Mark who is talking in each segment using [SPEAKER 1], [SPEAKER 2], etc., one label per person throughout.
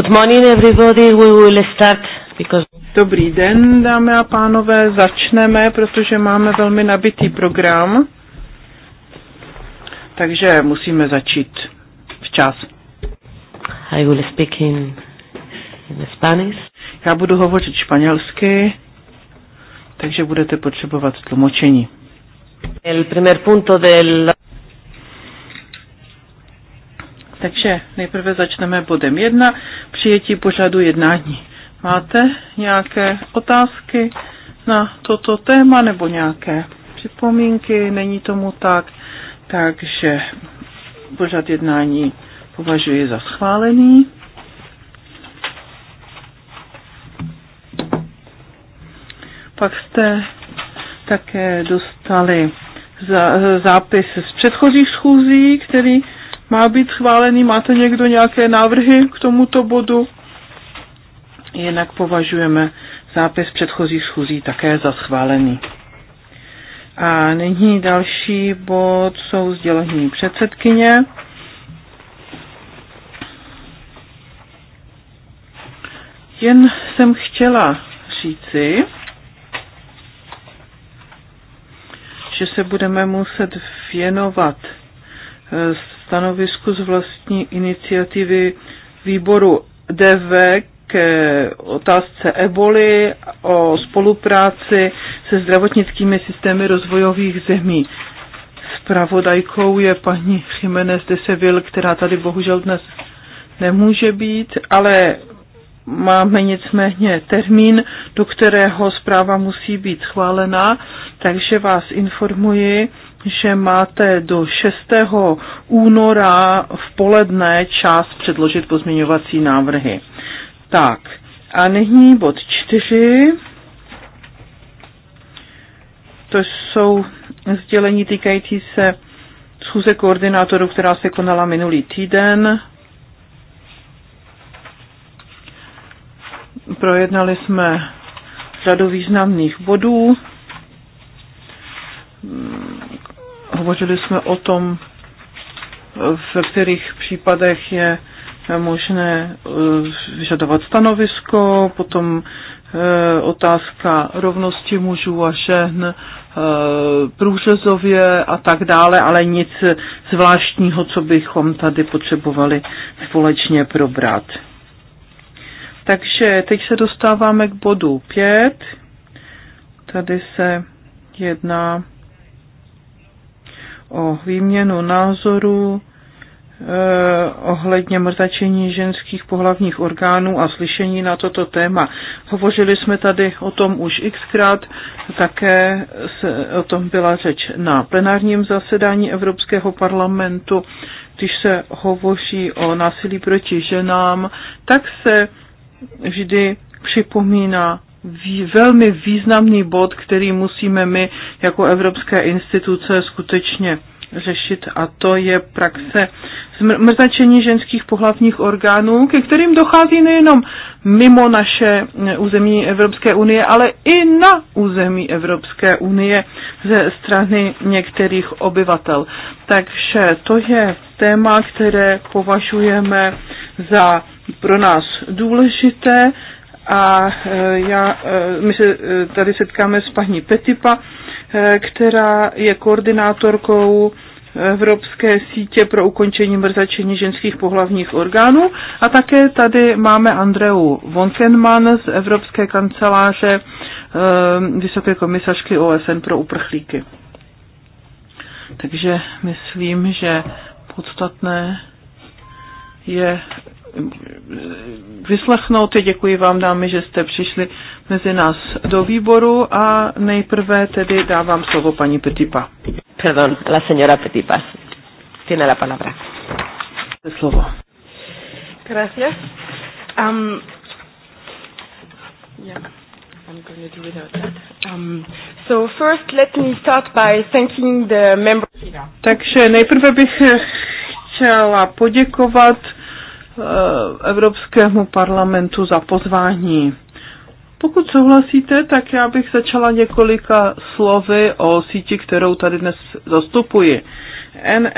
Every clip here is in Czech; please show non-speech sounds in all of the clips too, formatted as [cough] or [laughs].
[SPEAKER 1] Good morning everybody, we will
[SPEAKER 2] start because... Dobrý den, dámy a pánové, začneme, protože máme velmi nabitý program, takže musíme začít včas. I will speak in, in Spanish. Já budu hovořit španělsky, takže budete potřebovat tlumočení.
[SPEAKER 1] El primer punto
[SPEAKER 2] del... Takže nejprve začneme bodem 1, přijetí pořadu jednání. Máte nějaké otázky na toto téma nebo nějaké připomínky? Není tomu tak, takže pořad jednání považuji za schválený. Pak jste také dostali zápis z předchozích schůzí, který má být schválený. Máte někdo nějaké návrhy k tomuto bodu? Jinak považujeme zápis předchozích schůzí také za schválený. A nyní další bod jsou sdělení předsedkyně. Jen jsem chtěla říci, že se budeme muset věnovat eh, stanovisku z vlastní iniciativy výboru DV k otázce eboli, o spolupráci se zdravotnickými systémy rozvojových zemí. Spravodajkou je paní Jiménez de Seville, která tady bohužel dnes nemůže být, ale máme nicméně termín, do kterého zpráva musí být schválena, takže vás informuji, že máte do 6. února v poledne čas předložit pozměňovací návrhy. Tak, a nyní bod 4. To jsou sdělení týkající se schůze koordinátorů, která se konala minulý týden. Projednali jsme řadu významných bodů hovořili jsme o tom, v kterých případech je možné eh, vyžadovat stanovisko, potom eh, otázka rovnosti mužů a žen eh, průřezově a tak dále, ale nic zvláštního, co bychom tady potřebovali společně probrat. Takže teď se dostáváme k bodu 5. Tady se jedná o výměnu názorů eh, ohledně mrzačení ženských pohlavních orgánů a slyšení na toto téma. Hovořili jsme tady o tom už xkrát, také se o tom byla řeč na plenárním zasedání Evropského parlamentu. Když se hovoří o násilí proti ženám, tak se vždy připomíná velmi významný bod, který musíme my jako evropské instituce skutečně řešit a to je praxe zmrzačení ženských pohlavních orgánů, ke kterým dochází nejenom mimo naše eh, území Evropské unie, ale i na území Evropské unie ze strany některých obyvatel. Takže to je téma, které považujeme za pro nás důležité a e, já, e, my se e, tady setkáme s paní Petipa, která je koordinátorkou Evropské sítě pro ukončení mrzačení ženských pohlavních orgánů. A také tady máme Andreu Vonkenman z Evropské kanceláře Vysoké komisařky OSN pro uprchlíky. Takže myslím, že podstatné je vyslechnout. Děkuji vám, dámy, že jste přišli mezi nás do výboru a nejprve tedy dávám slovo
[SPEAKER 1] paní Petipa. Perdón, la señora Petipa. Tiene la palabra. Slovo.
[SPEAKER 3] Gracias. Um, yeah. I'm going to do without that. Um, so first, let me
[SPEAKER 2] start by thanking the members. Takže nejprve bych chtěla poděkovat Eh, Evropskému parlamentu za pozvání. Pokud souhlasíte, tak já bych začala několika slovy o síti, kterou tady dnes zastupuji. NFGM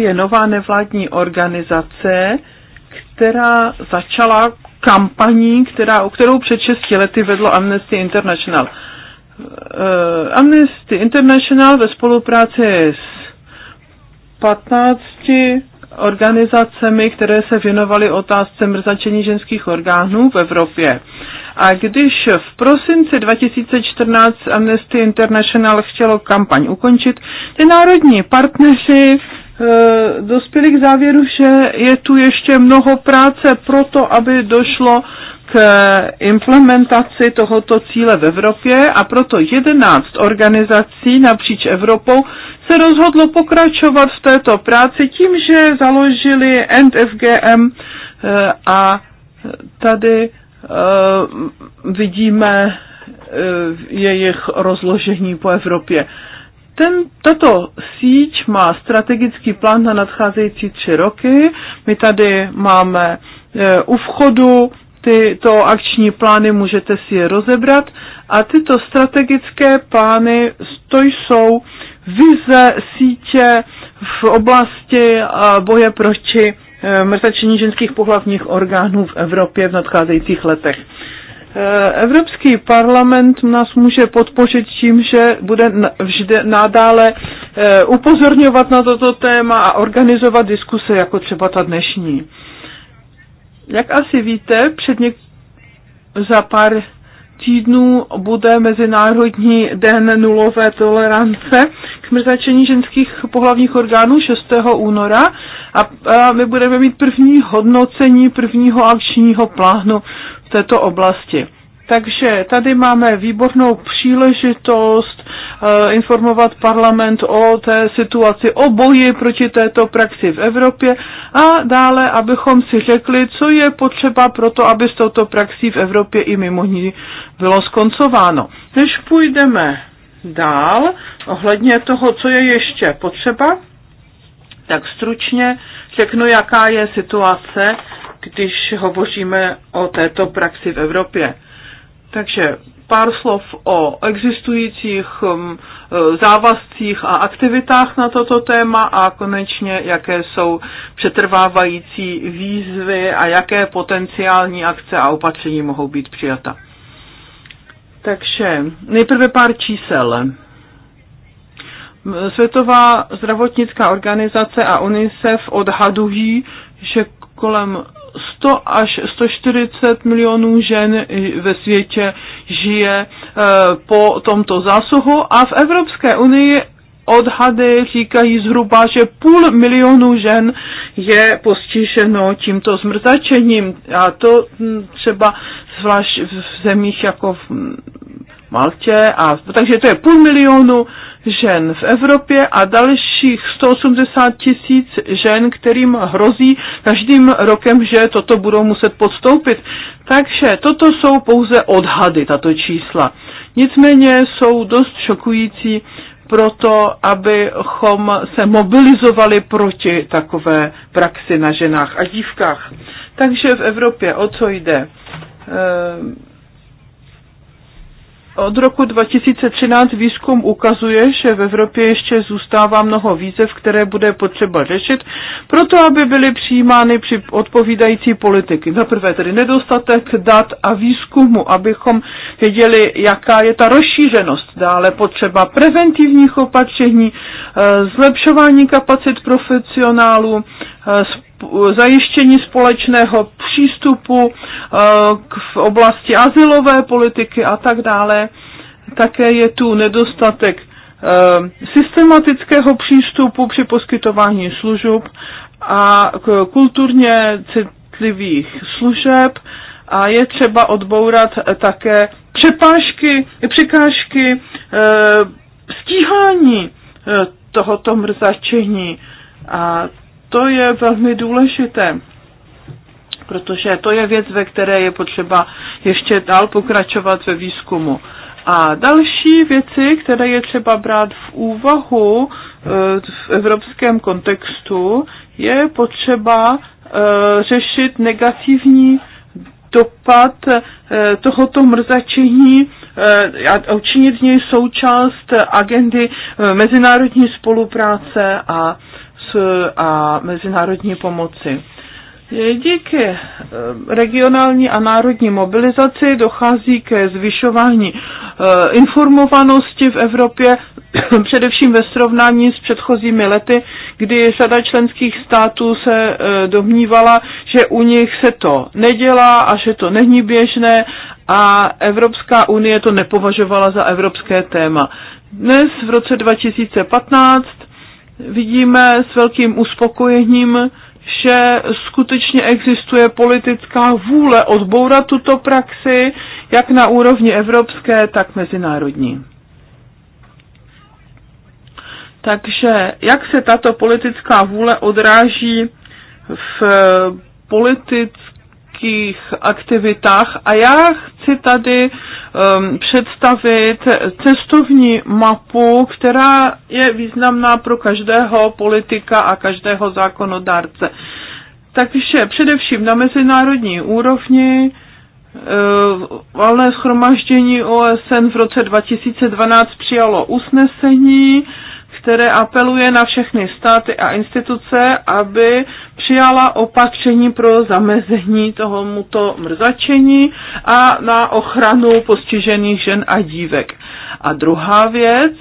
[SPEAKER 2] je nová nevládní organizace, která začala kampaní, která, o kterou před 6 lety vedlo Amnesty International. Eh, Amnesty International ve spolupráci s 15 organizacemi, které se věnovaly otázce mrzačení ženských orgánů v Evropě. A když v prosinci 2014 Amnesty International chtělo kampaň ukončit, ty národní partneři e, dospěli k závěru, že je tu ještě mnoho práce pro to, aby došlo k implementaci tohoto cíle v Evropě a proto 11 organizací napříč Evropou se rozhodlo pokračovat v této práci tím, že založili NFGM eh, a tady eh, vidíme eh, jejich rozložení po Evropě. Ten, tato síť má strategický plán na nadcházející tři roky. My tady máme u vchodu tyto akční plány, můžete si je rozebrat. A tyto strategické plány, to jsou vize, sítě v oblasti eh, boje proti eh, mrzačení ženských pohlavních orgánů v Evropě v nadcházejících letech. Eh, Evropský parlament nás může podpořit tím, že bude vždy nadále upozorňovat na toto téma a organizovat diskuse jako třeba ta dnešní. Jak asi víte, před něk- za pár týdnů bude Mezinárodní den nulové tolerance mrzačení ženských pohlavních orgánů 6. února a, a my budeme mít první hodnocení prvního akčního plánu v této oblasti. Takže tady máme výbornou příležitost eh, informovat parlament o té situaci, o boji proti této praxi v Evropě a dále, abychom si řekli, co je potřeba pro to, aby s touto praxí v Evropě i mimo ní bylo skoncováno. Než půjdeme dál ohledně toho, co je ještě potřeba, tak stručně řeknu, jaká je situace, když hovoříme o této praxi v Evropě. Takže pár slov o existujících um, e, závazcích a aktivitách na toto téma a konečně, jaké jsou přetrvávající výzvy a jaké potenciální akce a opatření mohou být přijata. Takže nejprve pár čísel. Světová zdravotnická organizace a UNICEF odhadují, že kolem 100 až 140 milionů žen ve světě žije eh, po tomto zásuhu a v Evropské unii odhady říkají zhruba, že půl milionu žen je postiženo tímto zmrzačením a to hm, třeba zvlášť v zemích jako v Maltě, a, takže to je půl milionu žen v Evropě a dalších 180 tisíc žen, kterým hrozí každým rokem, že toto budou muset podstoupit. Takže toto jsou pouze odhady, tato čísla. Nicméně jsou dost šokující proto, abychom se mobilizovali proti takové praxi na ženách a dívkách. Takže v Evropě o co jde? Ehm, od roku 2013 výzkum ukazuje, že v Evropě ještě zůstává mnoho výzev, které bude potřeba řešit, proto aby byly přijímány při odpovídající politiky. Za prvé tedy nedostatek dat a výzkumu, abychom věděli, jaká je ta rozšířenost. Dále potřeba preventivních opatření, ehm, zlepšování kapacit profesionálů, Eh, zajištění společného přístupu eh, v oblasti asilové politiky a tak dále. Také je tu nedostatek eh, systematického přístupu při poskytování služeb a kulturně citlivých služeb a je třeba odbourat také přepážky, překážky stíhání tohoto mrzačení. A to je velmi důležité, protože to je věc, ve které je potřeba ještě dál pokračovat ve výzkumu. A další věci, které je třeba brát v úvahu eh, v evropském kontextu, je potřeba eh, řešit negativní dopad eh, tohoto mrzačení a učinit z něj součást agendy mezinárodní spolupráce a a mezinárodní pomoci. Díky eh, regionální a národní mobilizaci dochází ke zvyšování eh, informovanosti v Evropě, [clears throat] především ve srovnání s předchozími lety, kdy řada členských států se eh, domnívala, že u nich se to nedělá a že to není běžné a Evropská unie to nepovažovala za evropské téma. Dnes v roce 2015 vidíme s velkým uspokojením, že skutečně existuje politická vůle odbourat tuto praxi, jak na úrovni evropské, tak mezinárodní. Takže jak se tato politická vůle odráží v politické politických aktivitách a já chci tady um, představit cestovní mapu, která je významná pro každého politika a každého zákonodárce. Takže především na mezinárodní úrovni uh, valné schromaždění OSN v roce 2012 přijalo usnesení které apeluje na všechny státy a instituce, aby přijala opatření pro zamezení tohomuto mrzačení a na ochranu postižených žen a dívek. A druhá věc,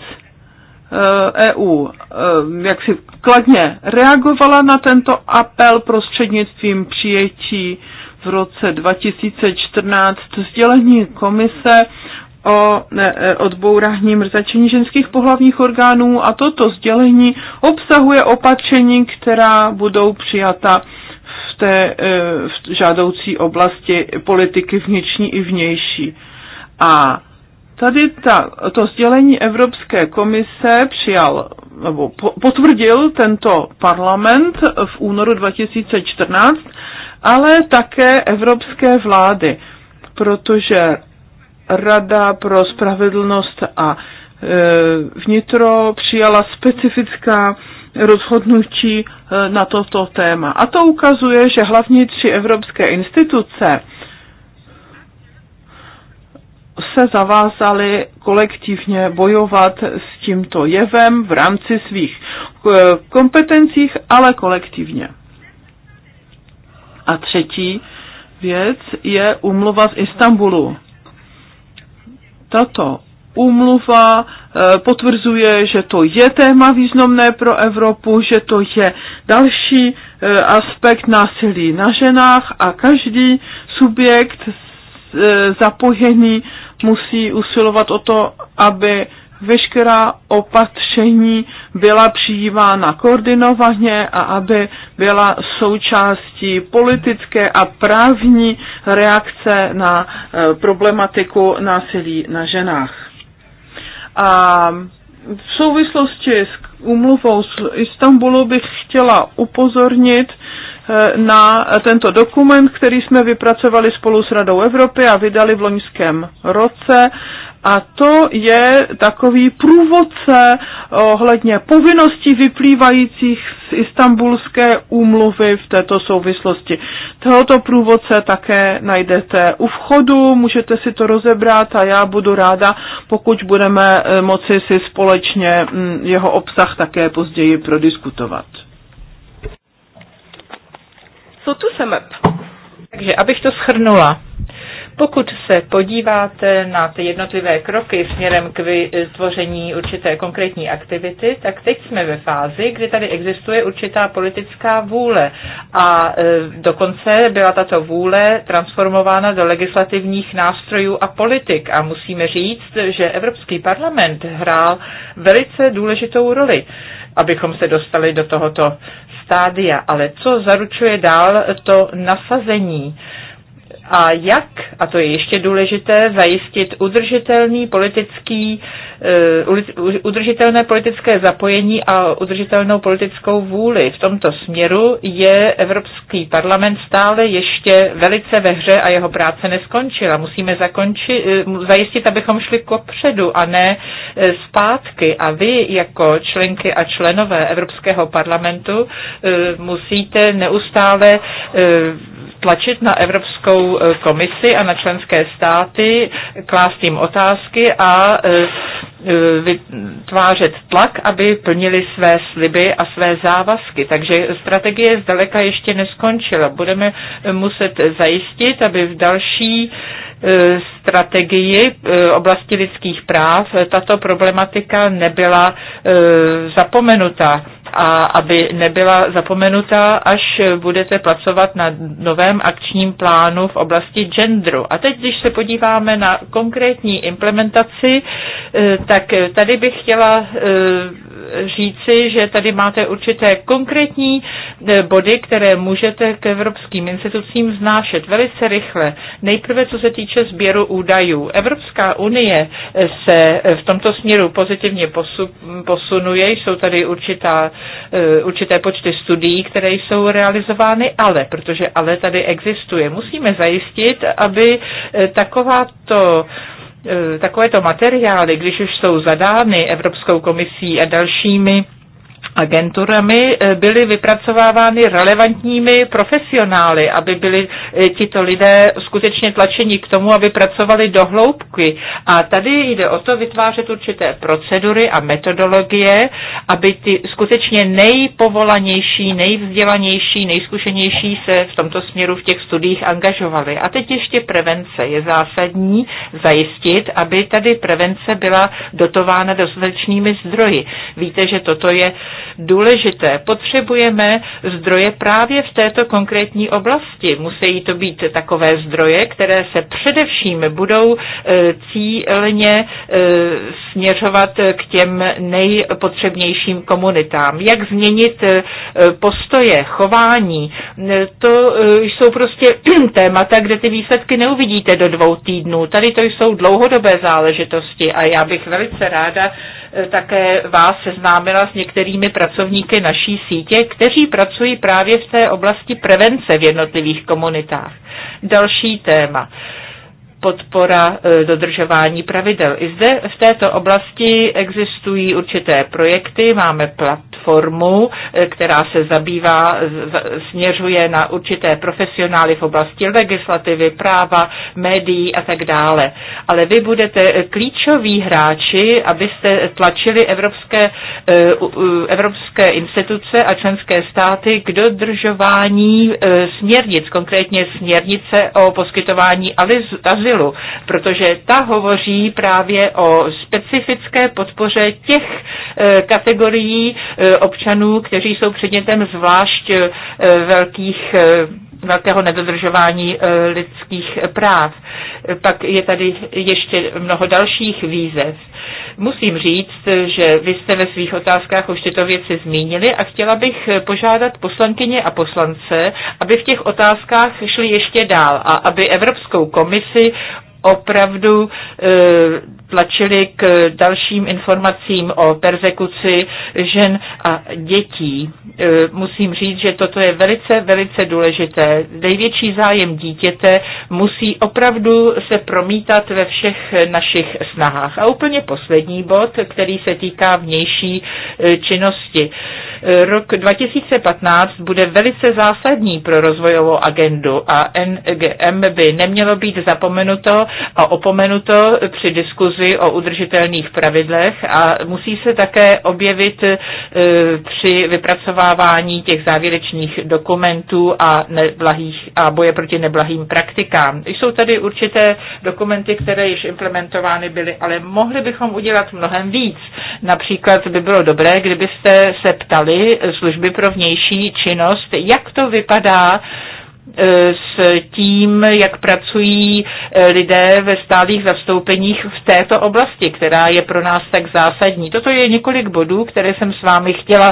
[SPEAKER 2] EU eh, e eh, jak si kladně reagovala na tento apel prostřednictvím přijetí v roce 2014 sdělení komise o e, e, odbourání mrzačení ženských pohlavních orgánů a toto sdělení obsahuje opatření, která budou přijata v té e, v žádoucí oblasti politiky vnitřní i vnější. A tady ta, to sdělení Evropské komise přijal nebo potvrdil tento parlament v únoru 2014, ale také evropské vlády, protože Rada pro spravedlnost a e, vnitro přijala specifická rozhodnutí e, na toto téma. A to ukazuje, že hlavně tři evropské instituce se zavázaly kolektivně bojovat s tímto jevem v rámci svých e, kompetencích, ale kolektivně. A třetí věc je umluva z Istanbulu tato úmluva eh, potvrzuje, že to je téma významné pro Evropu, že to je další eh, aspekt násilí na ženách a každý subjekt eh, zapojený musí usilovat o to, aby veškerá opatření byla přijívána koordinovaně a aby byla součástí politické a právní reakce na eh, problematiku násilí na ženách. A v souvislosti s úmluvou z Istanbulu bych chtěla upozornit Eh, na tento dokument, který jsme vypracovali spolu s Radou Evropy a vydali v loňském roce. A to je takový průvodce ohledně povinností vyplývajících z istambulské úmluvy v této souvislosti. Tohoto průvodce také najdete u vchodu, můžete si to rozebrat a já budu ráda, pokud budeme eh, moci si společně mm, jeho obsah také později prodiskutovat.
[SPEAKER 4] So to sum up. Takže abych to schrnula. Pokud se podíváte na ty jednotlivé kroky směrem k vytvoření určité konkrétní aktivity, tak teď jsme ve fázi, kdy tady existuje určitá politická vůle. A e, dokonce byla tato vůle transformována do legislativních nástrojů a politik. A musíme říct, že Evropský parlament hrál velice důležitou roli, abychom se dostali do tohoto stádia. Ale co zaručuje dál to nasazení? a jak, a to je ještě důležité, zajistit udržitelný politický, eh, udržitelné politické zapojení a udržitelnou politickou vůli. V tomto směru je Evropský parlament stále ještě velice ve hře a jeho práce neskončila. Musíme zakonči, eh, zajistit, abychom šli kopředu a ne eh, zpátky. A vy jako členky a členové Evropského parlamentu musíte neustále tlačit na Evropskou eh, komisi a na členské státy, klást jim otázky a eh, eh, vytvářet tlak, aby plnili své sliby a své závazky. Takže strategie zdaleka ještě neskončila. Budeme muset zajistit, aby v další strategii oblasti lidských práv tato problematika nebyla zapomenuta a aby nebyla zapomenutá, až budete pracovat na novém akčním plánu v oblasti genderu. A teď, když se podíváme na konkrétní implementaci, eh, tak tady bych chtěla eh, říci, že tady máte určité konkrétní eh, body, které můžete k evropským institucím vznášet velice rychle. Nejprve, co se týče sběru údajů. Evropská unie se v tomto směru pozitivně posunuje, jsou tady určitá E, určité počty studií, které jsou realizovány, ale, protože ale tady existuje. Musíme zajistit, aby e, takováto e, takovéto materiály, když už jsou zadány Evropskou komisí a dalšími agenturami eh, byly vypracovávány relevantními profesionály, aby byli eh, tito lidé skutečně tlačeni k tomu, aby pracovali do hloubky. A tady jde o to vytvářet určité procedury a metodologie, aby ty skutečně nejpovolanější, nejvzdělanější, nejzkušenější se v tomto směru v těch studiích angažovali. A teď ještě prevence. Je zásadní zajistit, aby tady prevence byla dotována dostatečnými zdroji. Víte, že toto je důležité. Potřebujeme zdroje právě v této konkrétní oblasti. Musí to být takové zdroje, které se především budou e, cílně e, směřovat k těm nejpotřebnějším komunitám. Jak změnit e, postoje, chování, to jsou prostě [clears throat] témata, kde ty výsledky neuvidíte do dvou týdnů. Tady to jsou dlouhodobé záležitosti a já bych velice ráda Eh, také vás seznámila s některými pracovníky naší sítě, kteří pracují právě v té oblasti prevence v jednotlivých komunitách. Další téma podpora e, dodržování pravidel. I zde v této oblasti existují určité projekty, máme platformu, e, která se zabývá, směřuje na určité profesionály v oblasti legislativy, práva, médií a tak dále. Ale vy budete klíčoví hráči, abyste tlačili evropské, e, evropské instituce a členské státy k dodržování směrnic, konkrétně směrnice o poskytování azylu cílu, protože ta hovoří právě o specifické podpoře těch eh, kategorií eh, občanů, kteří jsou předmětem zvlášť eh, velkých velkého nedodržování eh, lidských práv. Pak je tady ještě mnoho dalších výzev. Musím říct, že vy jste ve svých otázkách už tyto věci zmínili a chtěla bych požádat poslankyně a poslance, aby v těch otázkách šli ještě dál a aby Evropskou komisi opravdu eh, tlačili k dalším informacím o persekuci žen a dětí. Eh, musím říct, že toto je velice, velice důležité. Největší zájem dítěte musí opravdu se promítat ve všech našich snahách. A úplně poslední bod, který se týká vnější eh, činnosti. Rok 2015 bude velice zásadní pro rozvojovou agendu a NGM by nemělo být zapomenuto a opomenuto při diskuzi o udržitelných pravidlech a musí se také objevit e, při vypracovávání těch závěrečných dokumentů a, neblahých, a boje proti neblahým praktikám. Jsou tady určité dokumenty, které již implementovány byly, ale mohli bychom udělat mnohem víc. Například by bylo dobré, kdybyste se ptali, služby pro vnější činnost, jak to vypadá E, s tím, jak pracují e, lidé ve stálých zastoupeních v této oblasti, která je pro nás tak zásadní. Toto je několik bodů, které jsem s vámi chtěla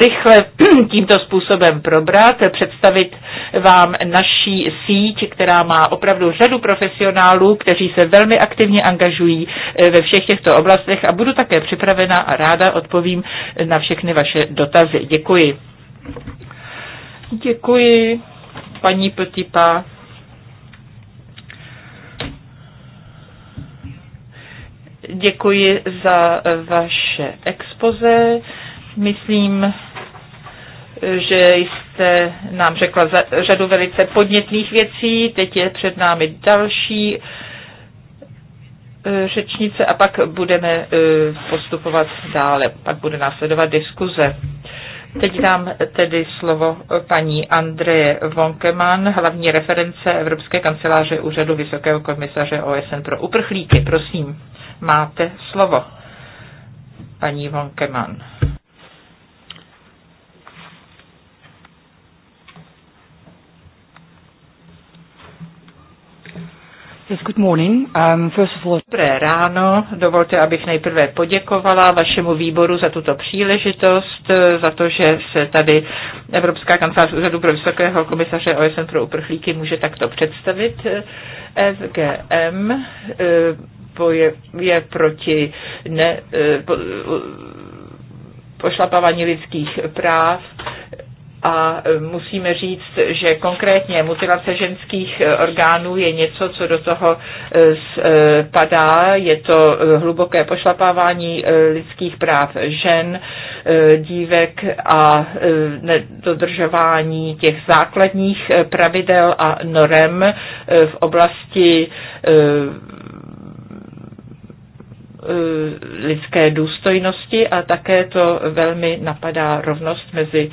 [SPEAKER 4] rychle [clears throat] tímto způsobem probrat, představit vám naší síť, která má opravdu řadu profesionálů, kteří se velmi aktivně angažují e, ve všech těchto oblastech a budu také připravena a ráda odpovím na všechny vaše dotazy. Děkuji. Děkuji paní Petipa. Děkuji za vaše expoze. Myslím, že jste nám řekla řadu velice podnětných věcí. Teď je před námi další eh, řečnice a pak budeme eh, postupovat dále. Pak bude následovat diskuze. Teď dám tedy slovo paní Andreje Vonkeman, hlavní reference Evropské kanceláře Úřadu Vysokého komisaře OSN pro uprchlíky. Prosím, máte slovo, paní Vonkeman. Yes, good morning. Um, first of all... Dobré ráno. Dovolte, abych nejprve poděkovala vašemu výboru za tuto příležitost, za to, že se tady Evropská kancelář úřadu pro vysokého komisaře OSN pro uprchlíky může takto představit. SGM eh, je, je proti ne, eh, po, pošlapávání lidských práv a e, musíme říct, že konkrétně mutilace ženských e, orgánů je něco, co do toho e, spadá. Je to hluboké pošlapávání lidských práv žen, dívek a dodržování těch základních pravidel a norem v oblasti lidské důstojnosti a také to velmi napadá rovnost mezi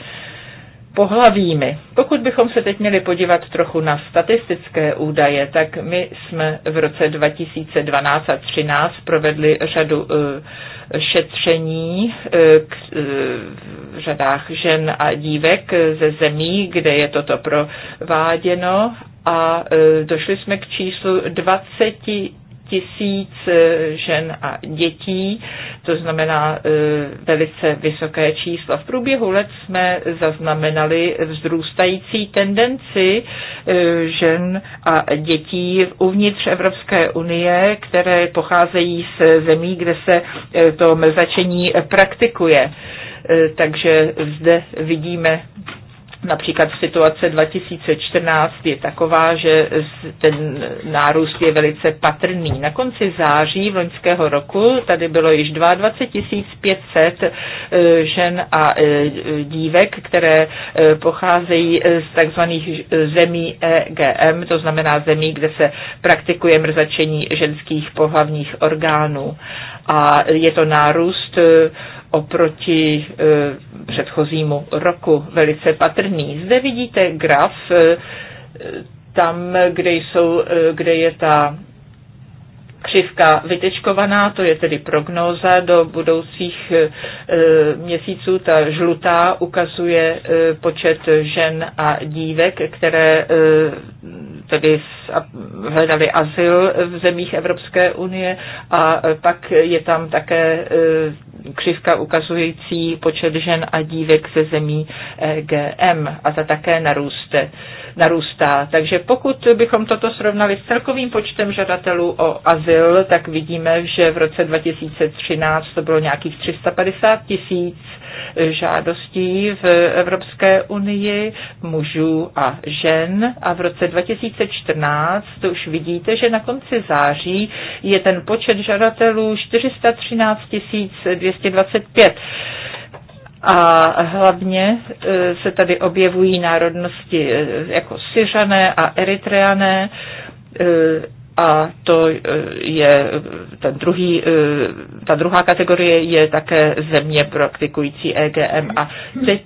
[SPEAKER 4] pohlavími. Pokud bychom se teď měli podívat trochu na statistické údaje, tak my jsme v roce 2012 a 2013 provedli řadu eh, šetření eh, k, eh, v řadách žen a dívek ze zemí, kde je toto prováděno a došli jsme k číslu 20 tisíc eh, žen a dětí, to znamená eh, velice vysoké čísla. V průběhu let jsme zaznamenali vzrůstající tendenci eh, žen a dětí uvnitř Evropské unie, které pocházejí z zemí, kde se to mrzačení praktikuje. Takže zde vidíme Například situace 2014 je taková, že ten nárůst je velice patrný. Na konci září v loňského roku tady bylo již 22 500 eh, žen a eh, dívek, které eh, pocházejí z takzvaných zemí EGM, to znamená zemí, kde se praktikuje mrzačení ženských pohlavních orgánů. A je to nárůst oproti e, předchozímu roku velice patrný. Zde vidíte graf e, tam, kde, jsou, e, kde je ta křivka vytečkovaná, to je tedy prognóza do budoucích e, měsíců. Ta žlutá ukazuje e, počet žen a dívek, které e, tedy hledali azyl v zemích Evropské unie a pak je tam také e, křivka ukazující počet žen a dívek ze zemí e GM a ta také narůste, narůstá. Takže pokud bychom toto srovnali s celkovým počtem žadatelů o azyl, tak vidíme, že v roce 2013 to bylo nějakých 350 tisíc žádostí v Evropské unii mužů a žen a v roce 2014 to už vidíte, že na konci září je ten počet žadatelů 413 225. A hlavně e, se tady objevují národnosti e, jako Syřané a Eritreané e, a to eh, je eh, ten druhý, eh, ta druhá kategorie je také země praktikující EGM. A teď,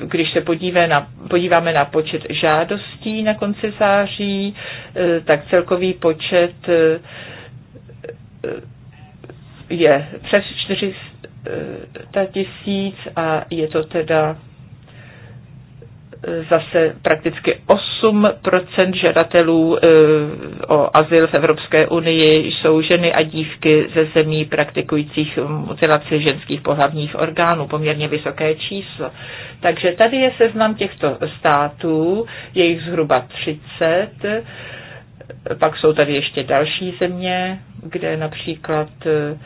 [SPEAKER 4] když se podíváme na, podíváme na počet žádostí na konci září, tak celkový počet je přes 400 tisíc a je to teda zase prakticky 8 žadatelů eh, o azyl v Evropské unii jsou ženy a dívky ze zemí praktikujících mutilaci ženských pohlavních orgánů, poměrně vysoké číslo. Takže tady je seznam těchto států, je jich zhruba 30. Pak jsou tady ještě další země, kde například eh,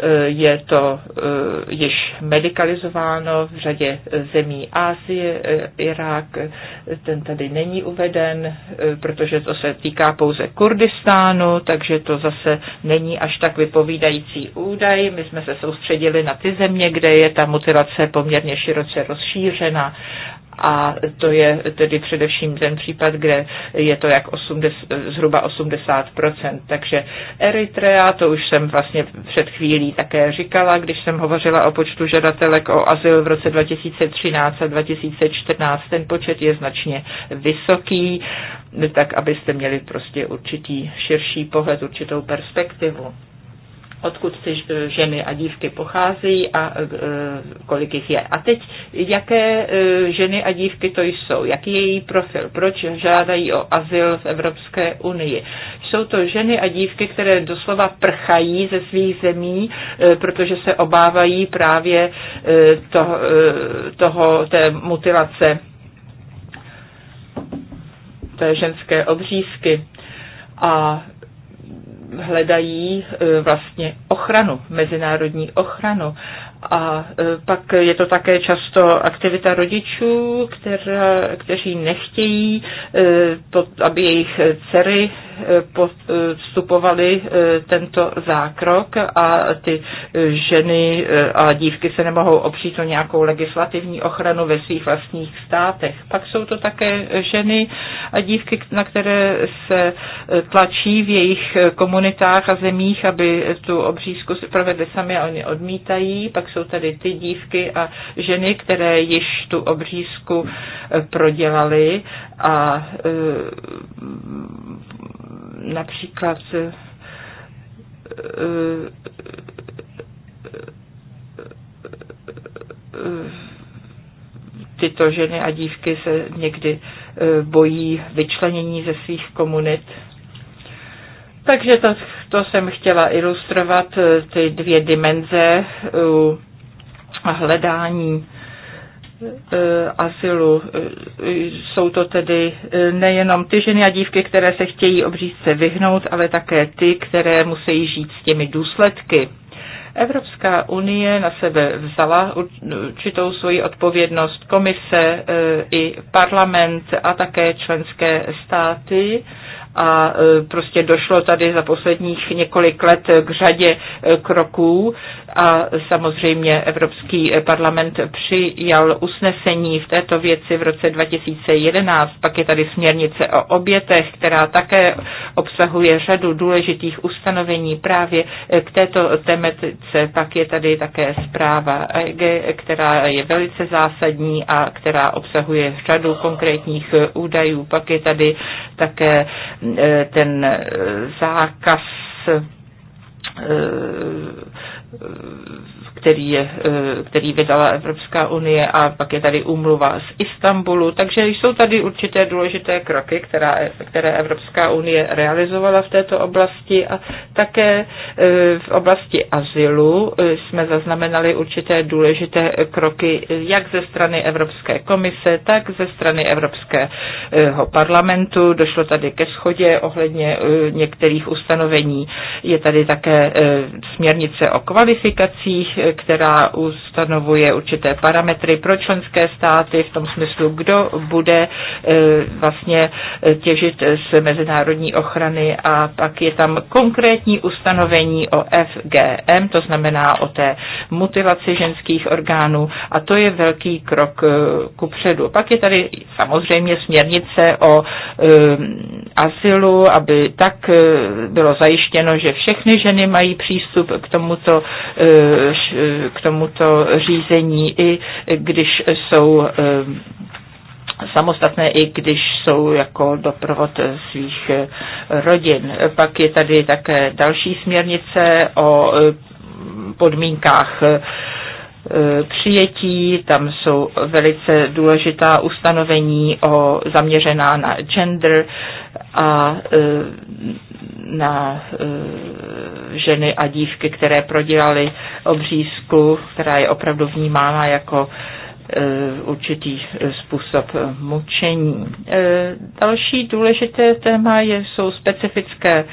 [SPEAKER 4] Eh, je to eh, již medicalizováno v řadě eh, zemí Asie, Irák, ten tady není uveden, protože to se týká pouze Kurdistánu, takže to zase není až tak vypovídající údaj. My jsme se soustředili na ty země, kde je ta mutilace poměrně široce rozšířena a to je tedy především ten případ, kde je to jak 80, zhruba 80%. Takže Eritrea, to už jsem vlastně před chvílí také říkala, když jsem hovořila o počtu žadatelek o azyl v roce 2013 a 2014, ten počet je značně vysoký, tak abyste měli prostě určitý širší pohled, určitou perspektivu odkud ty ženy a dívky pocházejí a e, kolik jich je. A teď, jaké e, ženy a dívky to jsou, jaký je její profil, proč žádají o azyl v Evropské unii. Jsou to ženy a dívky, které doslova prchají ze svých zemí, e, protože se obávají právě toho, toho té mutilace té ženské obřízky. A hledají e, vlastně ochranu, mezinárodní ochranu. A e, pak je to také často aktivita rodičů, která, kteří nechtějí, e, to, aby jejich dcery postupovali eh, tento zákrok a ty eh, ženy eh, a dívky se nemohou opřít o nějakou legislativní ochranu ve svých vlastních státech. Pak jsou to také ženy a dívky, na které se tlačí v jejich komunitách a zemích, aby tu obřízku si provedli sami a oni odmítají. Pak jsou tady ty dívky a ženy, které již tu obřízku prodělali a například eh, eh, tyto ženy a dívky se někdy eh, bojí vyčlenění ze svých komunit. Takže to, to jsem chtěla ilustrovat, ty dvě dimenze hledání E, asilu. E, jsou to tedy e, nejenom ty ženy a dívky, které se chtějí obřízce vyhnout, ale také ty, které musí žít s těmi důsledky. Evropská unie na sebe vzala určitou svoji odpovědnost komise i parlament a také členské státy a e, prostě došlo tady za posledních několik let k řadě e, kroků a samozřejmě Evropský e, parlament přijal usnesení v této věci v roce 2011, pak je tady směrnice o obětech, která také obsahuje řadu důležitých ustanovení právě k této tematice, pak je tady také zpráva EG, která je velice zásadní a která obsahuje řadu konkrétních údajů, pak je tady také Eh, ten eh, zákaz eh, který, je, eh, který vydala Evropská unie a pak je tady úmluva z Istanbulu. Takže jsou tady určité důležité kroky, která, které Evropská unie realizovala v této oblasti a také eh, v oblasti azylu eh, jsme zaznamenali určité důležité kroky jak ze strany Evropské komise, tak ze strany Evropského parlamentu. Došlo tady ke schodě ohledně některých ustanovení. Je tady také směrnice o kvalifikacích, která ustanovuje určité parametry pro členské státy v tom smyslu, kdo bude e, vlastně e, těžit z mezinárodní ochrany a pak je tam konkrétní ustanovení o FGM, to znamená o té motivaci ženských orgánů a to je velký krok e, ku předu. Pak je tady samozřejmě směrnice o azylu, aby tak bylo zajištěno, že všechny ženy mají přístup k tomuto Eh, k tomuto řízení, i když jsou eh, samostatné, i když jsou jako doprovod svých eh, rodin. Pak je tady také další směrnice o podmínkách přijetí, tam jsou velice důležitá ustanovení o zaměřená na gender, a e, na e, ženy a dívky, které prodělali obřízku, která je opravdu vnímána jako E, určitý způsob mučení. E, další důležité téma je, jsou specifické e,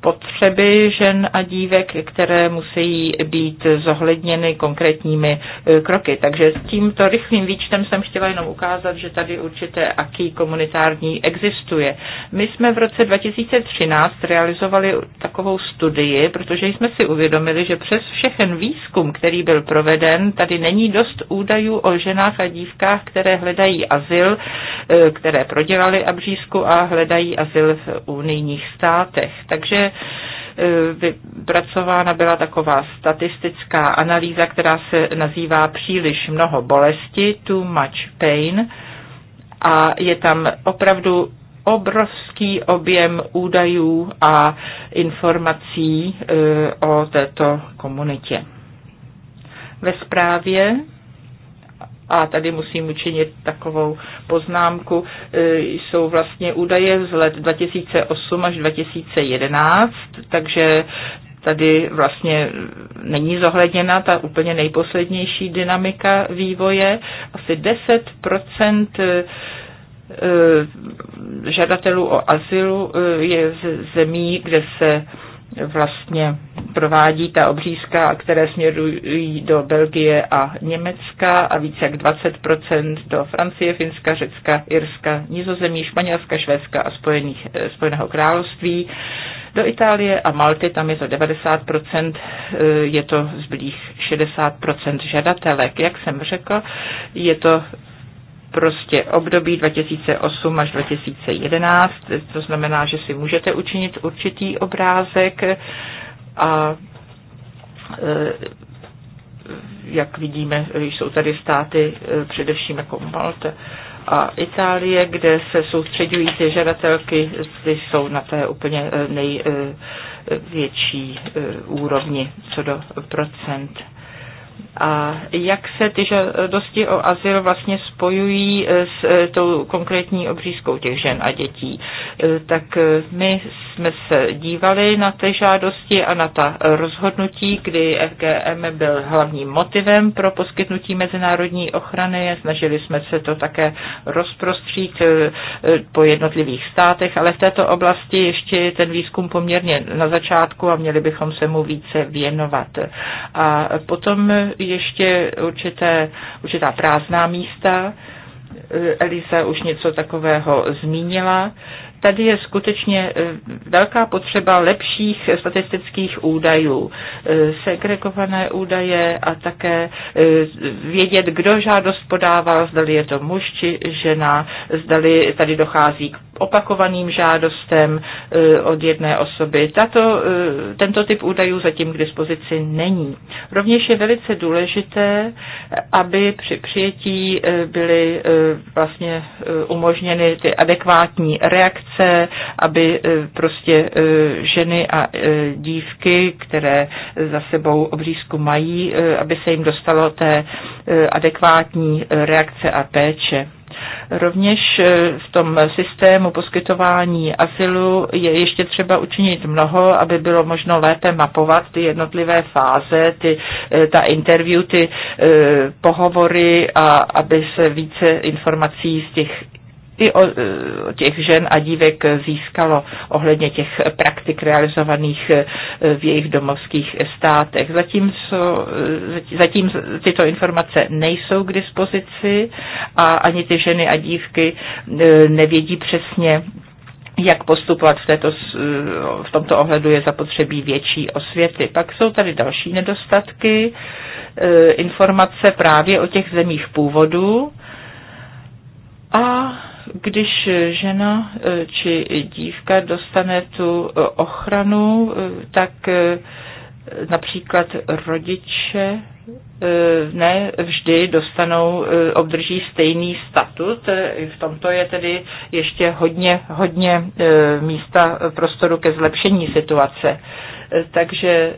[SPEAKER 4] potřeby žen a dívek, které musí být zohledněny konkrétními kroky. Takže s tímto rychlým výčtem jsem chtěla jenom ukázat, že tady určité aký komunitární existuje. My jsme v roce 2013 realizovali takovou studii, protože jsme si uvědomili, že přes všechen výzkum, který byl proveden, tady není dost údajů o ženách a dívkách, které hledají azyl, eh, které prodělali abřízku a hledají azyl v unijních státech. Takže eh, vypracována byla taková statistická analýza, která se nazývá Příliš mnoho bolesti, Too Much Pain, a je tam opravdu obrovský objem údajů a informací eh, o této komunitě. Ve zprávě a tady musím učinit takovou poznámku, e, jsou vlastně údaje z let 2008 až 2011, takže tady vlastně není zohledněna ta úplně nejposlednější dynamika vývoje. Asi 10 e, e, žadatelů o azylu je z zemí, kde se vlastně provádí ta obřízka, které směrují do Belgie a Německa a více jak 20% do Francie, Finska, Řecka, Irska, Nizozemí, Španělska, Švédska a Spojených, eh, Spojeného království. Do Itálie a Malty tam je to 90%, eh, je to zbylých 60% žadatelek. Jak jsem řekl, je to prostě období 2008 až 2011, to znamená, že si můžete učinit určitý obrázek a e, jak vidíme, jsou tady státy e, především jako Malta a Itálie, kde se soustředují ty žadatelky, ty jsou na té úplně e, největší úrovni co do procent a jak se ty žádosti o azyl vlastně spojují s e, tou konkrétní obřízkou těch žen a dětí. E, tak e, my jsme se dívali na ty žádosti a na ta rozhodnutí, kdy FGM byl hlavním motivem pro poskytnutí mezinárodní ochrany. Snažili jsme se to také rozprostřít po jednotlivých státech, ale v této oblasti ještě je ten výzkum poměrně na začátku a měli bychom se mu více věnovat. A potom ještě určité, určitá prázdná místa. Elisa už něco takového zmínila. Tady je skutečně eh, velká potřeba lepších statistických údajů, eh, segregované údaje a také eh, vědět, kdo žádost podával, zdali je to muž či žena, zdali tady dochází k opakovaným žádostem od jedné osoby. Tato, tento typ údajů zatím k dispozici není. Rovněž je velice důležité, aby při přijetí byly vlastně umožněny ty adekvátní reakce chce, aby e, prostě e, ženy a e, dívky, které za sebou obřízku mají, aby se jim dostalo té adekvátní reakce a péče. Rovněž v tom systému poskytování asilu je ještě třeba učinit mnoho, aby bylo možno lépe mapovat ty jednotlivé fáze, ty, ta interview, ty pohovory a aby se více informací z těch i e, o těch žen a dívek získalo ohledně těch praktik realizovaných e, v jejich domovských státech. co, e, zatím tyto informace nejsou k dispozici a ani ty ženy a dívky nevědí přesně, jak postupovat v, této, v tomto ohledu je zapotřebí větší osvěty. Pak jsou tady další nedostatky, informace právě o těch zemích původu a když žena e, či dívka dostane tu e, ochranu, e, tak například rodiče ne vždy dostanou, obdrží stejný statut. V tomto je tedy ještě hodně, hodně místa prostoru ke zlepšení situace. Takže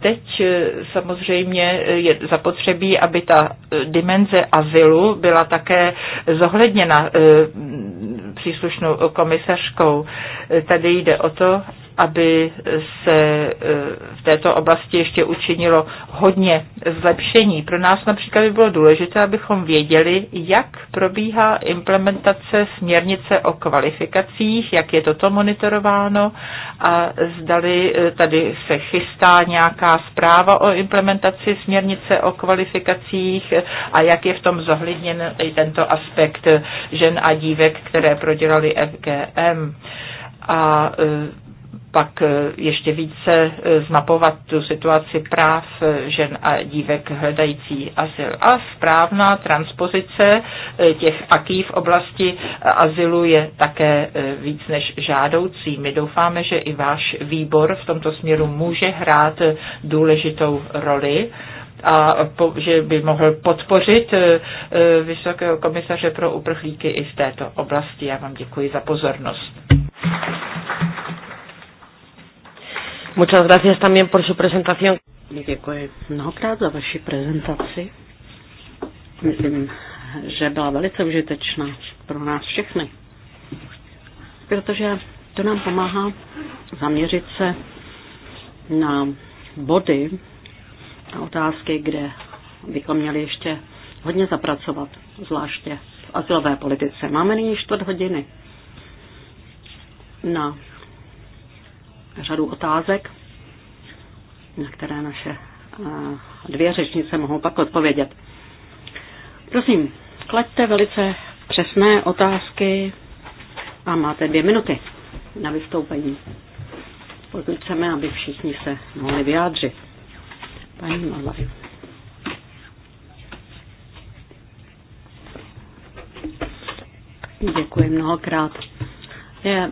[SPEAKER 4] teď eh, samozřejmě eh, je zapotřebí, aby ta eh, dimenze azylu byla také zohledněna příslušnou komisařkou. Tady jde o to, aby se e, v této oblasti ještě učinilo hodně zlepšení. Pro nás například by bylo důležité, abychom věděli, jak probíhá implementace směrnice o kvalifikacích, jak je toto monitorováno a zdali e, tady se chystá nějaká zpráva o implementaci směrnice o kvalifikacích a jak je v tom zohledněn i tento aspekt žen a dívek, které prodělali FGM a e, pak eh, ještě více eh, zmapovat tu situaci práv eh, žen a dívek hledající azyl. A správná transpozice těch aký v oblasti azylu je také víc než žádoucí. My doufáme, že i váš výbor v tomto směru může hrát důležitou roli a po, že by mohl podpořit Vysokého komisaře pro uprchlíky i v této oblasti. Já vám děkuji za pozornost.
[SPEAKER 1] Muchas gracias también por su presentación. Děkuji mnohokrát za
[SPEAKER 5] vaši prezentaci. Myslím, že byla velice užitečná pro nás všechny, protože to nám pomáhá zaměřit se na body, a otázky, kde bychom měli ještě hodně zapracovat, zvláště v asilové politice. Máme nyní čtvrt hodiny na řadu otázek, na které naše eh, dvě řečnice mohou pak odpovědět. Prosím, kleďte velice přesné otázky a máte dvě minuty na vystoupení. Pokud chceme, aby všichni se mohli vyjádřit. Paní Malaj. Děkuji mnohokrát. Je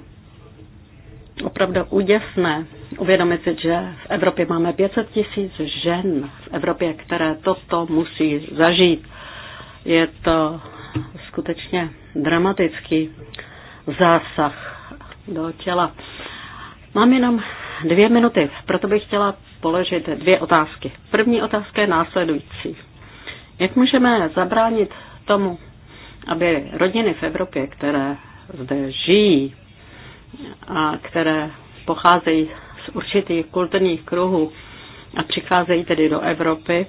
[SPEAKER 5] opravdu úděsné uvědomit si, že v Evropě máme 500 tisíc žen v Evropě, které toto musí zažít. Je to skutečně dramatický zásah do těla. Mám jenom dvě minuty, proto bych chtěla položit dvě otázky. První otázka je následující. Jak můžeme zabránit tomu, aby rodiny v Evropě, které zde žijí, a které pocházejí z určitých kulturních kruhů a přicházejí tedy do Evropy.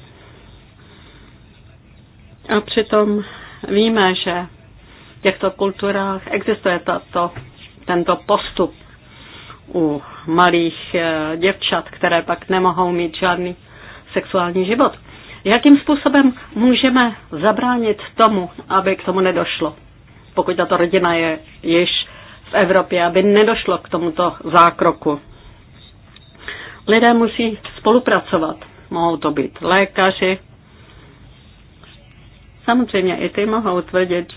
[SPEAKER 5] A přitom víme, že v těchto kulturách existuje tato, tento postup u malých eh, děvčat, které pak nemohou mít žádný sexuální život. Jakým způsobem můžeme zabránit tomu, aby k tomu nedošlo, pokud tato rodina je již v Evropě, aby nedošlo k tomuto zákroku. Lidé musí spolupracovat. Mohou to být lékaři. Samozřejmě i ty mohou tvrdit,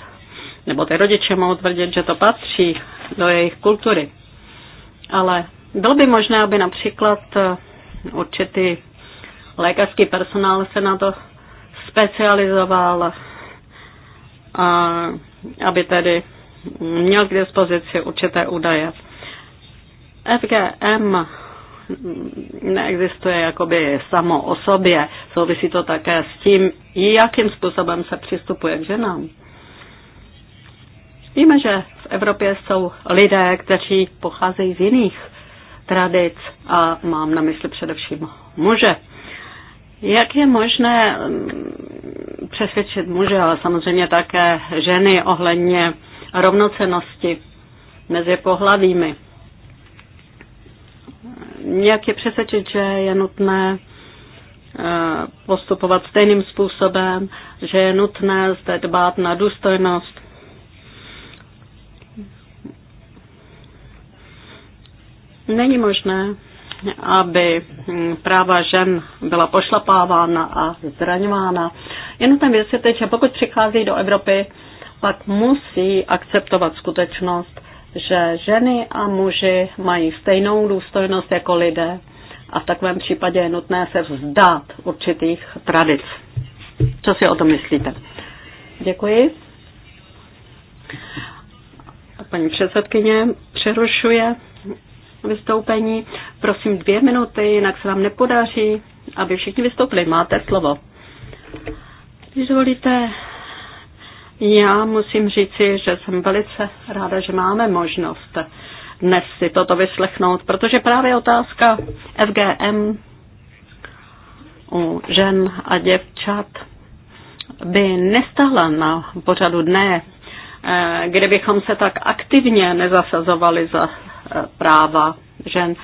[SPEAKER 5] nebo ty rodiče mohou tvrdit, že to patří do jejich kultury. Ale bylo by možné, aby například eh, určitý lékařský personál se na to specializoval, a eh, aby tedy měl k dispozici určité údaje. FGM neexistuje jakoby samo o sobě. Souvisí to také s tím, jakým způsobem se přistupuje k ženám. Víme, že v Evropě jsou lidé, kteří pocházejí z jiných tradic a mám na mysli především muže. Jak je možné mm, přesvědčit muže, ale samozřejmě také ženy ohledně rovnocenosti mezi pohlavími. Nějak je přesvědčit, že je nutné eh, postupovat stejným způsobem, že je nutné zde dbát na důstojnost. Není možné, aby práva žen byla pošlapávána a zraňována. Jenom tam věc je teď, že pokud přichází do Evropy pak musí akceptovat skutečnost, že ženy a muži mají stejnou důstojnost jako lidé a v takovém případě je nutné se vzdát určitých tradic. Co si o tom myslíte? Děkuji. Paní předsedkyně přerušuje vystoupení. Prosím dvě minuty, jinak se vám nepodaří, aby všichni vystoupili. Máte slovo. Když dovolíte, já musím říci, že jsem velice ráda, že máme možnost dnes si toto vyslechnout, protože právě otázka FGM u žen a děvčat by nestala na pořadu dne, eh, kdybychom se tak aktivně nezasazovali za eh, práva žen.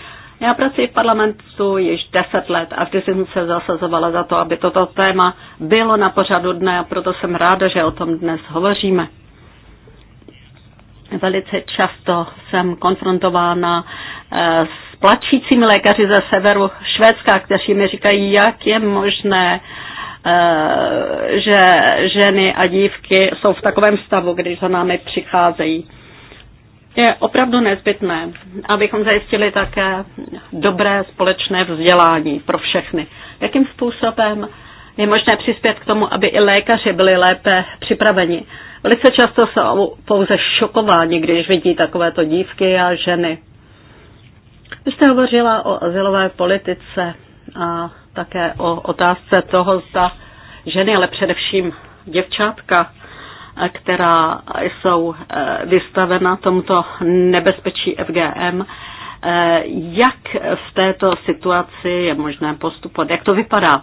[SPEAKER 5] Já pracuji v parlamentu již deset let a vždy jsem se zasazovala za to, aby toto téma bylo na pořadu dne a proto jsem ráda, že o tom dnes hovoříme. Velice často jsem konfrontována eh, s plačícími lékaři ze severu Švédska, kteří mi říkají, jak je možné, eh, že ženy a dívky jsou v takovém stavu, když za námi přicházejí je opravdu nezbytné, abychom zajistili také dobré společné vzdělání pro všechny. Jakým způsobem je možné přispět k tomu, aby i lékaři byli lépe připraveni. Velice často jsou pouze šokováni, když vidí takovéto dívky a ženy. Vy jste hovořila o asilové politice a také o otázce toho, zda ženy, ale především děvčátka která jsou eh, vystavena tomuto nebezpečí FGM. Eh, jak v této situaci je možné postupovat? Jak to vypadá?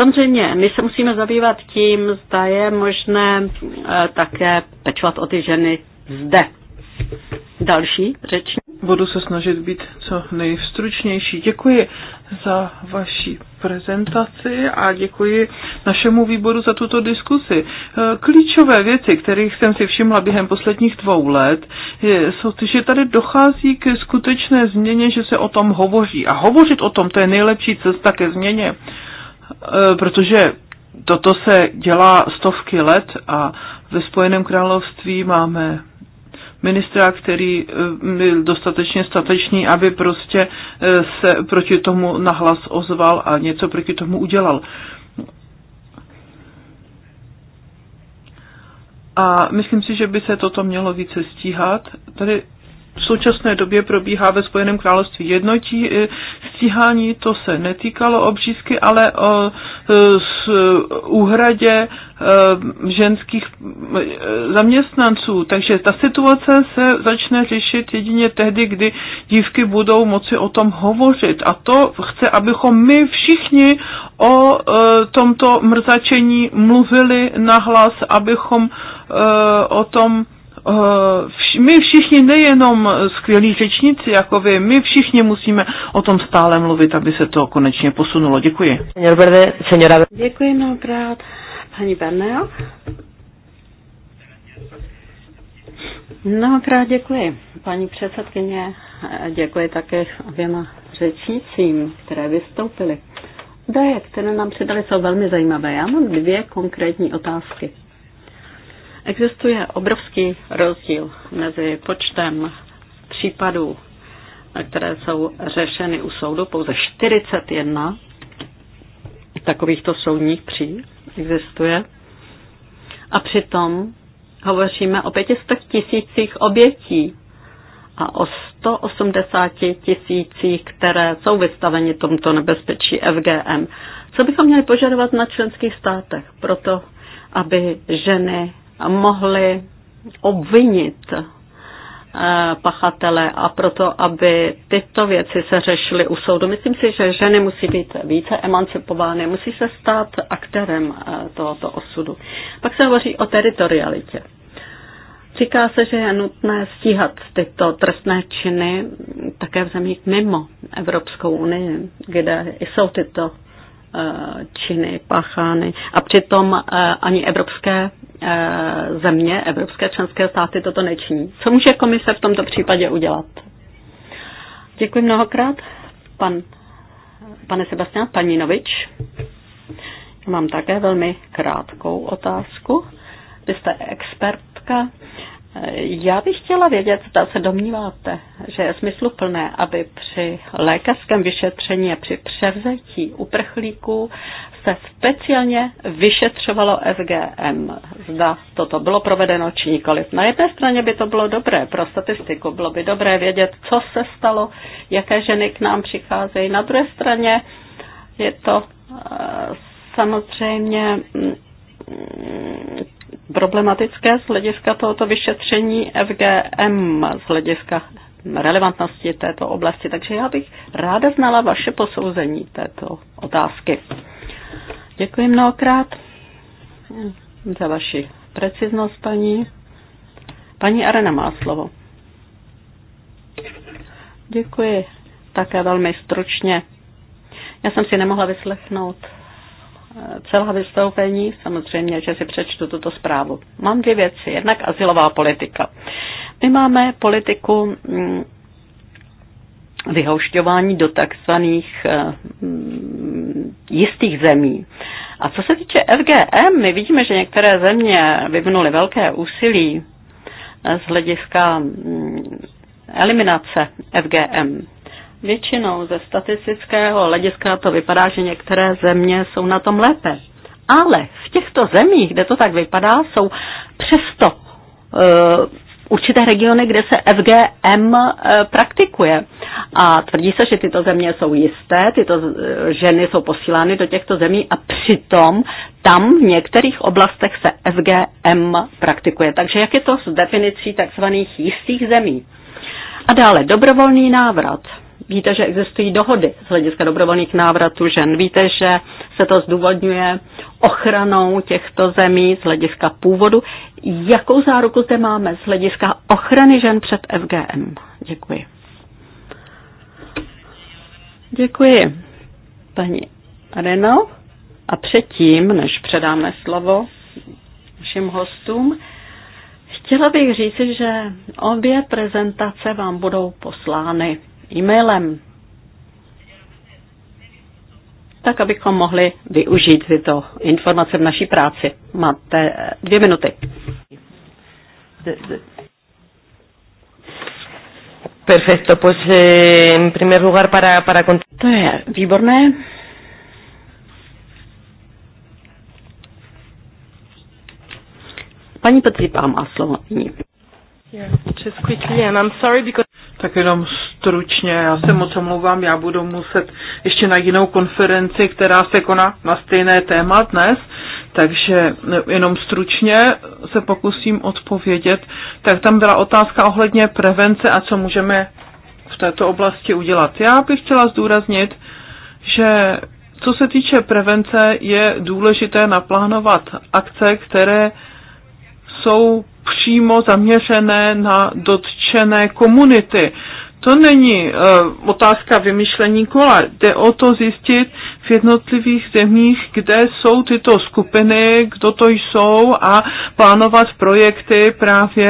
[SPEAKER 5] Samozřejmě, my se musíme zabývat tím, zda je možné eh, také pečovat o ty ženy zde Další řečník. Budu se
[SPEAKER 2] snažit být co nejvstručnější. Děkuji za vaši prezentaci a děkuji našemu výboru za tuto diskusi. E, klíčové věci, kterých jsem si všimla během posledních dvou let, jsou ty, že tady dochází k skutečné změně, že se o tom hovoří. A hovořit o tom, to je nejlepší cesta ke změně, e, protože toto se dělá stovky let a ve Spojeném království máme ministra, který eh, byl dostatečně statečný, aby prostě eh, se proti tomu nahlas ozval a něco proti tomu udělal. A myslím si, že by se toto mělo více stíhat. Tady v současné době probíhá ve Spojeném království jednotí eh, stíhání, to se netýkalo obřízky, ale o eh, s eh, úhradě ženských zaměstnanců. Takže ta situace se začne řešit jedině tehdy, kdy dívky budou moci o tom hovořit. A to chce, abychom my všichni o tomto mrzačení mluvili nahlas, abychom o tom Eh, my všichni, nejenom skvělí řečníci jako vy, my všichni musíme o tom stále mluvit, aby se to konečně posunulo. Děkuji.
[SPEAKER 5] Děkuji mnohokrát, paní Berneo. Mnohokrát děkuji, paní předsedkyně. Děkuji také oběma řečnicím, které vystoupily. Údaje, které nám předali, jsou velmi zajímavé. Já mám dvě konkrétní otázky. Existuje obrovský rozdíl mezi počtem případů, které jsou řešeny u soudu, pouze 41 takovýchto soudních pří existuje. A přitom hovoříme o 500 tisících obětí a o 180 tisících, které jsou vystaveni tomto nebezpečí FGM. Co bychom měli požadovat na členských státech proto, aby ženy mohli obvinit eh, pachatele a proto, aby tyto věci se řešily u soudu. Myslím si, že ženy musí být více emancipovány, musí se stát aktérem eh, tohoto osudu. Pak se hovoří o teritorialitě. Říká se, že je nutné stíhat tyto trestné činy také v zemích mimo Evropskou unii, kde jsou tyto eh, činy páchány. A přitom ani evropské Eh, země, evropské členské státy toto nečiní. Co může komise v tomto případě udělat? Děkuji mnohokrát. Pan, pane Sebastian Paninovič, mám také velmi krátkou otázku. Vy jste expertka. Eh, já bych chtěla vědět, zda se domníváte, že je smysluplné, aby při lékařském vyšetření a při převzetí uprchlíků se speciálně vyšetřovalo FGM. Zda toto bylo provedeno či nikoliv. Na jedné straně by to bylo dobré pro statistiku, bylo by dobré vědět, co se stalo, jaké ženy k nám přicházejí. Na druhé straně je to eh, samozřejmě mm, problematické z hlediska tohoto vyšetření FGM, z hlediska relevantnosti této oblasti. Takže já bych ráda znala vaše posouzení této otázky. Děkuji mnohokrát za vaši preciznost, paní. Paní Arena má slovo. Děkuji také velmi stručně. Já jsem si nemohla vyslechnout eh, celá vystoupení, samozřejmě, že si přečtu tuto zprávu. Mám dvě věci, jednak asilová politika. My máme politiku mm, vyhošťování do takzvaných eh, mm, jistých zemí. A co se týče FGM, my vidíme, že některé země vyvinuly velké úsilí eh, z hlediska mm, eliminace FGM. Většinou ze statistického hlediska to vypadá, že některé země jsou na tom lépe. Ale v těchto zemích, kde to tak vypadá, jsou přesto eh, určité regiony, kde se FGM e, praktikuje. A tvrdí se, že tyto země jsou jisté, tyto e, ženy jsou posílány do těchto zemí a přitom tam v některých oblastech se FGM praktikuje. Takže jak je to s definicí takzvaných jistých zemí? A dále dobrovolný návrat. Víte, že existují dohody z hlediska dobrovolných návratů žen. Víte, že se to zdůvodňuje ochranou těchto zemí z hlediska původu. Jakou záruku zde máme z hlediska ochrany žen před FGM? Děkuji. Děkuji, paní Reno. A předtím, než předáme slovo našim hostům, chtěla bych říct, že obě prezentace vám budou poslány e-mailem tak abychom mohli využít tyto informace v naší práci. Máte eh, dvě minuty.
[SPEAKER 1] Perfecto, pues eh, en primer lugar para, para... To je výborné. Paní Petřípá
[SPEAKER 5] má slovo.
[SPEAKER 2] Yeah, just quickly, and I'm sorry because...
[SPEAKER 5] Tak jenom stručně,
[SPEAKER 2] já se moc omlouvám, já budu muset ještě na jinou konferenci, která se koná na stejné téma dnes, takže jenom stručně se pokusím odpovědět. Tak tam byla otázka ohledně prevence a co můžeme v této oblasti udělat. Já bych chtěla zdůraznit, že co se týče prevence, je důležité naplánovat akce, které jsou přímo zaměřené na dotčení dotčené komunity. To není uh, otázka vymyšlení kola. Jde o to zjistit v jednotlivých zemích, kde jsou tyto skupiny, kdo to jsou a plánovat projekty právě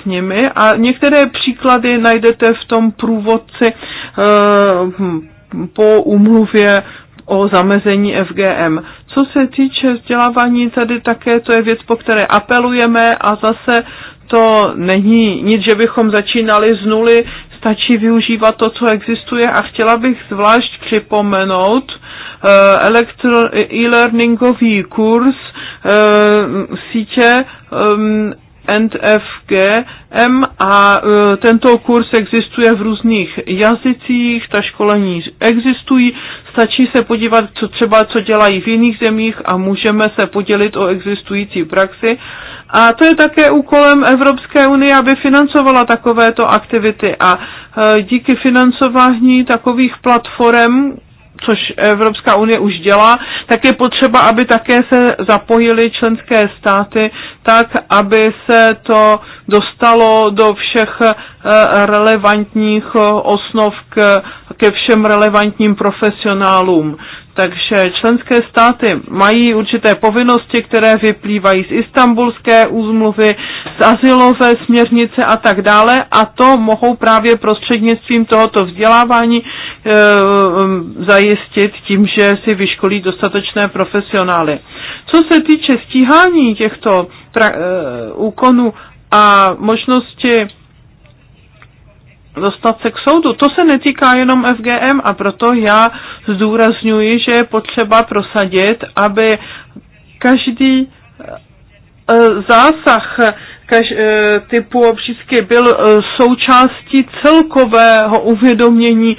[SPEAKER 2] s nimi. A některé příklady najdete v tom průvodci uh, po umluvě o zamezení FGM. Co se týče vzdělávání, tady také to je věc, po které apelujeme a zase to není nic, že bychom začínali z nuly, stačí využívat to, co existuje a chtěla bych zvlášť připomenout eh, e-learningový kurz eh, sítě e, eh, NFGM a tento kurz existuje v různých jazycích, ta školení existují, stačí se podívat, co třeba co dělají v jiných zemích a můžeme se podělit o existující praxi a to je také úkolem Evropské unie, aby financovala takovéto aktivity. A e, díky financování takových platform, což Evropská unie už dělá, tak je potřeba, aby také se zapojily členské státy tak, aby se to dostalo do všech e, relevantních osnov ke všem relevantním profesionálům. Takže členské státy mají určité povinnosti, které vyplývají z istambulské úzmluvy, z asilové směrnice a tak dále a to mohou právě prostřednictvím tohoto vzdělávání e, zajistit tím, že si vyškolí dostatečné profesionály. Co se týče stíhání těchto pra, e, úkonů a možnosti dostat se k soudu. To se netýká jenom FGM a proto já zdůrazňuji, že je potřeba prosadit, aby každý eh, zásah kaž, eh, typu obřízky byl eh, součástí celkového uvědomění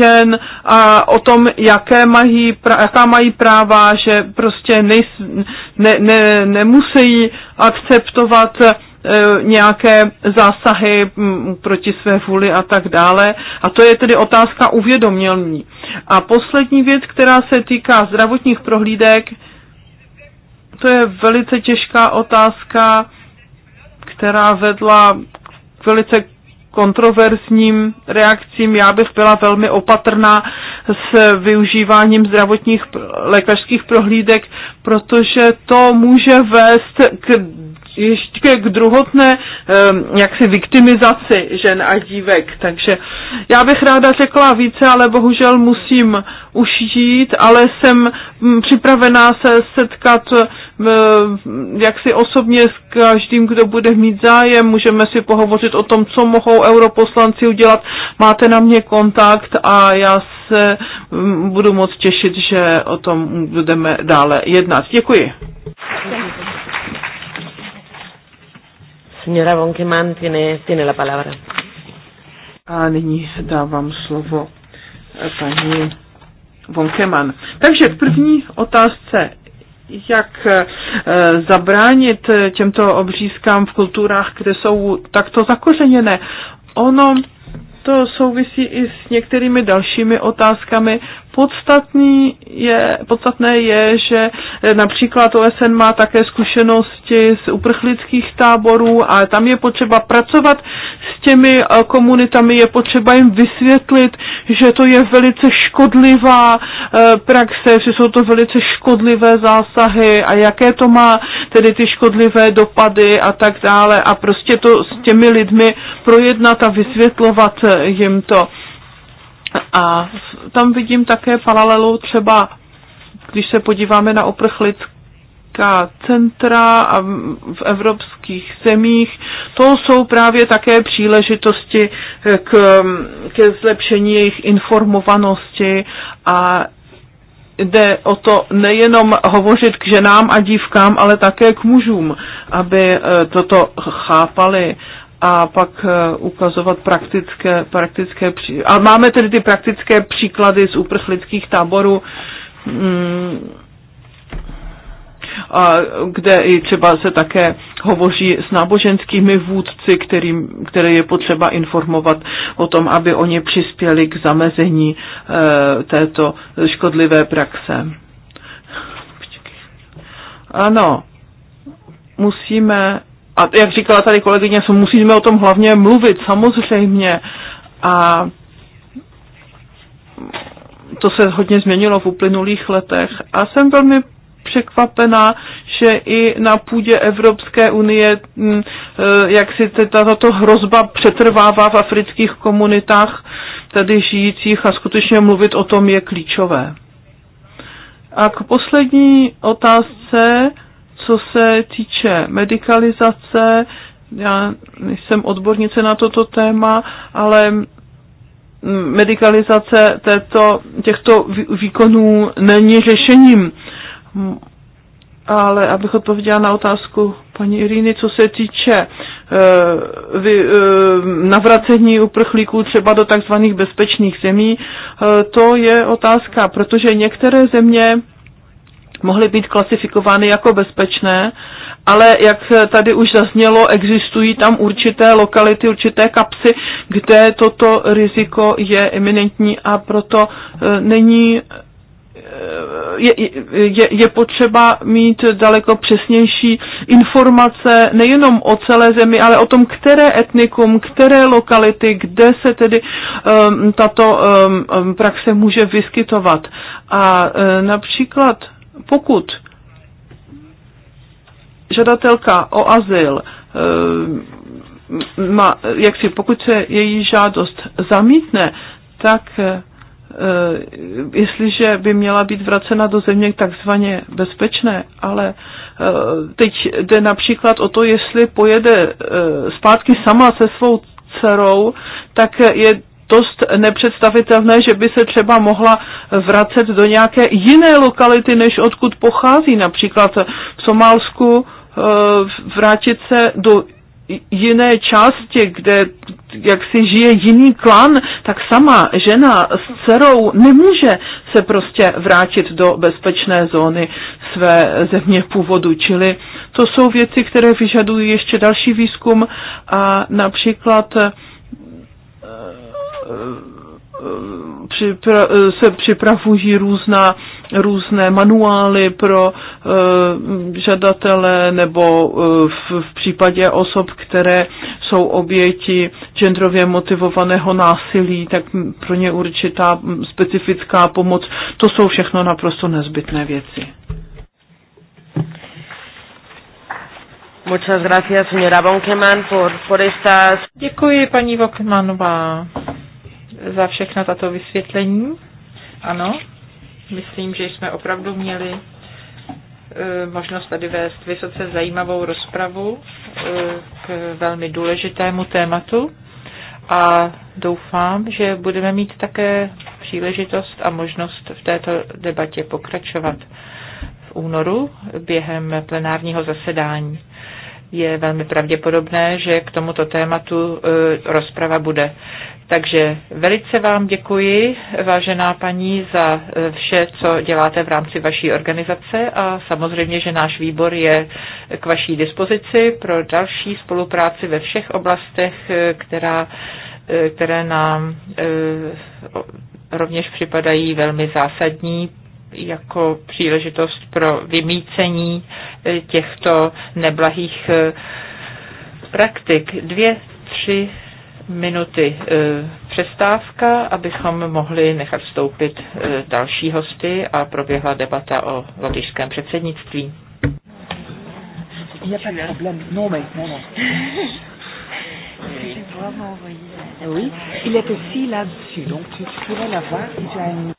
[SPEAKER 2] žen a o tom, jaké mají, jaká mají práva, že prostě nej, ne, ne, nemusí akceptovat E, nějaké zásahy proti své vůli a tak dále. A to je tedy otázka uvědomělní. A poslední věc, která se týká zdravotních prohlídek, to je velice těžká otázka, která vedla k velice kontroverzním reakcím. Já bych byla velmi opatrná s využíváním zdravotních lékařských prohlídek, protože to může vést k ještě k druhotné ehm, jaksi viktimizaci žen a dívek. Takže já bych ráda řekla více, ale bohužel musím už jít, ale jsem mm, připravená se setkat ehm, jaksi osobně s každým, kdo bude mít zájem. Můžeme si pohovořit o tom, co mohou europoslanci udělat. Máte na mě kontakt a já se mm, budu moc těšit, že o tom
[SPEAKER 1] budeme dále jednat. Děkuji. Děkuji. Señora Bonkeman tiene, tiene la palabra. A nyní dávám slovo eh, paní Bonkeman. Takže v první
[SPEAKER 2] otázce jak eh, zabránit eh, těmto obřízkám v kulturách, kde jsou takto zakořeněné. Ono to souvisí i s některými dalšími otázkami, Podstatný je, podstatné je, že eh, například OSN má také zkušenosti z uprchlických táborů a tam je potřeba pracovat s těmi eh, komunitami, je potřeba jim vysvětlit, že to je velice škodlivá eh, praxe, že jsou to velice škodlivé zásahy a jaké to má tedy ty škodlivé dopady a tak dále a prostě to s těmi lidmi projednat a vysvětlovat jim to a tam vidím také paralelu třeba, když se podíváme na oprchlická centra a v evropských zemích, to jsou právě také příležitosti k, ke zlepšení jejich informovanosti a jde o to nejenom hovořit k ženám a dívkám, ale také k mužům, aby eh, toto chápali a pak eh, ukazovat praktické, praktické pří... a máme tedy ty praktické příklady z uprchlických táborů, mm, a kde i třeba se také hovoří s náboženskými vůdci, kterým, které je potřeba informovat o tom, aby oni přispěli k zamezení e, této škodlivé praxe. Ano, musíme a jak říkala tady kolegyně, musíme o tom hlavně mluvit, samozřejmě. A to se hodně změnilo v uplynulých letech. A jsem velmi překvapená, že i na půdě Evropské unie, mm, e, jak si tato hrozba přetrvává v afrických komunitách tady žijících a skutečně mluvit o tom je klíčové. A k poslední otázce, co se týče medikalizace, já nejsem odbornice na toto téma, ale medikalizace této, těchto výkonů není řešením. Ale abych odpověděla na otázku paní Iriny, co se týče uh, vy, uh, navracení uprchlíků třeba do takzvaných bezpečných zemí, uh, to je otázka, protože některé země mohly být klasifikovány jako bezpečné, ale jak tady už zaznělo, existují tam určité lokality, určité kapsy, kde toto riziko je eminentní a proto e, není e, je, je, je potřeba mít daleko přesnější informace nejenom o celé zemi, ale o tom, které etnikum, které lokality, kde se tedy um, tato um, praxe může vyskytovat. A uh, například pokud žadatelka o azyl eh, má, jak si, pokud se její žádost zamítne, tak eh, jestliže by měla být vracena do země takzvaně bezpečné, ale eh, teď jde například o to, jestli pojede zpátky sama se svou dcerou, tak je dost nepředstavitelné, že by se třeba mohla vracet do nějaké jiné lokality, než odkud pochází, například v Somálsku eh, vrátit se do jiné části, kde jak si žije jiný klan, tak sama žena s dcerou nemůže se prostě vrátit do bezpečné zóny své země původu. Čili to jsou věci, které vyžadují ještě další výzkum a například eh, připra- se připravují různá, různé manuály pro uh, žadatele nebo uh, v, v případě osob, které jsou oběti genderově motivovaného násilí, tak pro ně určitá specifická pomoc. To jsou všechno naprosto nezbytné
[SPEAKER 1] věci. Muchas gracias, señora Bonkeman, por, por estas... Děkuji, paní Bonkemanova
[SPEAKER 4] za všechna tato vysvětlení. Ano, myslím, že jsme opravdu měli e, možnost tady vést vysoce zajímavou rozpravu e, k velmi důležitému tématu a doufám, že budeme mít také příležitost a možnost v této debatě pokračovat v únoru během plenárního zasedání. Je velmi pravděpodobné, že k tomuto tématu e, rozprava bude. Takže velice vám děkuji, vážená paní, za eh, vše, co děláte v rámci vaší organizace a samozřejmě, že náš výbor je k vaší dispozici pro další spolupráci ve všech oblastech, eh, která, eh, které nám rovněž připadají velmi zásadní jako příležitost pro vymícení těchto neblahých praktik. Dvě, tři minuty e, přestávka, abychom mohli nechat vstoupit e, další hosty a proběhla debata o lotyšském předsednictví. Il n'y a pas de problème. No, non, mais non, non.
[SPEAKER 1] [laughs]
[SPEAKER 3] Oui, il est aussi là-dessus, donc tu pourrais l'avoir si tu as une...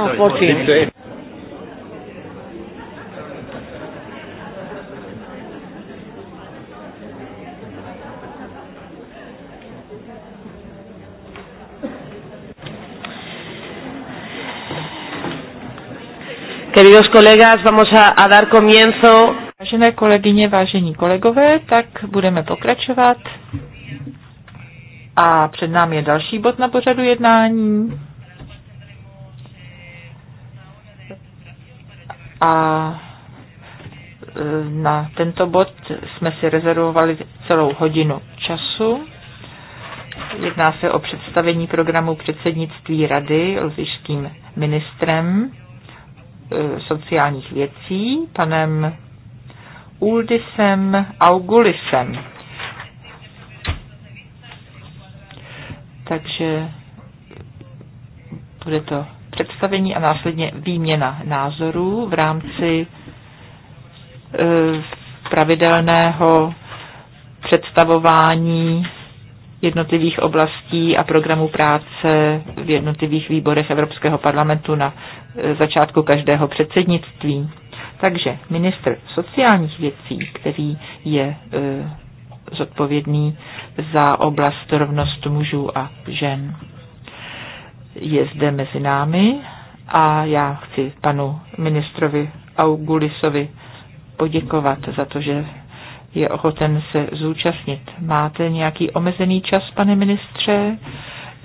[SPEAKER 3] Oh, 14.
[SPEAKER 1] Queridos colegas,
[SPEAKER 4] vamos a, a dar comienzo. Vážené kolegyně, vážení kolegové, tak budeme pokračovat. A před námi je další bod na pořadu jednání. a e, na tento bod jsme si rezervovali celou hodinu času. Jedná se o představení programu předsednictví rady lzyšským ministrem e, sociálních věcí, panem Uldisem Augulisem. Takže bude to představení a následně výměna názorů v rámci e, pravidelného představování jednotlivých oblastí a programů práce v jednotlivých výborech Evropského parlamentu na e, začátku každého předsednictví. Takže ministr sociálních věcí, který je e, zodpovědný za oblast rovnost mužů a žen je zde mezi námi a já chci panu ministrovi Augulisovi poděkovat za to, že je ochoten se zúčastnit. Máte nějaký omezený čas, pane ministře?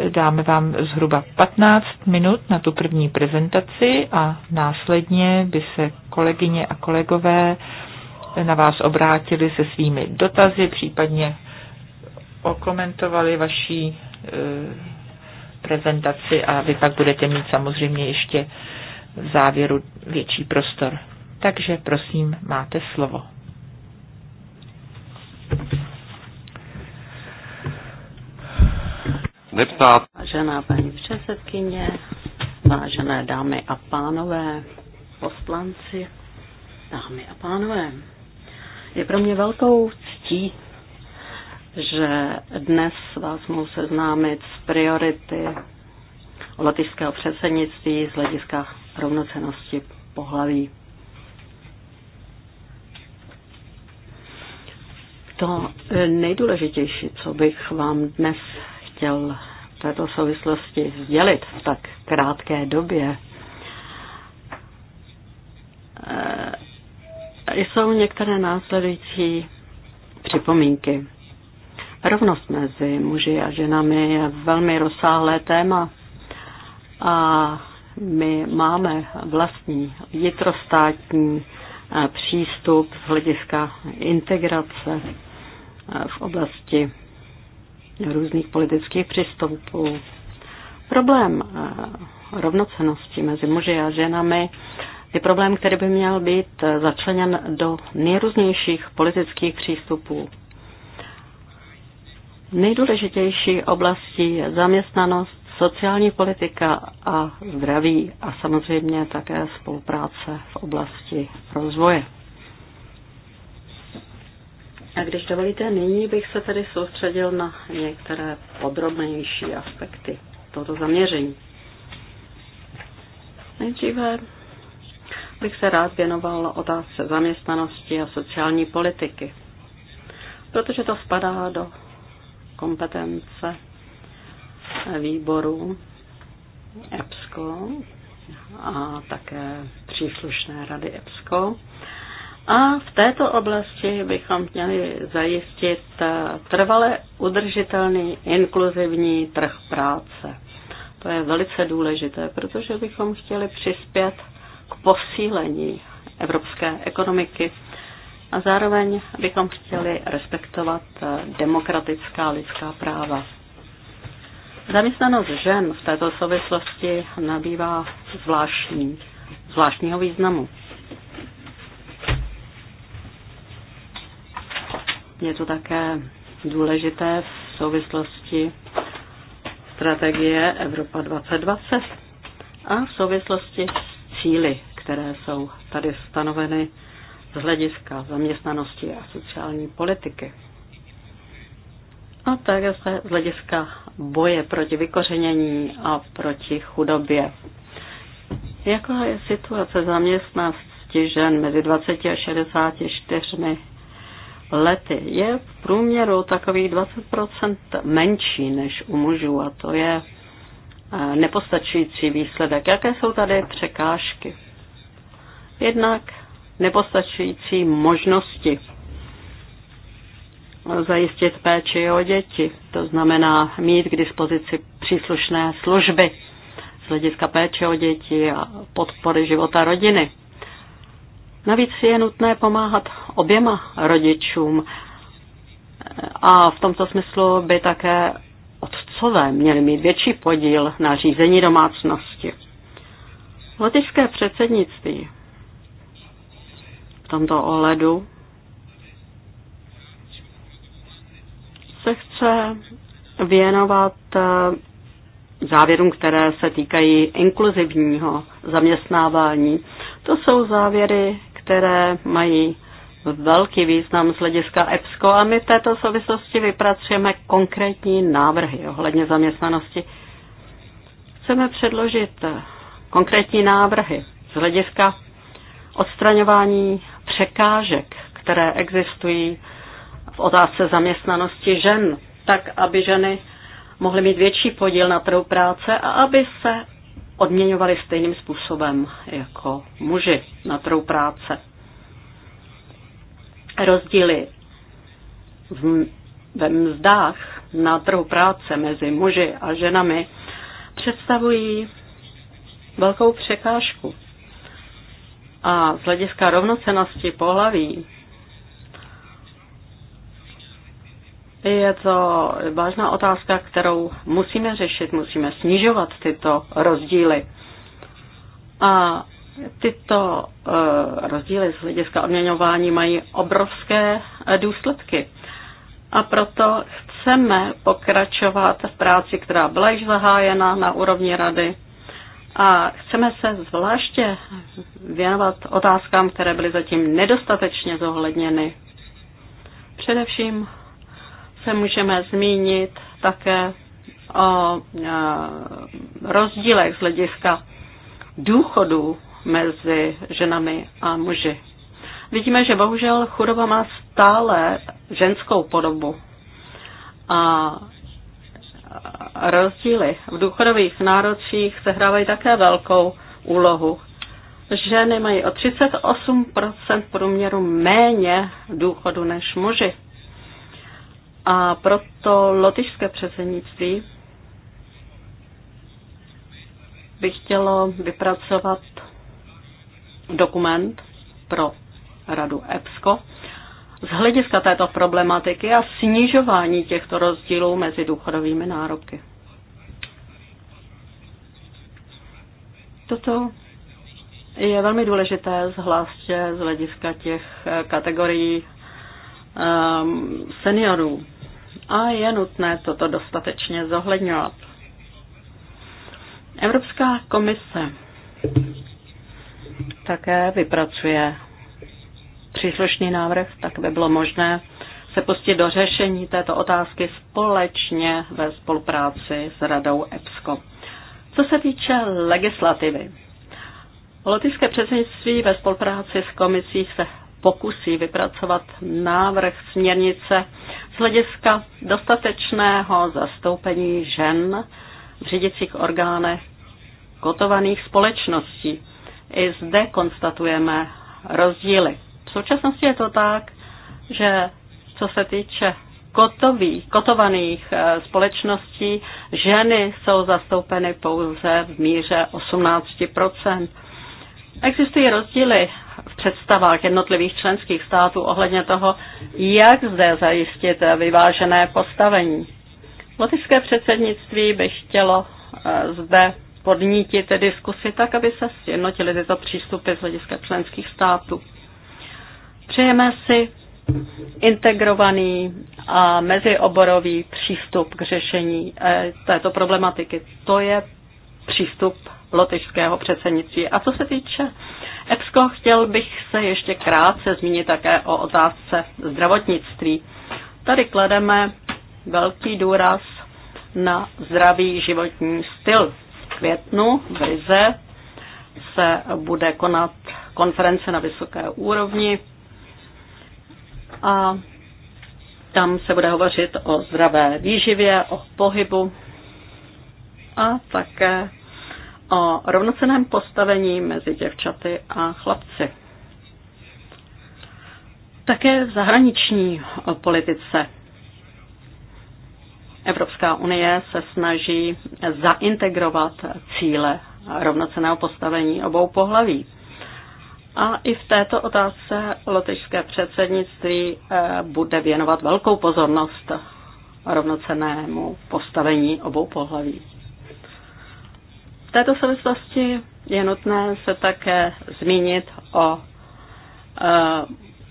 [SPEAKER 4] Dáme vám zhruba 15 minut na tu první prezentaci a následně by se kolegyně a kolegové na vás obrátili se svými dotazy, případně okomentovali vaší eh, prezentaci a vy pak budete mít samozřejmě ještě v závěru větší prostor. Takže prosím, máte slovo.
[SPEAKER 5] Neptát. Vážená paní předsedkyně, vážené dámy a pánové, poslanci, dámy a pánové, je pro mě velkou ctí že dnes vás mohu seznámit s priority lotyšského předsednictví z hlediska rovnocenosti pohlaví. To nejdůležitější, co bych vám dnes chtěl v této souvislosti sdělit v tak krátké době, eh, jsou některé následující připomínky. Rovnost mezi muži a ženami je velmi rozsáhlé téma a my máme vlastní vnitrostátní eh, přístup z hlediska integrace eh, v oblasti různých politických přístupů. Problém eh, rovnocenosti mezi muži a ženami je problém, který by měl být začleněn do nejrůznějších politických přístupů Nejdůležitější oblastí je zaměstnanost, sociální politika a zdraví a samozřejmě také spolupráce v oblasti rozvoje. A když dovolíte, nyní bych se tedy soustředil na některé podrobnější aspekty tohoto zaměření. Nejdříve bych se rád věnoval otázce zaměstnanosti a sociální politiky, protože to spadá do kompetence výboru EPSCO a také příslušné rady EPSCO. A v této oblasti bychom měli zajistit trvale udržitelný inkluzivní trh práce. To je velice důležité, protože bychom chtěli přispět k posílení evropské ekonomiky a zároveň bychom chtěli respektovat eh, demokratická lidská práva. Zaměstnanost žen v této souvislosti nabývá zvláštní, zvláštního významu. Je to také důležité v souvislosti strategie Evropa 2020 a v souvislosti s cíly, které jsou tady stanoveny z hlediska zaměstnanosti a sociální politiky. A také z hlediska boje proti vykořenění a proti chudobě. Jaká je situace zaměstnanosti žen mezi 20 a 64 lety? Je v průměru takových 20 menší než u mužů a to je eh, nepostačující výsledek. Jaké jsou tady překážky? Jednak nepostačující možnosti zajistit péči o děti, to znamená mít k dispozici příslušné služby z hlediska péče o děti a podpory života rodiny. Navíc je nutné pomáhat oběma rodičům a v tomto smyslu by také otcové měli mít větší podíl na řízení domácnosti. Lotyšské předsednictví v tomto ohledu se chce věnovat eh, závěrům, které se týkají inkluzivního zaměstnávání. To jsou závěry, které mají velký význam z hlediska EPSCO a my v této souvislosti vypracujeme konkrétní návrhy ohledně zaměstnanosti. Chceme předložit eh, konkrétní návrhy z hlediska odstraňování překážek, které existují v otázce zaměstnanosti žen, tak aby ženy mohly mít větší podíl na trhu práce a aby se odměňovali stejným způsobem jako muži na trhu práce. Rozdíly v, ve mzdách na trhu práce mezi muži a ženami představují velkou překážku a z hlediska rovnocenosti pohlaví je to vážná otázka, kterou musíme řešit, musíme snižovat tyto rozdíly. A tyto eh, rozdíly z hlediska odměňování mají obrovské eh, důsledky. A proto chceme pokračovat v práci, která byla již zahájena na úrovni rady a chceme se zvláště věnovat otázkám, které byly zatím nedostatečně zohledněny. Především se můžeme zmínit také o rozdílech z hlediska důchodů mezi ženami a muži. Vidíme, že bohužel chudoba má stále ženskou podobu. A rozdíly v důchodových nárocích sehrávají také velkou úlohu. Ženy mají o 38% průměru méně důchodu než muži. A proto lotyšské předsednictví by chtělo vypracovat dokument pro radu EPSCO, z hlediska této problematiky a snižování těchto rozdílů mezi důchodovými nároky. Toto je velmi důležité, zvláště z hlediska těch eh, kategorií um, seniorů. A je nutné toto dostatečně zohledňovat. Evropská komise také vypracuje příslušný návrh, tak by bylo možné se pustit do řešení této otázky společně ve spolupráci s Radou EPSCO. Co se týče legislativy, Lotické předsednictví ve spolupráci s komisí se pokusí vypracovat návrh směrnice z hlediska dostatečného zastoupení žen v řídicích orgánech kotovaných společností. I zde konstatujeme rozdíly. V současnosti je to tak, že co se týče kotový, kotovaných eh, společností, ženy jsou zastoupeny pouze v míře 18 Existují rozdíly v představách jednotlivých členských států ohledně toho, jak zde zajistit eh, vyvážené postavení. Lotyšské předsednictví by chtělo eh, zde podnítit diskusi tak, aby se sjednotily tyto přístupy z hlediska členských států. Přejeme si integrovaný a mezioborový přístup k řešení eh, této problematiky. To je přístup lotyšského předsednictví. A co se týče EPSCO, chtěl bych se ještě krátce zmínit také o otázce zdravotnictví. Tady klademe velký důraz na zdravý životní styl. V květnu v Rize se bude konat konference na vysoké úrovni a tam se bude hovořit o zdravé výživě, o pohybu a také o rovnoceném postavení mezi děvčaty a chlapci. Také v zahraniční politice Evropská unie se snaží zaintegrovat cíle rovnoceného postavení obou pohlaví. A i v této otázce lotyšské předsednictví eh, bude věnovat velkou pozornost rovnocenému postavení obou pohlaví. V této souvislosti je nutné se také zmínit o eh,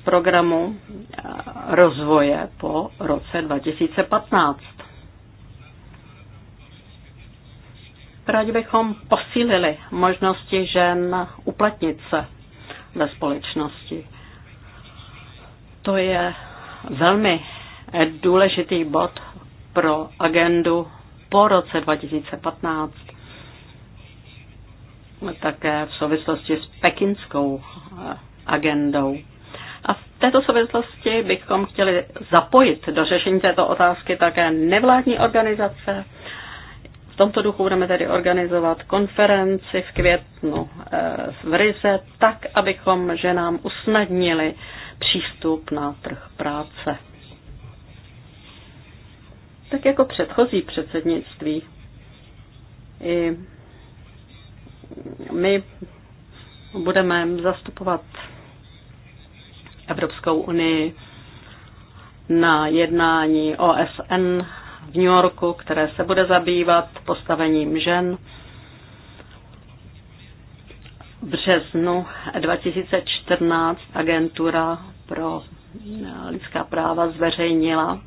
[SPEAKER 5] programu eh, rozvoje po roce 2015. Rádi bychom posílili možnosti žen uplatnit se ve společnosti. To je velmi důležitý bod pro agendu po roce 2015, také v souvislosti s pekinskou eh, agendou. A v této souvislosti bychom chtěli zapojit do řešení této otázky také nevládní organizace, v tomto duchu budeme tedy organizovat konferenci v květnu eh, v Rize, tak, abychom ženám usnadnili přístup na trh práce. Tak jako předchozí předsednictví, i my budeme zastupovat Evropskou unii na jednání OSN v New Yorku, které se bude zabývat postavením žen. V březnu 2014 agentura pro eh, lidská práva zveřejnila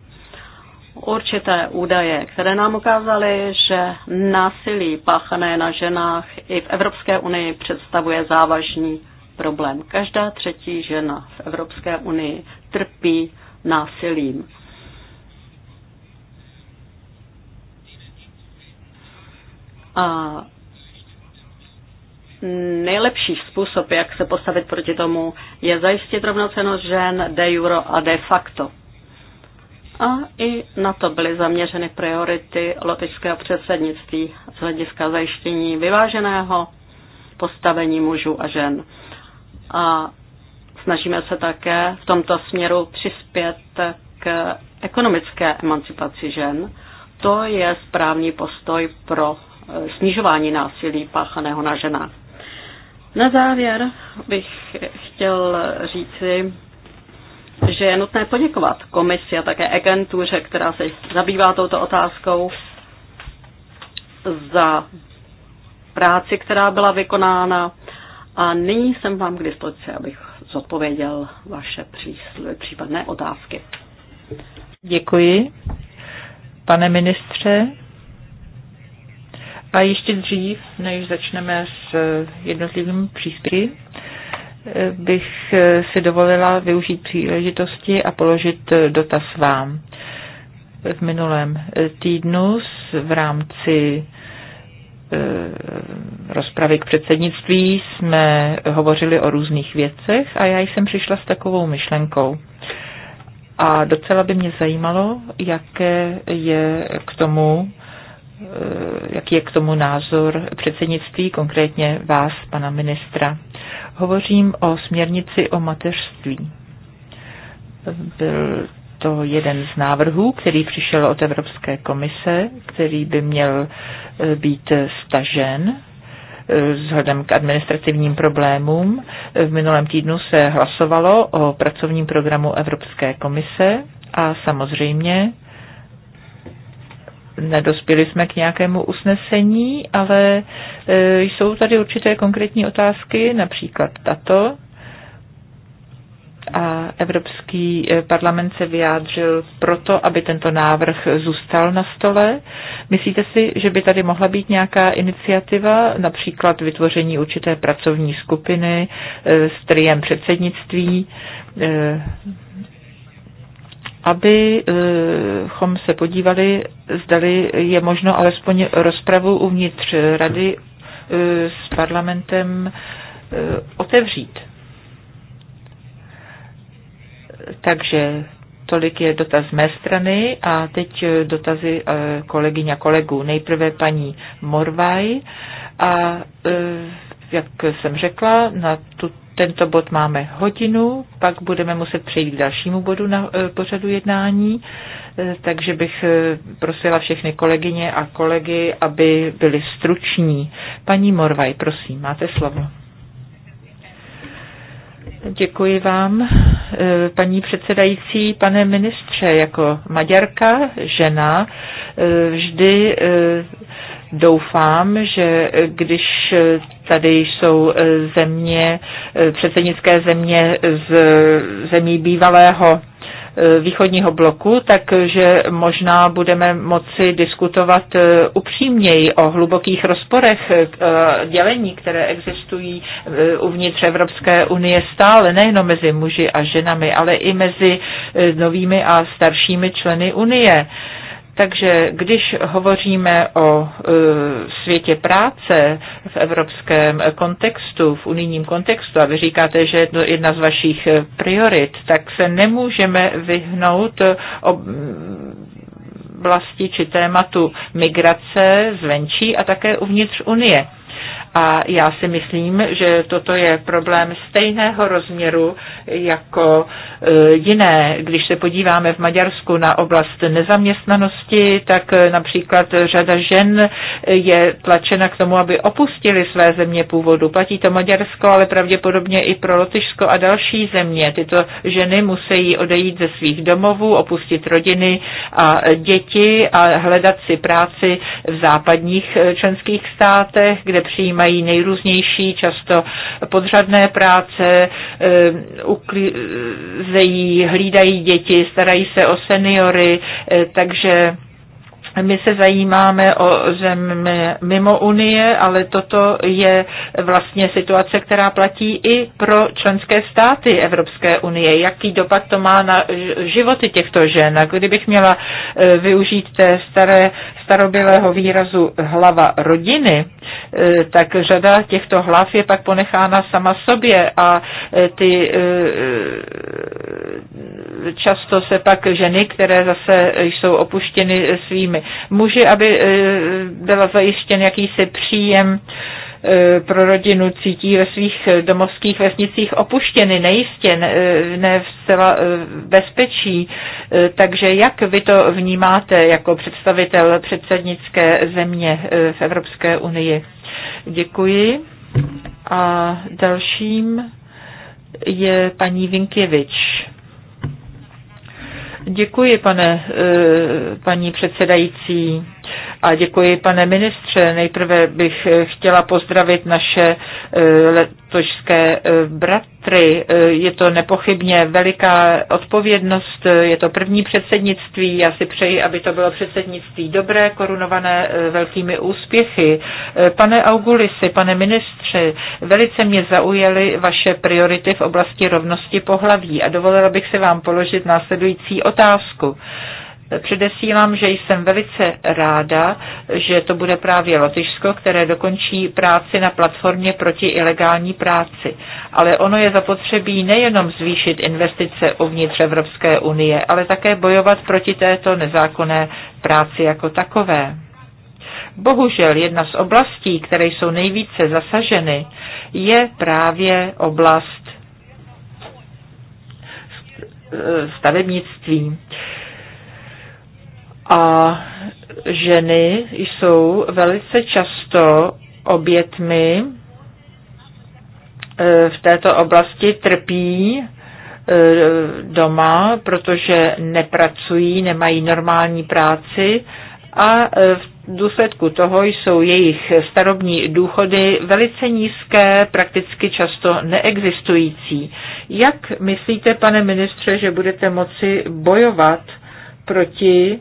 [SPEAKER 5] určité údaje, které nám ukázaly, že násilí páchané na ženách i v Evropské unii představuje závažný problém. Každá třetí žena v Evropské unii trpí násilím. A nejlepší způsob, jak se postavit proti tomu, je zajistit rovnocenost žen de juro a de facto. A i na to byly zaměřeny priority lotyšského předsednictví z hlediska zajištění vyváženého postavení mužů a žen. A snažíme se také v tomto směru přispět k ekonomické emancipaci žen. To je správný postoj pro snižování násilí páchaného na ženách. Na závěr bych chtěl říci, že je nutné poděkovat komisi a také agentuře, která se zabývá touto otázkou, za práci, která byla vykonána. A nyní jsem vám k dispozici, abych zodpověděl vaše případné otázky.
[SPEAKER 4] Děkuji. Pane ministře, a ještě dřív, než začneme s eh, jednotlivými příspěvky, eh, bych eh, si dovolila využít příležitosti a položit dotaz vám. V minulém týdnu v rámci rozpravy k předsednictví jsme hovořili o různých věcech a já jsem přišla s takovou myšlenkou. A docela by mě zajímalo, jaké je k tomu Eh, jaký je k tomu názor předsednictví, konkrétně vás, pana ministra. Hovořím o směrnici o mateřství. Byl to jeden z návrhů, který přišel od Evropské komise, který by měl eh, být stažen eh, vzhledem k administrativním problémům. V minulém týdnu se hlasovalo o pracovním programu Evropské komise a samozřejmě nedospěli jsme k nějakému usnesení, ale e, jsou tady určité konkrétní otázky, například tato. A Evropský e, parlament se vyjádřil proto, aby tento návrh zůstal na stole. Myslíte si, že by tady mohla být nějaká iniciativa, například vytvoření určité pracovní skupiny e, s triem předsednictví? abychom se podívali, zdali je možno alespoň rozpravu uvnitř rady eh, s parlamentem eh, otevřít. Takže tolik je dotaz z mé strany a teď dotazy eh, kolegyň a kolegů. Nejprve paní Morvaj a jak jsem řekla, na tuto tento bod máme hodinu, pak budeme muset přejít k dalšímu bodu na eh, pořadu jednání, eh, takže bych eh, prosila všechny kolegyně a kolegy, aby byli struční. Paní Morvaj, prosím, máte slovo. Děkuji vám, paní předsedající, pane ministře, jako maďarka, žena, vždy doufám, že když tady jsou země, předsednické země z zemí bývalého e, východního bloku, takže možná budeme moci diskutovat e, upřímněji o hlubokých rozporech e, dělení, které existují uvnitř Evropské unie stále, nejenom mezi muži a ženami, ale i mezi novými a staršími členy unie. Takže když hovoříme o e, světě práce v evropském kontextu, v unijním kontextu, a vy říkáte, že je to jedna z vašich e, priorit, tak se nemůžeme vyhnout e, ob oblasti či tématu migrace zvenčí a také uvnitř Unie. A já si myslím, že toto je problém stejného rozměru jako e, jiné. Když se podíváme v Maďarsku na oblast nezaměstnanosti, tak e, například řada žen je tlačena k tomu, aby opustili své země původu. Platí to Maďarsko, ale pravděpodobně i pro Lotyšsko a další země. Tyto ženy musí odejít ze svých domovů, opustit rodiny a děti a hledat si práci v západních e, členských státech, kde přijímají mají nejrůznější, často podřadné práce, eh, uklízejí, hlídají děti, starají se o seniory, eh, takže my se zajímáme o zem mimo Unie, ale toto je vlastně situace, která platí i pro členské státy Evropské unie. Jaký dopad to má na životy těchto žen? A kdybych měla eh, využít té staré starobylého výrazu hlava rodiny, e, tak řada těchto hlav je pak ponechána sama sobě a e, ty e, často se pak ženy, které zase jsou opuštěny svými muži, aby byla zajištěn jakýsi příjem E, pro rodinu cítí ve svých domovských vesnicích opuštěny, nejistě, e, ne zcela e, bezpečí. Takže jak vy to vnímáte jako představitel předsednické země v Evropské unii? Děkuji. A dalším je paní Vinkěvič. Děkuji, pane, eh, paní předsedající a děkuji, pane ministře. Nejprve bych eh, chtěla pozdravit naše eh, Tožské e, bratry. E, je to nepochybně veliká odpovědnost, e, je to první předsednictví. Já si přeji, aby to bylo předsednictví dobré, korunované velkými úspěchy. Pane Augulisi, pane ministře, velice mě zaujaly vaše priority v oblasti rovnosti pohlaví a dovolila bych se vám položit následující otázku. Předesílám, že jsem velice ráda, že to bude právě Lotyšsko, které dokončí práci na platformě proti ilegální práci. Ale ono je zapotřebí nejenom zvýšit investice uvnitř Evropské unie, ale také bojovat proti této nezákonné práci jako takové. Bohužel jedna z oblastí, které jsou nejvíce zasaženy, je právě oblast eh, stavebnictví a ženy jsou velice často obětmi e, v této oblasti trpí e, doma, protože nepracují, nemají normální práci a e, v důsledku toho jsou jejich starobní důchody velice nízké, prakticky často neexistující. Jak myslíte, pane ministře, že budete moci bojovat proti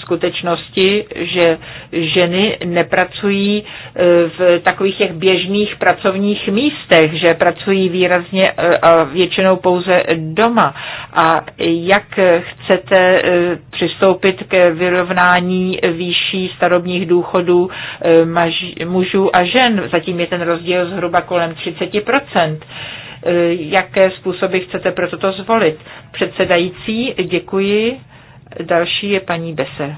[SPEAKER 4] skutečnosti, že ženy nepracují e, v takových těch běžných pracovních místech, že pracují výrazně e, a většinou pouze doma. A jak chcete e, přistoupit k vyrovnání výší starobních důchodů mužů a žen? Zatím je ten rozdíl zhruba kolem 30% jaké způsoby chcete pro toto zvolit. Předsedající, děkuji. Další je paní Bese.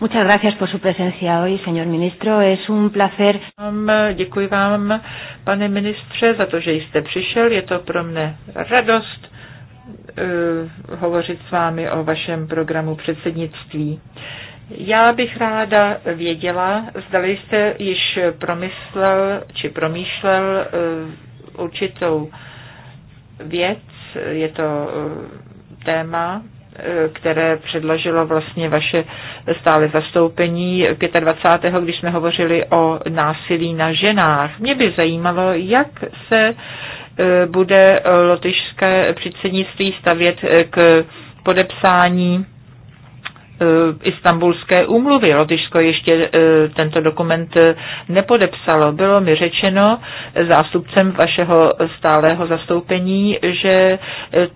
[SPEAKER 4] Muchas gracias por su
[SPEAKER 1] presencia hoy, señor ministro. Es un placer.
[SPEAKER 4] Děkuji vám, pane ministře, za to, že jste přišel. Je to pro mne radost eh, hovořit s vámi o vašem programu předsednictví. Já bych ráda věděla, zda jste již promyslel či promýšlel eh, určitou věc, je to eh, téma, eh, které předložilo vlastně vaše stále zastoupení 25. když jsme hovořili o násilí na ženách. Mě by zajímalo, jak se eh, bude lotyšské předsednictví stavět k podepsání Eh, istambulské úmluvy. Lotyšsko ještě eh, tento dokument eh, nepodepsalo. Bylo mi řečeno zástupcem vašeho stálého zastoupení, že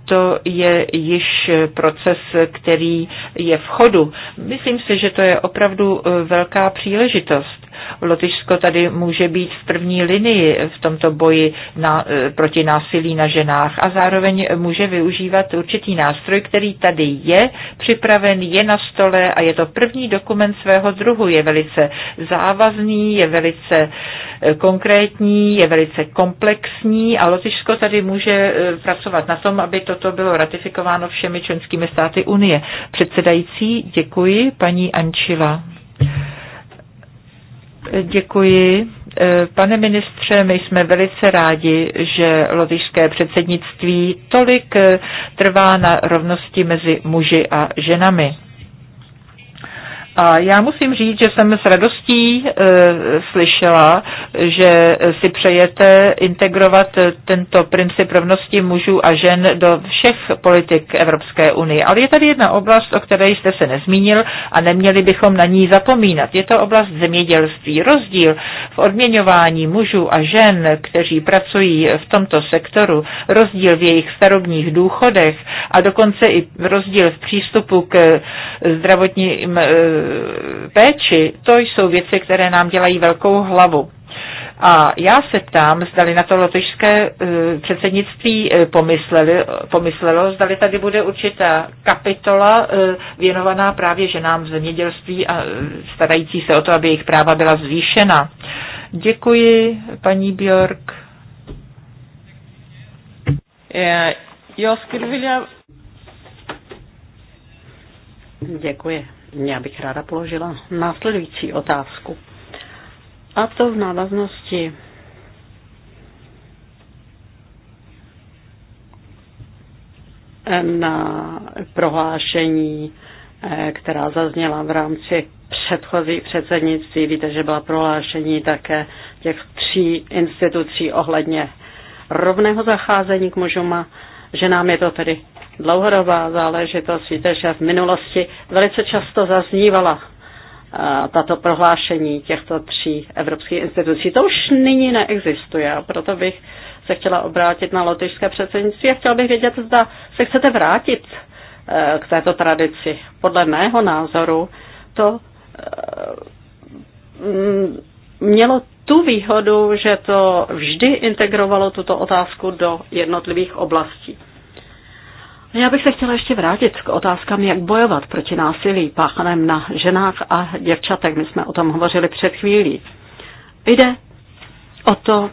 [SPEAKER 4] to je již proces, který je v chodu. Myslím si, že to je opravdu velká příležitost. Lotyšsko tady může být v první linii v tomto boji na, proti násilí na ženách a zároveň může využívat určitý nástroj, který tady je připraven, je na stole a je to první dokument svého druhu. Je velice závazný, je velice eh, konkrétní, je velice komplexní a Lotyšsko tady může eh, pracovat na tom, aby toto bylo ratifikováno všemi členskými státy Unie. Předsedající, děkuji, paní Ančila. Děkuji. Eh, pane ministře, my jsme velice rádi, že lotyšské předsednictví tolik trvá na rovnosti mezi muži a ženami. A já musím říct, že jsem s radostí e, slyšela, že si přejete integrovat tento princip rovnosti mužů a žen do všech politik Evropské unie. Ale je tady jedna oblast, o které jste se nezmínil a neměli bychom na ní zapomínat. Je to oblast zemědělství. Rozdíl v odměňování mužů a žen, kteří pracují v tomto sektoru, rozdíl v jejich starobních důchodech a dokonce i rozdíl v přístupu k zdravotním e, péči, to jsou věci, které nám dělají velkou hlavu. A já se ptám, zdali na to lotyšské e, předsednictví e, pomysleli, pomyslelo, zdali tady bude určitá kapitola e, věnovaná právě ženám v zemědělství a starající se o to, aby jejich práva byla zvýšena. Děkuji, paní Björk.
[SPEAKER 5] Já skulle Děkuji. Já bych ráda položila následující otázku. A to v návaznosti na prohlášení, eh, která zazněla v rámci předchozí předsednictví. Víte, že byla prohlášení také těch tří institucí ohledně rovného zacházení k mužům a ženám je to tedy dlouhodobá záležitost. Víte, že v minulosti velice často zaznívala eh, tato prohlášení těchto tří evropských institucí. To už nyní neexistuje a proto bych se chtěla obrátit na lotyšské předsednictví a chtěla bych vědět, zda se chcete vrátit eh, k této tradici. Podle mého názoru to eh, mm, mělo tu výhodu, že to vždy integrovalo tuto otázku do jednotlivých oblastí. No, já bych se chtěla ještě vrátit k otázkám, jak bojovat proti násilí páchaném na ženách a děvčatech. My jsme o tom hovořili před chvílí. Jde o to,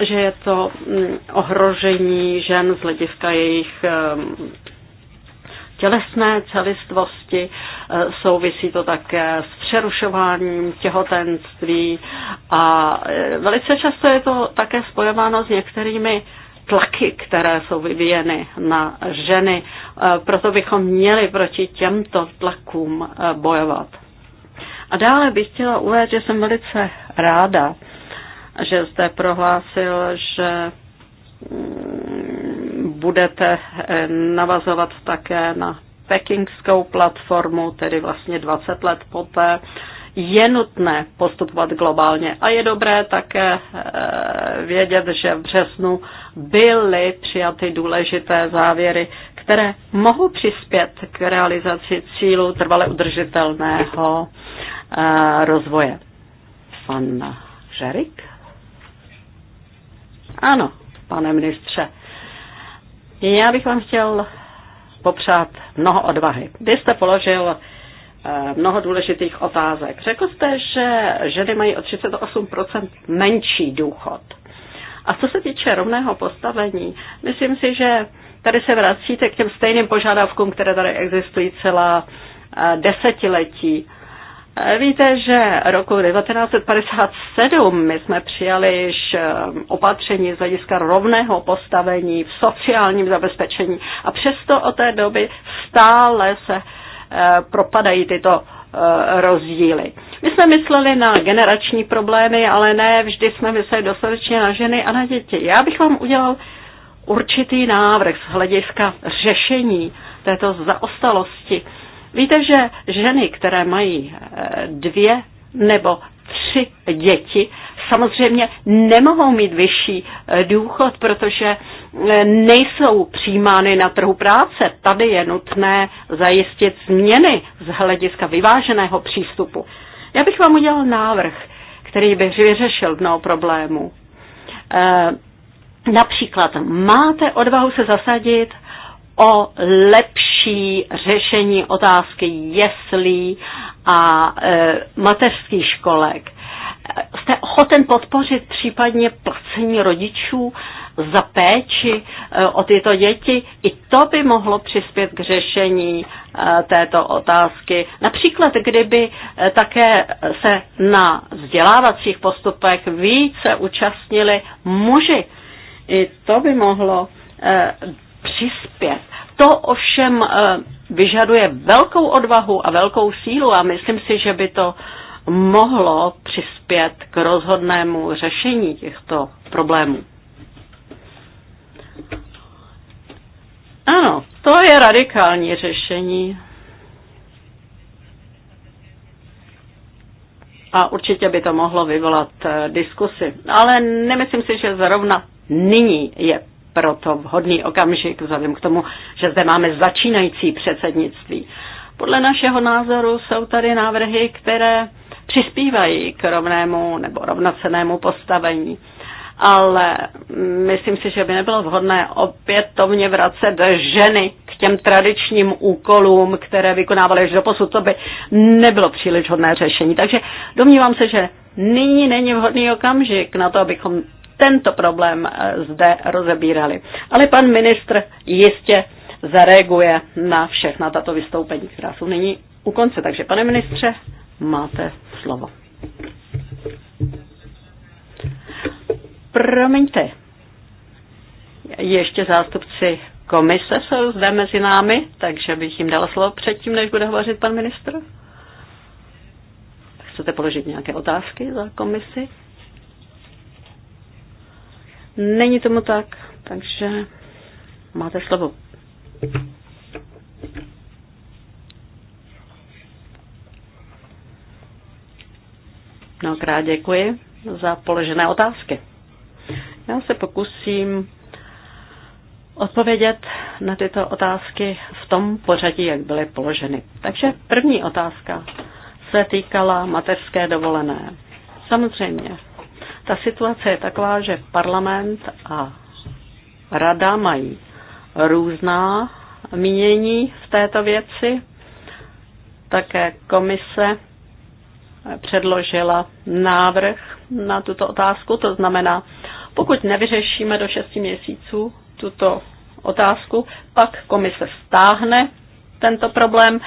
[SPEAKER 5] že je to mm, ohrožení žen z hlediska jejich ehm, tělesné celistvosti, eh, souvisí to také s přerušováním těhotenství a eh, velice často je to také spojováno s některými tlaky, které jsou vyvíjeny na ženy. E, proto bychom měli proti těmto tlakům e, bojovat. A dále bych chtěla uvést, že jsem velice ráda, že jste prohlásil, že mm, budete e, navazovat také na pekingskou platformu, tedy vlastně 20 let poté, je nutné postupovat globálně. A je dobré také vědět, že v březnu byly přijaty důležité závěry, které mohou přispět k realizaci cílu trvale udržitelného eh, rozvoje. Pan Žerik? Ano, pane ministře. Já bych vám chtěl popřát mnoho odvahy. Vy jste položil eh, mnoho důležitých otázek. Řekl jste, že ženy mají o 38% menší důchod. A co se týče rovného postavení, myslím si, že tady se vracíte k těm stejným požadavkům, které tady existují celá eh, desetiletí. Eh, víte, že roku 1957 my jsme přijali již eh, opatření z hlediska rovného postavení v sociálním zabezpečení a přesto od té doby stále se propadají tyto Eh, rozdíly. My jsme mysleli na generační problémy, ale ne vždy jsme mysleli dostatečně na ženy a na děti. Já bych vám udělal určitý návrh z hlediska řešení této zaostalosti. Víte, že ženy, které mají eh, dvě nebo tři děti, samozřejmě nemohou mít vyšší eh, důchod, protože eh, nejsou přijímány na trhu práce. Tady je nutné zajistit změny z hlediska vyváženého přístupu. Já bych vám udělal návrh, který by vyřešil dno problému. Eh, například máte odvahu se zasadit o lepší řešení otázky jeslí a e, mateřských školek jste ochoten podpořit případně placení rodičů za péči eh, o tyto děti? I to by mohlo přispět k řešení eh, této otázky. Například, kdyby eh, také se na vzdělávacích postupech více účastnili muži, i to by mohlo přispět. To ovšem vyžaduje velkou odvahu a velkou sílu a myslím si, že by to mohlo přispět k rozhodnému řešení těchto problémů. Ano, to je radikální řešení. A určitě by to mohlo vyvolat eh, diskusy. Ale nemyslím si, že zrovna nyní je proto vhodný okamžik, vzhledem k tomu, že zde máme začínající předsednictví. Podle našeho názoru jsou tady návrhy, které přispívají k rovnému nebo rovnocenému postavení. Ale myslím si, že by nebylo vhodné opětovně vracet ženy k těm tradičním úkolům, které vykonávaly až do posud. To by nebylo příliš hodné řešení. Takže domnívám se, že nyní není vhodný okamžik na to, abychom tento problém eh, zde rozebírali. Ale pan ministr jistě zareaguje na všechna tato vystoupení, která jsou nyní u konce. Takže pane ministře, máte slovo. Promiňte, ještě zástupci komise jsou zde mezi námi, takže bych jim dala slovo předtím, než bude hovořit pan ministr. Chcete položit nějaké otázky za komisi? Není tomu tak, takže máte slovo. Mnohokrát děkuji za položené otázky. Já se pokusím odpovědět na tyto otázky v tom pořadí, jak byly položeny. Takže první otázka se týkala mateřské dovolené. Samozřejmě, ta situace je taková, že parlament a rada mají různá mínění v této věci. Také komise předložila návrh na tuto otázku. To znamená, pokud nevyřešíme do 6 měsíců tuto otázku, pak komise stáhne tento problém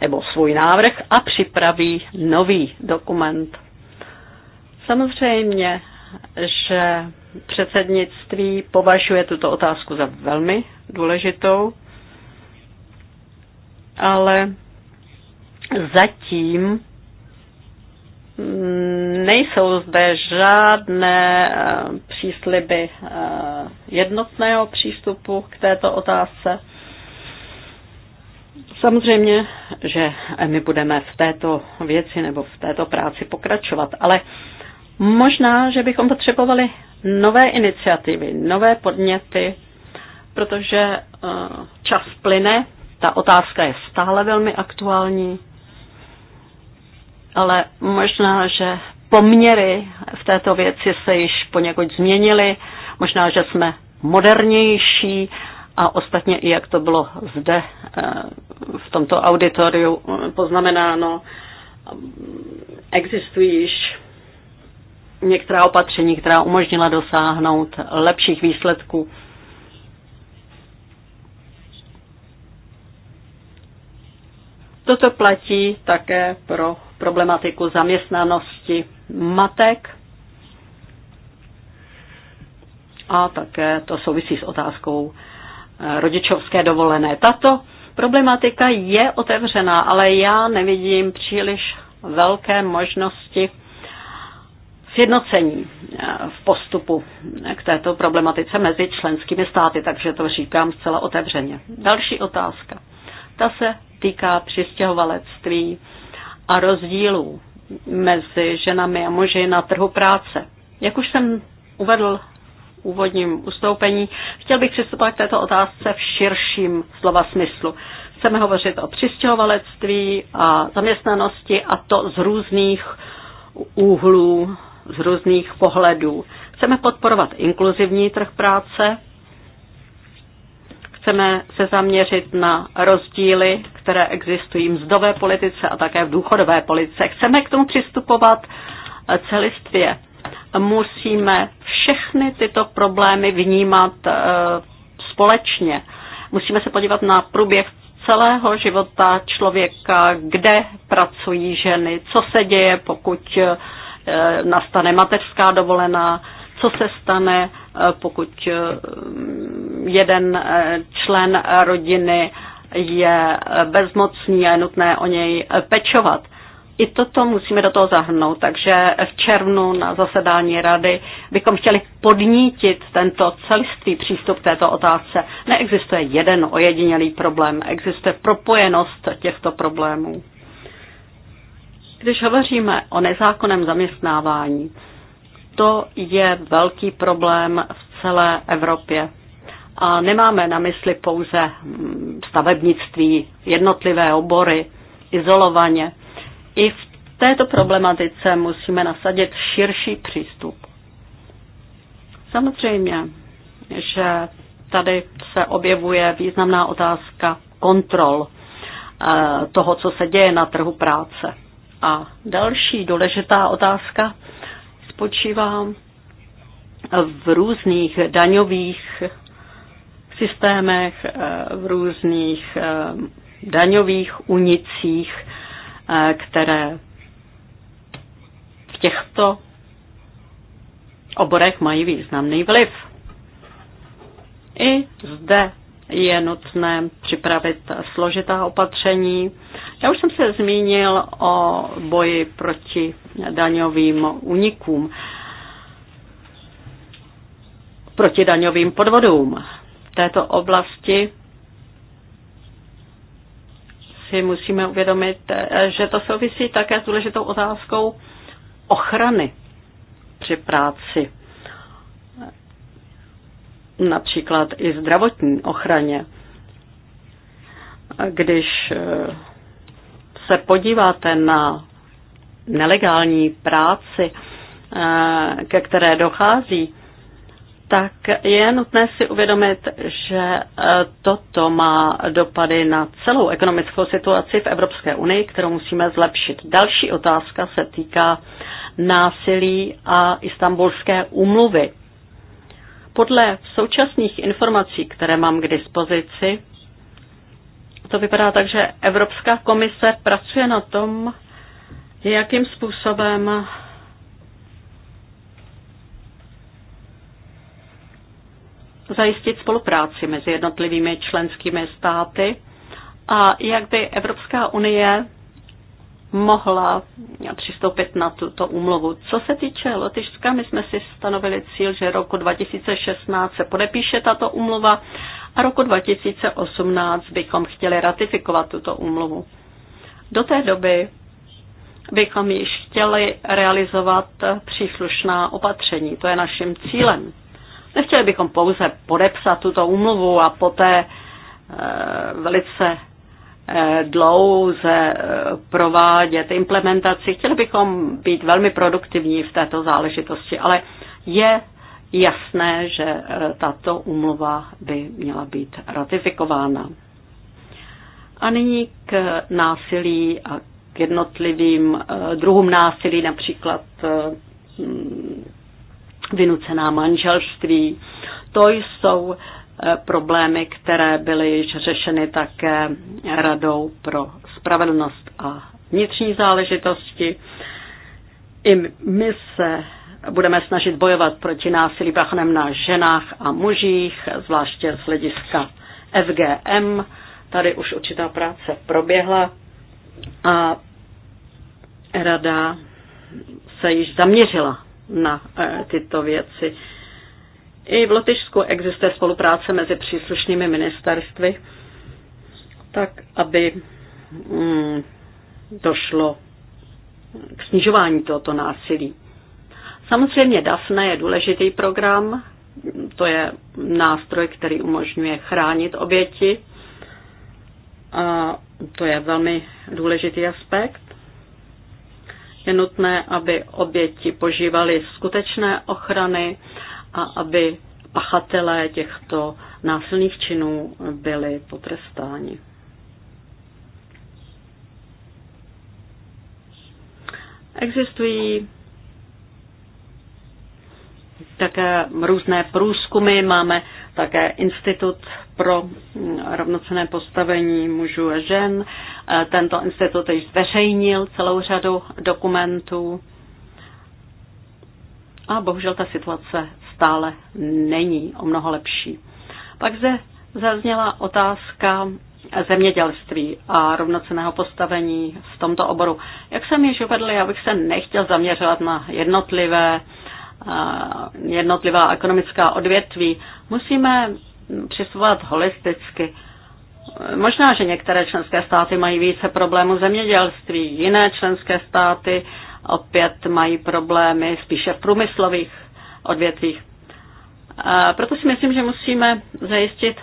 [SPEAKER 5] nebo svůj návrh a připraví nový dokument. Samozřejmě, že předsednictví považuje tuto otázku za velmi důležitou, ale zatím Mm, nejsou zde žádné eh, přísliby eh, jednotného přístupu k této otázce. Samozřejmě, že my budeme v této věci nebo v této práci pokračovat, ale možná, že bychom potřebovali nové iniciativy, nové podněty, protože eh, čas plyne, ta otázka je stále velmi aktuální ale možná, že poměry v této věci se již poněkud změnily, možná, že jsme modernější a ostatně i jak to bylo zde eh, v tomto auditoriu eh, poznamenáno, eh, existují již některá opatření, která umožnila dosáhnout lepších výsledků. Toto platí také pro problematiku zaměstnanosti matek a také to souvisí s otázkou eh, rodičovské dovolené. Tato problematika je otevřená, ale já nevidím příliš velké možnosti sjednocení eh, v postupu eh, k této problematice mezi členskými státy, takže to říkám zcela otevřeně. Další otázka. Ta se týká přistěhovalectví a rozdílů mezi ženami a muži na trhu práce. Jak už jsem uvedl v úvodním ustoupení, chtěl bych přistupovat k této otázce v širším slova smyslu. Chceme hovořit o přistěhovalectví a zaměstnanosti a to z různých úhlů, z různých pohledů. Chceme podporovat inkluzivní trh práce, Chceme se zaměřit na rozdíly, které existují v mzdové politice a také v důchodové politice. Chceme k tomu přistupovat eh, celistvě. Musíme všechny tyto problémy vnímat eh, společně. Musíme se podívat na průběh celého života člověka, kde pracují ženy, co se děje, pokud eh, nastane mateřská dovolená, co se stane pokud eh, jeden eh, člen rodiny je bezmocný a je nutné o něj pečovat. I toto musíme do toho zahrnout, takže v červnu na zasedání rady bychom chtěli podnítit tento celistvý přístup k této otázce. Neexistuje jeden ojedinělý problém, existuje propojenost těchto problémů. Když hovoříme o nezákonném zaměstnávání, to je velký problém v celé Evropě. A nemáme na mysli pouze mm, stavebnictví, jednotlivé obory, izolovaně. I v této problematice musíme nasadit širší přístup. Samozřejmě, že tady se objevuje významná otázka kontrol eh, toho, co se děje na trhu práce. A další důležitá otázka spočívá v různých daňových systémech, v různých eh, daňových unicích, eh, které v těchto oborech mají významný vliv. I zde je nutné připravit složitá opatření já už jsem se zmínil o boji proti daňovým unikům, proti daňovým podvodům. V této oblasti si musíme uvědomit, že to souvisí také s důležitou otázkou ochrany při práci. Například i zdravotní ochraně. Když se podíváte na nelegální práci, eh, ke které dochází, tak je nutné si uvědomit, že eh, toto má dopady na celou ekonomickou situaci v Evropské unii, kterou musíme zlepšit. Další otázka se týká násilí a istambulské úmluvy. Podle současných informací, které mám k dispozici, to vypadá tak, že Evropská komise pracuje na tom, jakým způsobem zajistit spolupráci mezi jednotlivými členskými státy a jak by Evropská unie mohla přistoupit na tuto úmluvu. Co se týče Lotyšska, my jsme si stanovili cíl, že roku 2016 se podepíše tato úmluva a roku 2018 bychom chtěli ratifikovat tuto úmluvu. Do té doby bychom již chtěli realizovat příslušná opatření. To je naším cílem. Nechtěli bychom pouze podepsat tuto úmluvu a poté e, velice eh, dlouze eh, provádět implementaci. Chtěli bychom být velmi produktivní v této záležitosti, ale je jasné, že eh, tato úmluva by měla být ratifikována. A nyní k násilí a k jednotlivým eh, druhům násilí, například eh, vynucená manželství. To jsou problémy, které byly již řešeny také Radou pro spravedlnost a vnitřní záležitosti. I my se budeme snažit bojovat proti násilí páchanem na ženách a mužích, zvláště z hlediska FGM. Tady už určitá práce proběhla a rada se již zaměřila na eh, tyto věci. I v Lotyšsku existuje spolupráce mezi příslušnými ministerstvy, tak aby mm, došlo k snižování tohoto násilí. Samozřejmě DAFNE je důležitý program, to je nástroj, který umožňuje chránit oběti. A to je velmi důležitý aspekt. Je nutné, aby oběti požívaly skutečné ochrany a aby pachatelé těchto násilných činů byli potrestáni. Existují také různé průzkumy, máme také Institut pro rovnocené postavení mužů a žen. E, tento institut již zveřejnil celou řadu dokumentů a bohužel ta situace stále není o mnoho lepší. Pak zde zazněla otázka zemědělství a rovnoceného postavení v tomto oboru. Jak jsem již uvedl, já bych se nechtěl zaměřovat na jednotlivé jednotlivá ekonomická odvětví, musíme přistupovat holisticky. Možná, že některé členské státy mají více problémů zemědělství, jiné členské státy opět mají problémy spíše v průmyslových odvětvích. A proto si myslím, že musíme zajistit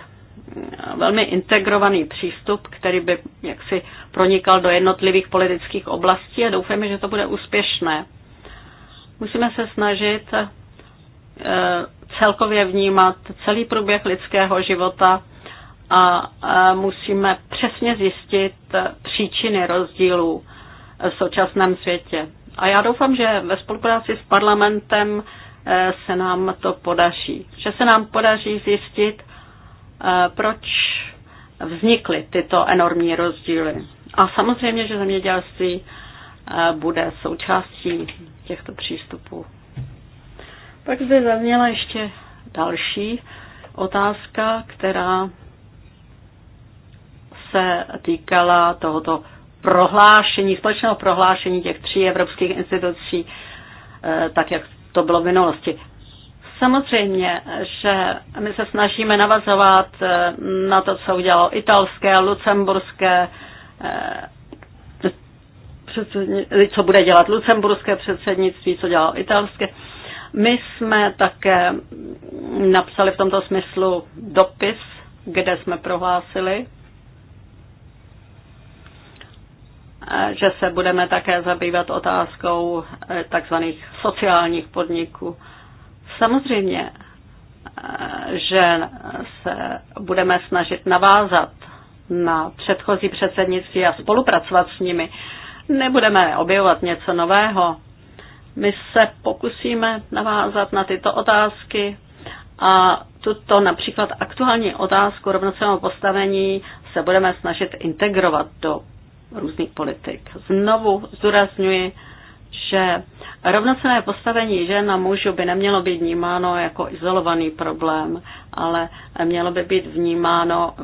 [SPEAKER 5] velmi integrovaný přístup, který by jaksi pronikal do jednotlivých politických oblastí a doufáme, že to bude úspěšné. Musíme se snažit eh, celkově vnímat celý průběh lidského života a eh, musíme přesně zjistit eh, příčiny rozdílů v současném světě. A já doufám, že ve spolupráci s parlamentem se nám to podaří. Že se nám podaří zjistit, proč vznikly tyto enormní rozdíly. A samozřejmě, že zemědělství bude součástí těchto přístupů. Pak zde zazněla ještě další otázka, která se týkala tohoto prohlášení, společného prohlášení těch tří evropských institucí, eh, tak jak to bylo v minulosti. Samozřejmě, že my se snažíme navazovat eh, na to, co udělalo italské, lucemburské eh, Eh, co bude dělat lucemburské předsednictví, co dělá italské. My jsme také napsali v tomto smyslu dopis, kde jsme prohlásili, eh, že se budeme také zabývat otázkou eh, takzvaných sociálních podniků. Samozřejmě, že se budeme snažit navázat na předchozí předsednictví a spolupracovat s nimi nebudeme objevovat něco nového. My se pokusíme navázat na tyto otázky a tuto například aktuální otázku rovnoceného postavení se budeme snažit integrovat do různých politik. Znovu zdůrazňuji, že rovnocené postavení žen a mužů by nemělo být vnímáno jako izolovaný problém, ale mělo by být vnímáno eh,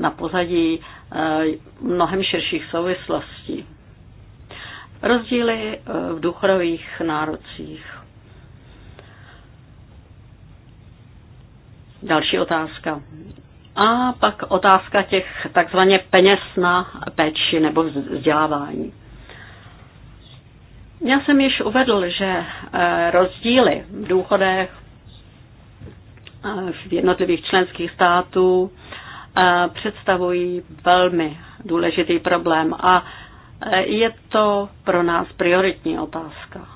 [SPEAKER 5] na pozadí eh, mnohem širších souvislostí rozdíly eh, v duchových nárocích. Další otázka. A pak otázka těch takzvaně peněz na péči nebo vzdělávání. Já jsem již uvedl, že eh, rozdíly v důchodech eh, v jednotlivých členských států představují velmi důležitý problém a Eh, je to pro nás prioritní otázka.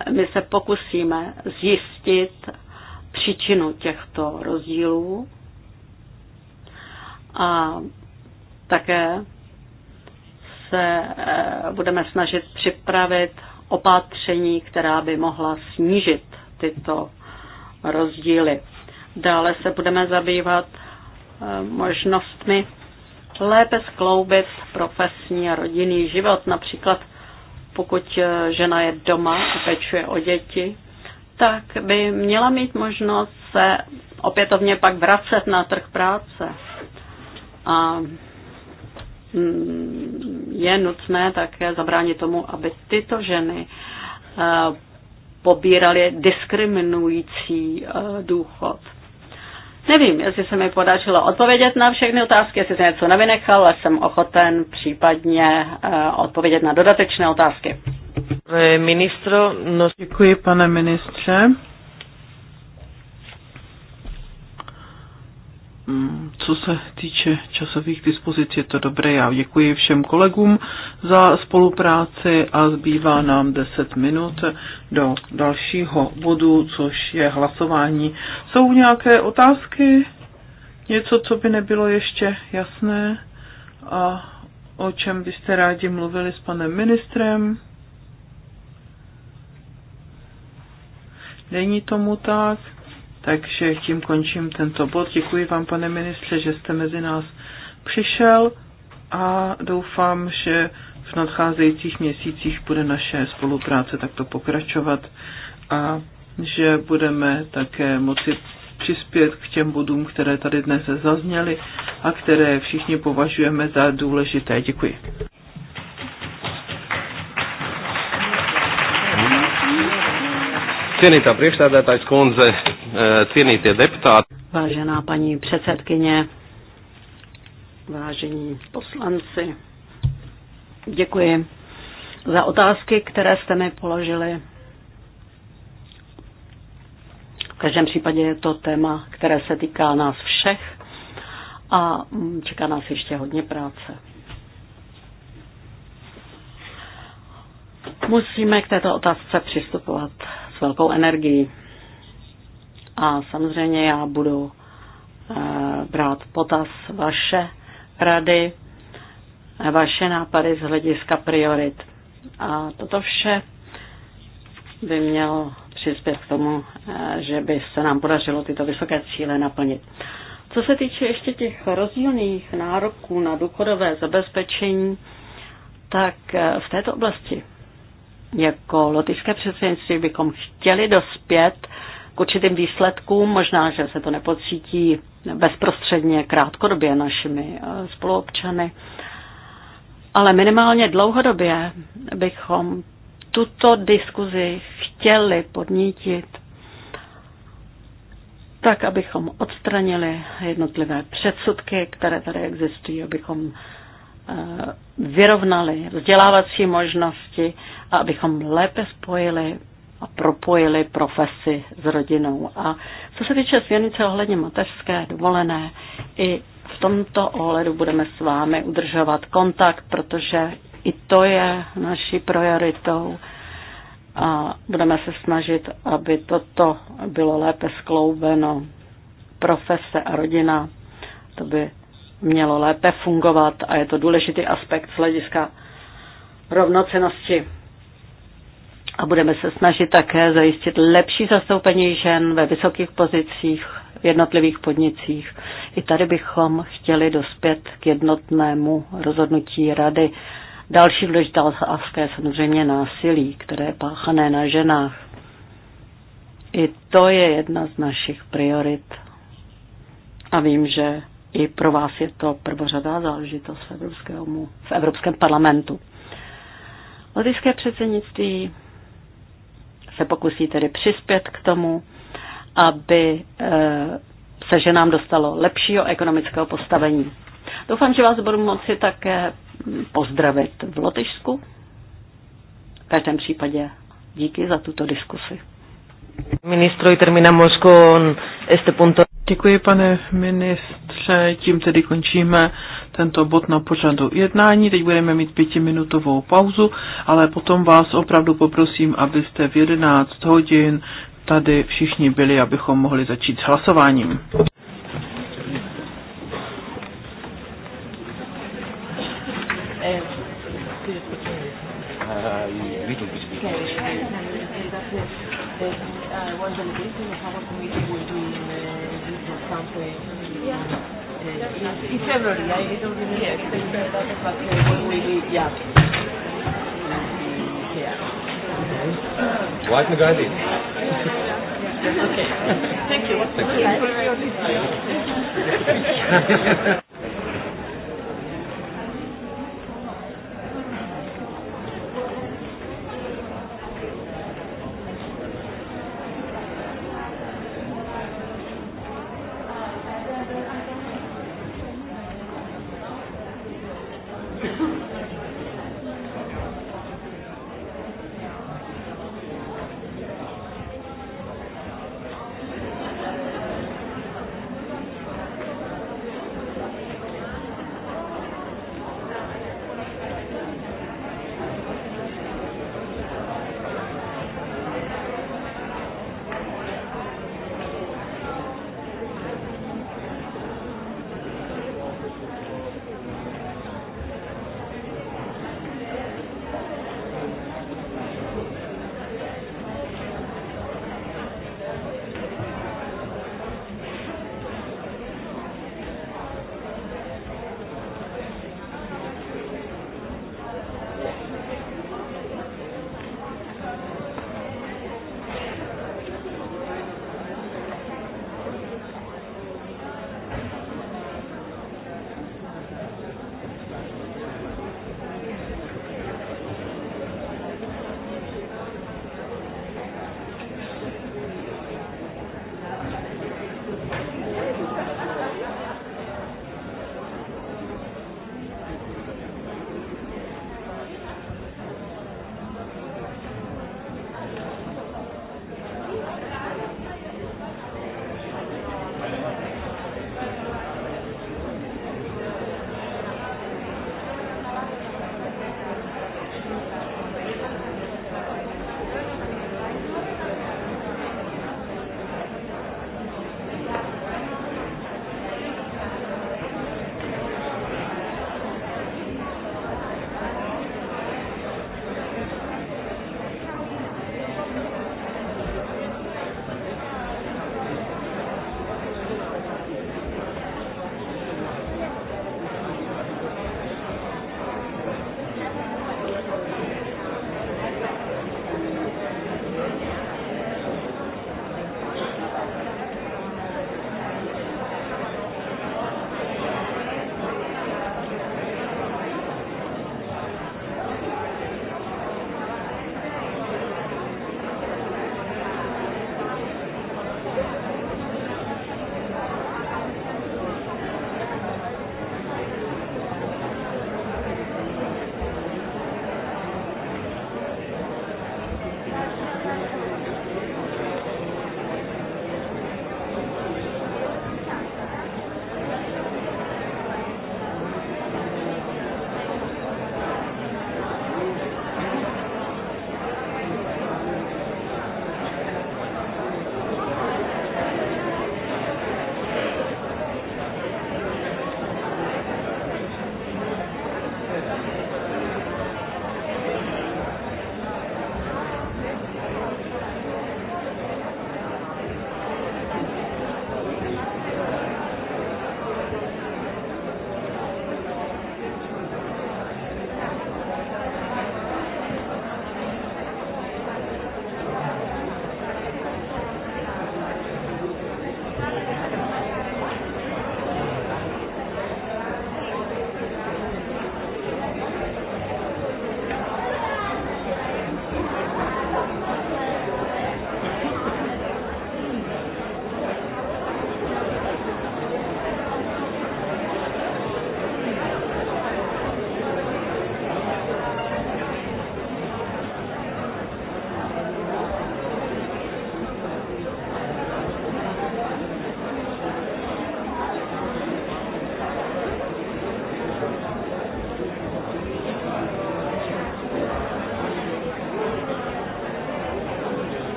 [SPEAKER 5] Eh, my se pokusíme zjistit příčinu těchto rozdílů a také se eh, budeme snažit připravit opatření, která by mohla snížit tyto rozdíly. Dále se budeme zabývat možnostmi lépe skloubit profesní a rodinný život. Například pokud eh, žena je doma a pečuje o děti, tak by měla mít možnost se opětovně pak vracet na trh práce. A mm, je nutné také zabránit tomu, aby tyto ženy eh, pobíraly diskriminující eh, důchod. Nevím, jestli se mi podařilo odpovědět na všechny otázky, jestli jsem něco nevynechal, ale jsem ochoten případně eh, odpovědět na dodatečné otázky.
[SPEAKER 1] Eh, ministro, no... Děkuji, pane
[SPEAKER 2] ministře. Mm, co se týče časových dispozic, je to dobré. Já děkuji všem kolegům za spolupráci a zbývá nám 10 minut do dalšího bodu, což je hlasování. Jsou nějaké otázky? Něco, co by nebylo ještě jasné? A o čem byste rádi mluvili s panem ministrem? Není tomu tak. Takže tím končím tento bod. Děkuji vám, pane ministře, že jste mezi nás přišel a doufám, že v nadcházejících měsících bude naše spolupráce takto pokračovat a že budeme také moci přispět k těm bodům, které tady dnes zazněly a které všichni považujeme za důležité. Děkuji.
[SPEAKER 3] Cienītā priekšstādātājs kundze, eh, cienītie deputāti.
[SPEAKER 5] Vážená paní předsedkyně, vážení poslanci, děkuji za otázky, které jste mi položili. V každém případě je to téma, které se týká nás všech a mm, čeká nás ještě hodně práce. Musíme k této otázce přistupovat velkou energii A samozřejmě já budu eh, brát potaz vaše rady, vaše nápady z hlediska priorit. A toto vše by mělo přispět k tomu, eh, že by se nám podařilo tyto vysoké cíle naplnit. Co se týče ještě těch rozdílných nároků na důchodové zabezpečení, tak eh, v této oblasti jako lotické předsednictví bychom chtěli dospět k určitým výsledkům, možná, že se to nepocítí bezprostředně krátkodobě našimi eh, spoluobčany, ale minimálně dlouhodobě bychom tuto diskuzi chtěli podnítit tak, abychom odstranili jednotlivé předsudky, které tady existují, abychom Eh, vyrovnali vzdělávací možnosti a abychom lépe spojili a propojili profesi s rodinou. A co se týče směrnice ohledně mateřské dovolené, i v tomto ohledu budeme s vámi udržovat kontakt, protože i to je naší prioritou a budeme se snažit, aby toto bylo lépe skloubeno profese a rodina. To by mělo lépe fungovat a je to důležitý aspekt z hlediska rovnocenosti. A budeme se snažit také zajistit lepší zastoupení žen ve vysokých pozicích v jednotlivých podnicích. I tady bychom chtěli dospět k jednotnému rozhodnutí rady. Další důležitá otázka je samozřejmě násilí, které je páchané na ženách. I to je jedna z našich priorit. A vím, že i pro vás je to prvořadá záležitost v, Evropskému, v Evropském parlamentu. Lotyšské předsednictví se pokusí tedy přispět k tomu, aby eh, se ženám dostalo lepšího ekonomického postavení. Doufám, že vás budu moci také pozdravit v Lotyšsku. V každém případě díky za tuto diskusi.
[SPEAKER 1] Ministro, terminamos con este punto. Děkuji, pane ministře.
[SPEAKER 2] Tím tedy končíme tento bod na pořadu jednání. Teď budeme mít pětiminutovou pauzu, ale potom vás opravdu poprosím, abyste v 11 hodin tady všichni byli, abychom mohli začít s hlasováním.
[SPEAKER 3] Uh, delegated we eh, eh, in February, I don't White McGuire. Okay. Thank you. Thank you.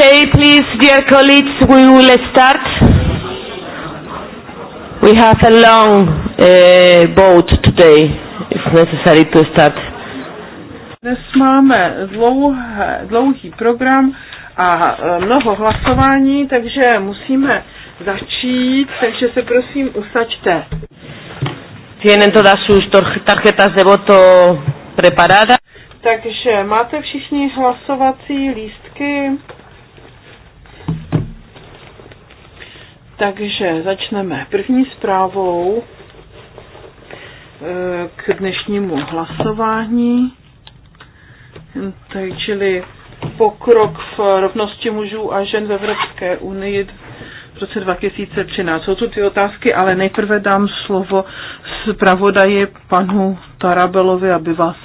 [SPEAKER 1] Okay, please, dear colleagues, we will start. We have a long uh, boat today. It's necessary to start.
[SPEAKER 2] Dnes máme dlouhé, dlouhý program a e, mnoho hlasování, takže musíme začít, takže se prosím usaďte.
[SPEAKER 1] Tienen todas sus tarjetas de voto preparadas.
[SPEAKER 2] Takže máte všichni hlasovací lístky? Takže začneme první zprávou e, k dnešnímu hlasování, čili pokrok v rovnosti mužů a žen v Evropské unii v roce 2013. Jsou tu ty otázky, ale nejprve dám slovo zpravodaji panu Tarabelovi, aby vás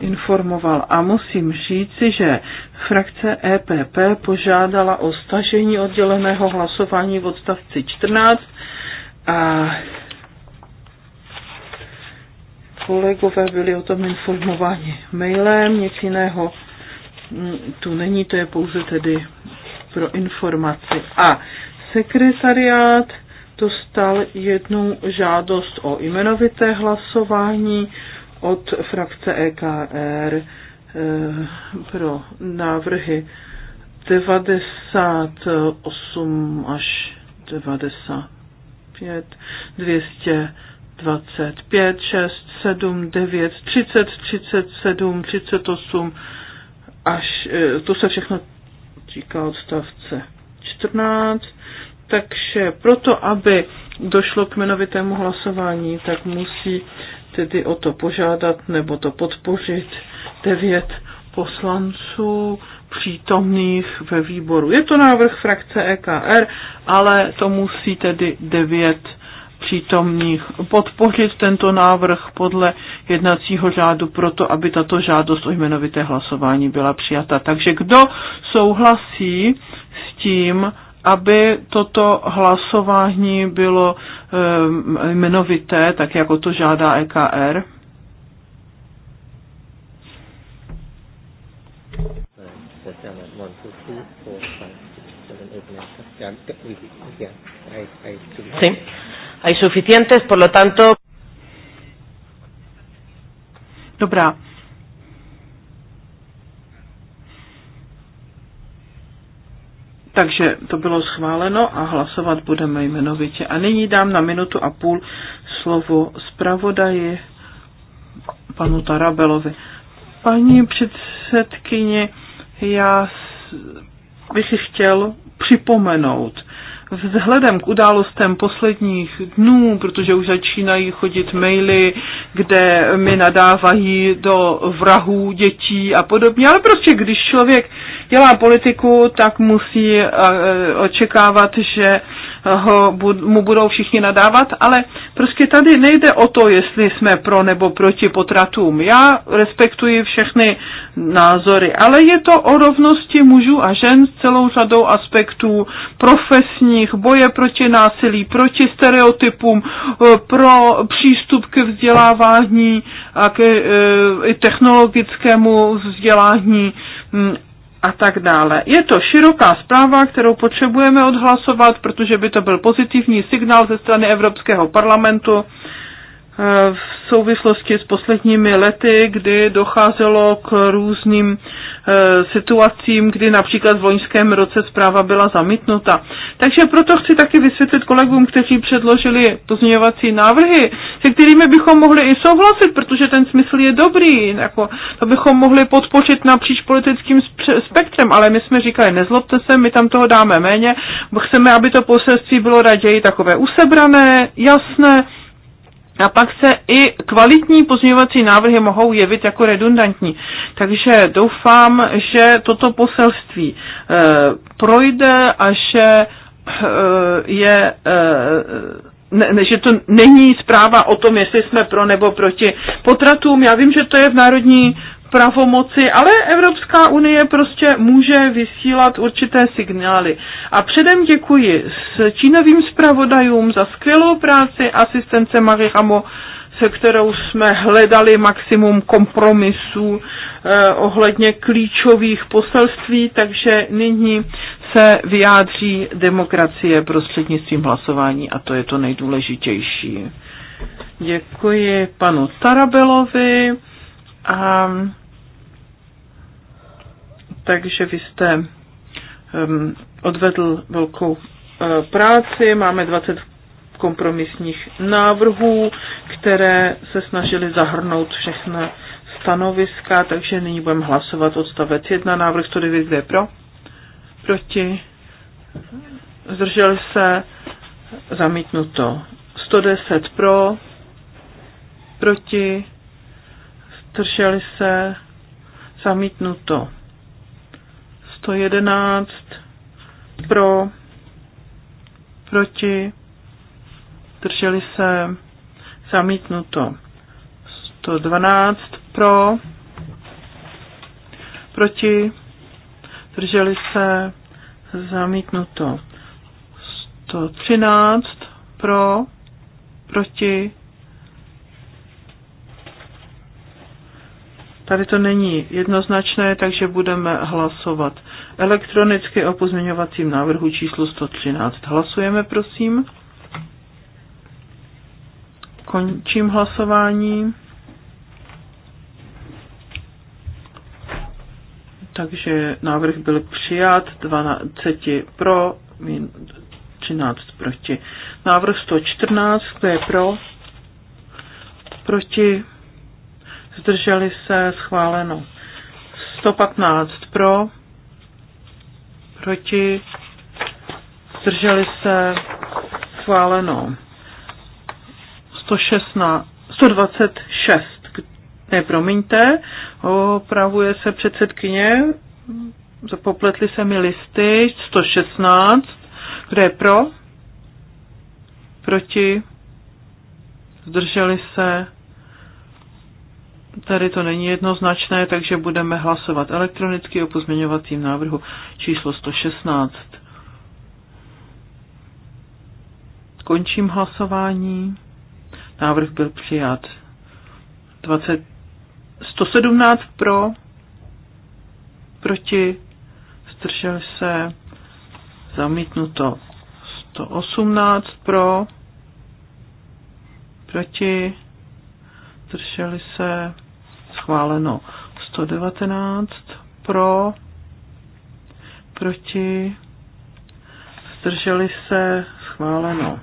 [SPEAKER 2] informoval. A musím říci, že Frakce EPP požádala o stažení odděleného hlasování v odstavci 14 a kolegové byli o tom informováni mailem, nic jiného mm, tu není, to je pouze tedy pro informaci. A sekretariát dostal jednu žádost o jmenovité hlasování od frakce EKR Eh, pro návrhy 98 až 95, 225, 6, 7, 9, 30, 37, 38 až, eh, to se všechno týká odstavce 14, takže proto, aby došlo k jmenovitému hlasování, tak musí tedy o to požádat nebo to podpořit devět poslanců přítomných ve výboru. Je to návrh frakce EKR, ale to musí tedy devět přítomných podpořit tento návrh podle jednacího řádu proto, aby tato žádost o jmenovité hlasování byla přijata. Takže kdo souhlasí s tím, aby toto hlasování bylo eh, jmenovité, tak jako to žádá EKR?
[SPEAKER 3] Sí,
[SPEAKER 1] hay suficientes, por lo tanto. Dobra.
[SPEAKER 2] Takže to bylo schváleno a hlasovat budeme jmenovitě. A nyní dám na minutu a půl slovo zpravodaji panu Tarabelovi. Paní předsedkyně, já bych chtěl připomenout, vzhledem k událostem posledních dnů, protože už začínají chodit maily, kde mi nadávají do vrahů dětí a podobně, ale prostě když člověk dělá politiku, tak musí eh, očekávat, že ho, mu budou všichni nadávat, ale prostě tady nejde o to, jestli jsme pro nebo proti potratům. Já respektuji všechny názory, ale je to o rovnosti mužů a žen s celou řadou aspektů profesních, boje proti násilí, proti stereotypům, eh, pro přístup ke vzdělávání a ke eh, technologickému vzdělání mm, a tak dále. Je to široká zpráva, kterou potřebujeme odhlasovat, protože by to byl pozitivní signál ze strany Evropského parlamentu v souvislosti s posledními lety, kdy docházelo k různým eh, situacím, kdy například v loňském roce zpráva byla zamítnuta. Takže proto chci taky vysvětlit kolegům, kteří předložili pozměňovací návrhy, se kterými bychom mohli i souhlasit, protože ten smysl je dobrý, jako to bychom mohli podpořit napříč politickým spektrem, ale my jsme říkali, nezlobte se, my tam toho dáme méně, chceme, aby to poselství bylo raději takové usebrané, jasné, a pak se i kvalitní pozměňovací návrhy mohou jevit jako redundantní. Takže doufám, že toto poselství e, projde a že eh, je, eh, ne, že to není zpráva o tom, jestli jsme pro nebo proti potratům. Já vím, že to je v národní pravomoci, ale Evropská unie prostě může vysílat určité signály. A předem děkuji s čínovým zpravodajům za skvělou práci asistence Marie Hamo, se kterou jsme hledali maximum kompromisů eh, ohledně klíčových poselství, takže nyní se vyjádří demokracie prostřednictvím hlasování a to je to nejdůležitější. Děkuji panu Tarabelovi. A, takže vy jste um, odvedl velkou uh, práci, máme 20 kompromisních návrhů, které se snažili zahrnout všechna stanoviska, takže nyní budeme hlasovat odstavec 1, návrh 109, kde pro, proti, zdrželi se, zamítnuto, 110 pro, proti, zdrželi se, zamítnuto. 111 pro, proti, drželi se, zamítnuto. 112 pro, proti, drželi se, zamítnuto. 113 pro, proti, Tady to není jednoznačné, takže budeme hlasovat elektronicky o pozměňovacím návrhu číslo 113. Hlasujeme, prosím. Končím hlasování. Takže návrh byl přijat 12 pro, 13 proti. Návrh 114, kdo je pro, proti zdrželi se, schváleno. 115 pro, proti, zdrželi se, schváleno. 116, 126, ne, promiňte, opravuje se předsedkyně, popletly se mi listy, 116, kde je pro, proti, zdrželi se, Tady to není jednoznačné, takže budeme hlasovat elektronicky o pozměňovacím návrhu číslo 116. Končím hlasování. Návrh byl přijat. 20, 117 pro, proti, zdržel se, zamítnuto 118 pro, proti, zdrželi se schváleno 119 pro, proti, zdrželi se, schváleno.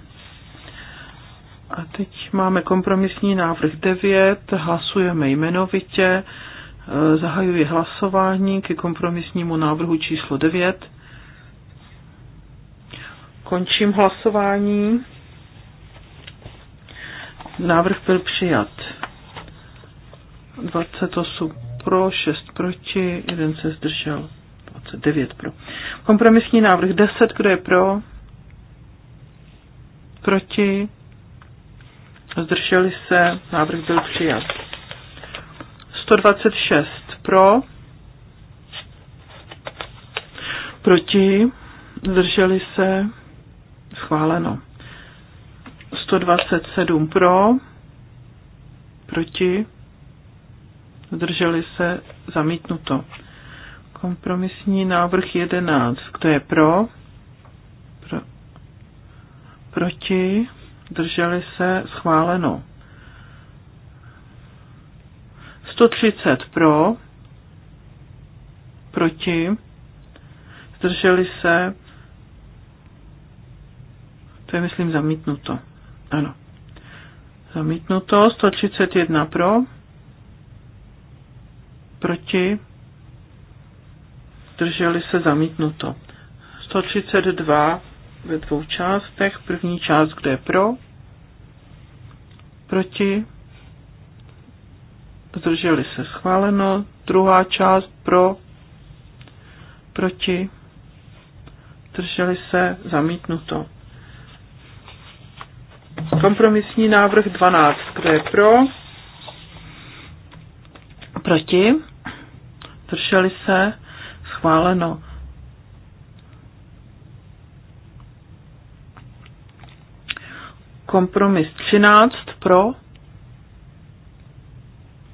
[SPEAKER 2] A teď máme kompromisní návrh 9, hlasujeme jmenovitě, e, zahajuji hlasování ke kompromisnímu návrhu číslo 9. Končím hlasování. Návrh byl přijat. 28 pro, 6 proti, 1 se zdržel, 29 pro. Kompromisní návrh 10, kdo je pro, proti, zdrželi se, návrh byl přijat. 126 pro, proti, zdrželi se, schváleno. 127 pro, proti, zdrželi se, zamítnuto. Kompromisní návrh 11. Kdo je pro? pro proti? Drželi se? Schváleno. 130 pro, proti, zdrželi se, to je myslím zamítnuto. Ano. Zamítnuto, 131 pro, proti, drželi se zamítnuto. 132 ve dvou částech, první část, kde je pro, proti, zdrželi se schváleno, druhá část pro, proti, zdrželi se zamítnuto. Kompromisní návrh 12, kde je pro, proti, zdrželi se, schváleno. Kompromis 13 pro,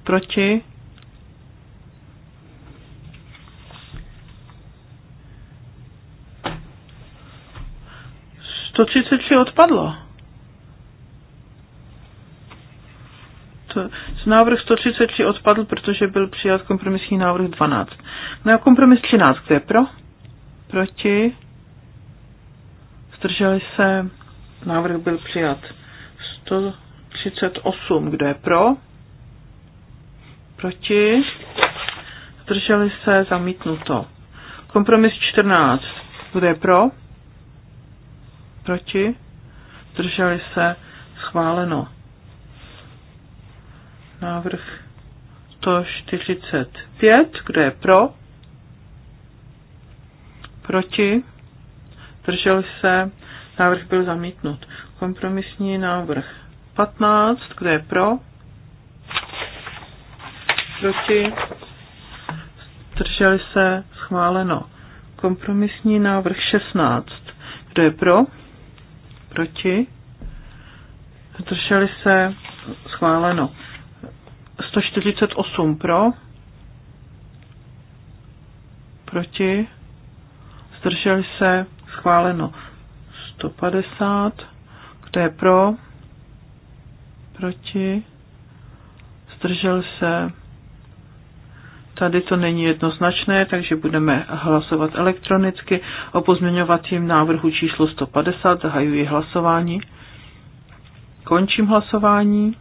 [SPEAKER 2] proti, To 33 odpadlo. návrh 133 odpadl, protože byl přijat kompromisní návrh 12. Na no kompromis 13, kdo je pro? Proti? Zdrželi se? Návrh byl přijat. 138, kdo je pro? Proti? Zdrželi se? Zamítnuto. Kompromis 14, kdo je pro? Proti? Zdrželi se? Schváleno návrh 145. Kdo je pro? Proti? Držel se? Návrh byl zamítnut. Kompromisní návrh 15. Kdo je pro? Proti? držel se? Schváleno. Kompromisní návrh 16. Kdo je pro? Proti? Zdrželi se? Schváleno 148 pro, proti, zdrželi se, schváleno 150, kdo je pro, proti, zdržel se, tady to není jednoznačné, takže budeme hlasovat elektronicky o pozměňovacím návrhu číslo 150, zahajuji hlasování, končím hlasování,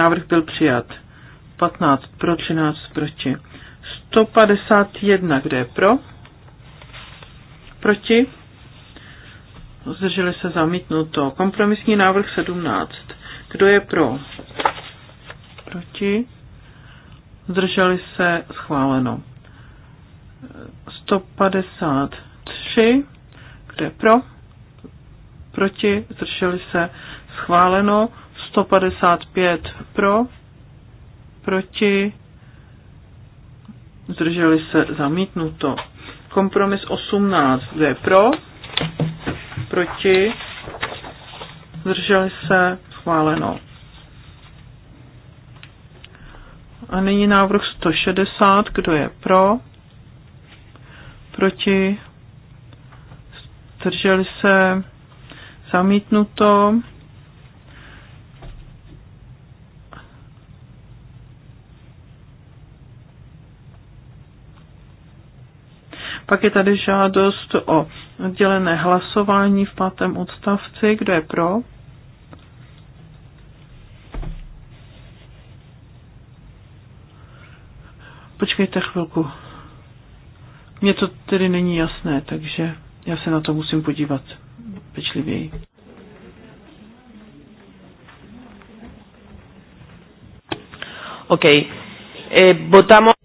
[SPEAKER 2] Návrh byl přijat. 15 pro, 13 proti. 151, kde je pro? Proti? Zdrželi se zamítnuto. Kompromisní návrh 17. Kdo je pro? Proti? Zdrželi se schváleno. 153. kde je pro? Proti? Zdrželi se schváleno. 155 pro, proti, zdrželi se zamítnuto. Kompromis 18, je pro, proti, zdrželi se schváleno. A nyní návrh 160, kdo je pro, proti, zdrželi se zamítnuto. Pak je tady žádost o oddělené hlasování v pátém odstavci. Kdo je pro? Počkejte chvilku. Mně to tedy není jasné, takže já se na to musím podívat
[SPEAKER 1] pečlivěji. Ok. Eh, votamos.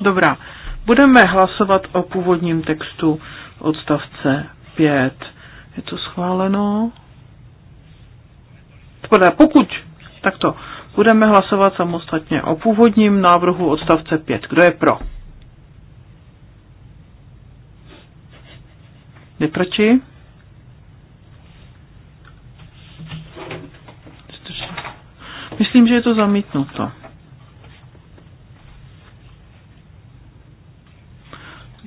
[SPEAKER 2] Dobrá, budeme hlasovat o původním textu odstavce 5. Je to schváleno? Teda pokud, tak to budeme hlasovat samostatně o původním návrhu odstavce 5. Kdo je pro? Jde proti? Myslím, že je to zamítnuto.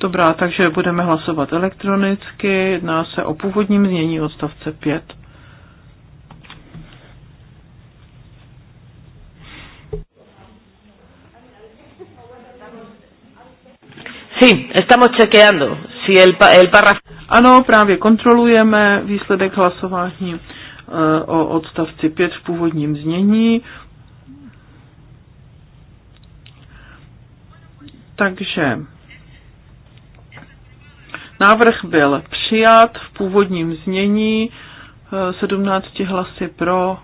[SPEAKER 2] Dobrá, takže budeme hlasovat elektronicky. Jedná se o původním znění odstavce 5.
[SPEAKER 1] Sí, estamos chequeando. Si el,
[SPEAKER 2] el para... Ano, právě kontrolujeme výsledek hlasování eh, o odstavci 5 v původním znění. Takže Návrh byl přijat v původním znění 17 eh, hlasy pro,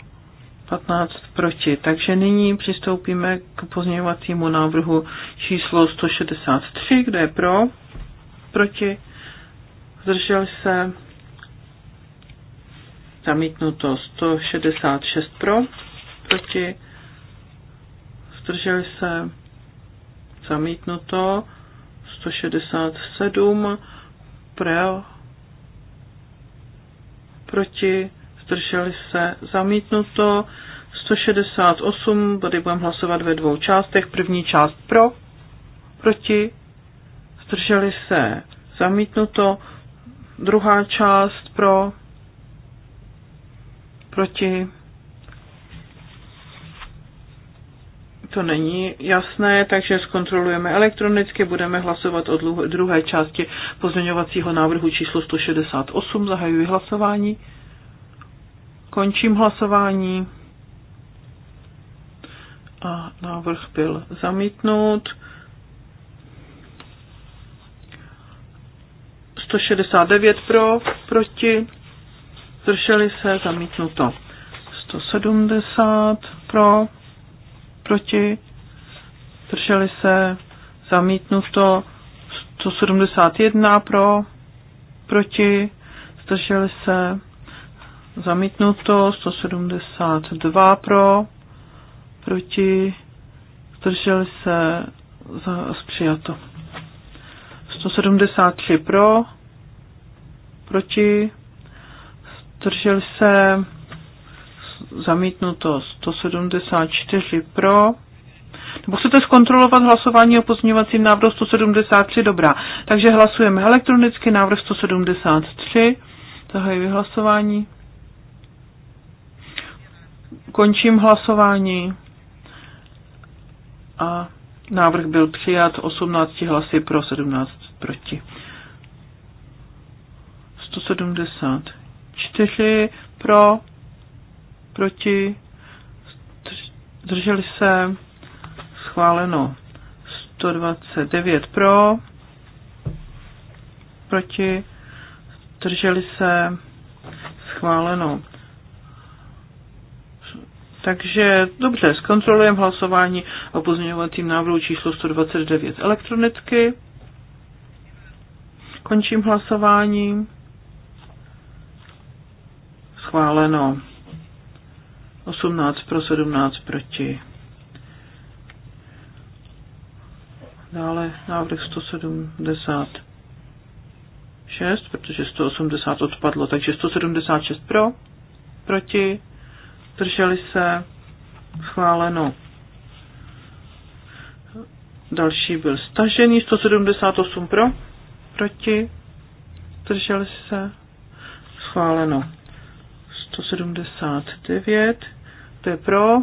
[SPEAKER 2] 15 proti. Takže nyní přistoupíme k pozměňovacímu návrhu číslo 163, kde je pro, proti, zdržel se, zamítnuto 166 pro, proti, zdržel se, zamítnuto 167 pro, proti, zdrželi se, zamítnuto, 168, tady budeme hlasovat ve dvou částech, první část pro, proti, zdrželi se, zamítnuto, druhá část pro, proti, to není jasné, takže zkontrolujeme elektronicky, budeme hlasovat o druhé části pozměňovacího návrhu číslo 168, zahajuji hlasování, končím hlasování a návrh byl zamítnut. 169 pro, proti, zdrželi se, zamítnuto. 170 pro, proti, drželi se, zamítnuto 171 pro, proti, zdrželi se, zamítnuto 172 pro, proti, zdrželi se, za, zpřijato. 173 pro, proti, zdrželi se, zamítnuto 174 pro. Nebo chcete zkontrolovat hlasování o pozměňovacím návrhu 173? Dobrá. Takže hlasujeme elektronicky návrh 173. je vyhlasování. Končím hlasování. A návrh byl přijat 18 hlasy pro 17 proti. 174 pro proti, zdrželi se, schváleno 129 pro, proti, zdrželi se, schváleno. Takže dobře, zkontrolujeme hlasování o pozměňovacím návrhu číslo 129 elektronicky. Končím hlasování. Schváleno. 18 pro 17 proti. Dále návrh 176, protože 180 odpadlo, takže 176 pro, proti, drželi se, schváleno. Další byl stažený, 178 pro, proti, drželi se, schváleno. 179 to je pro,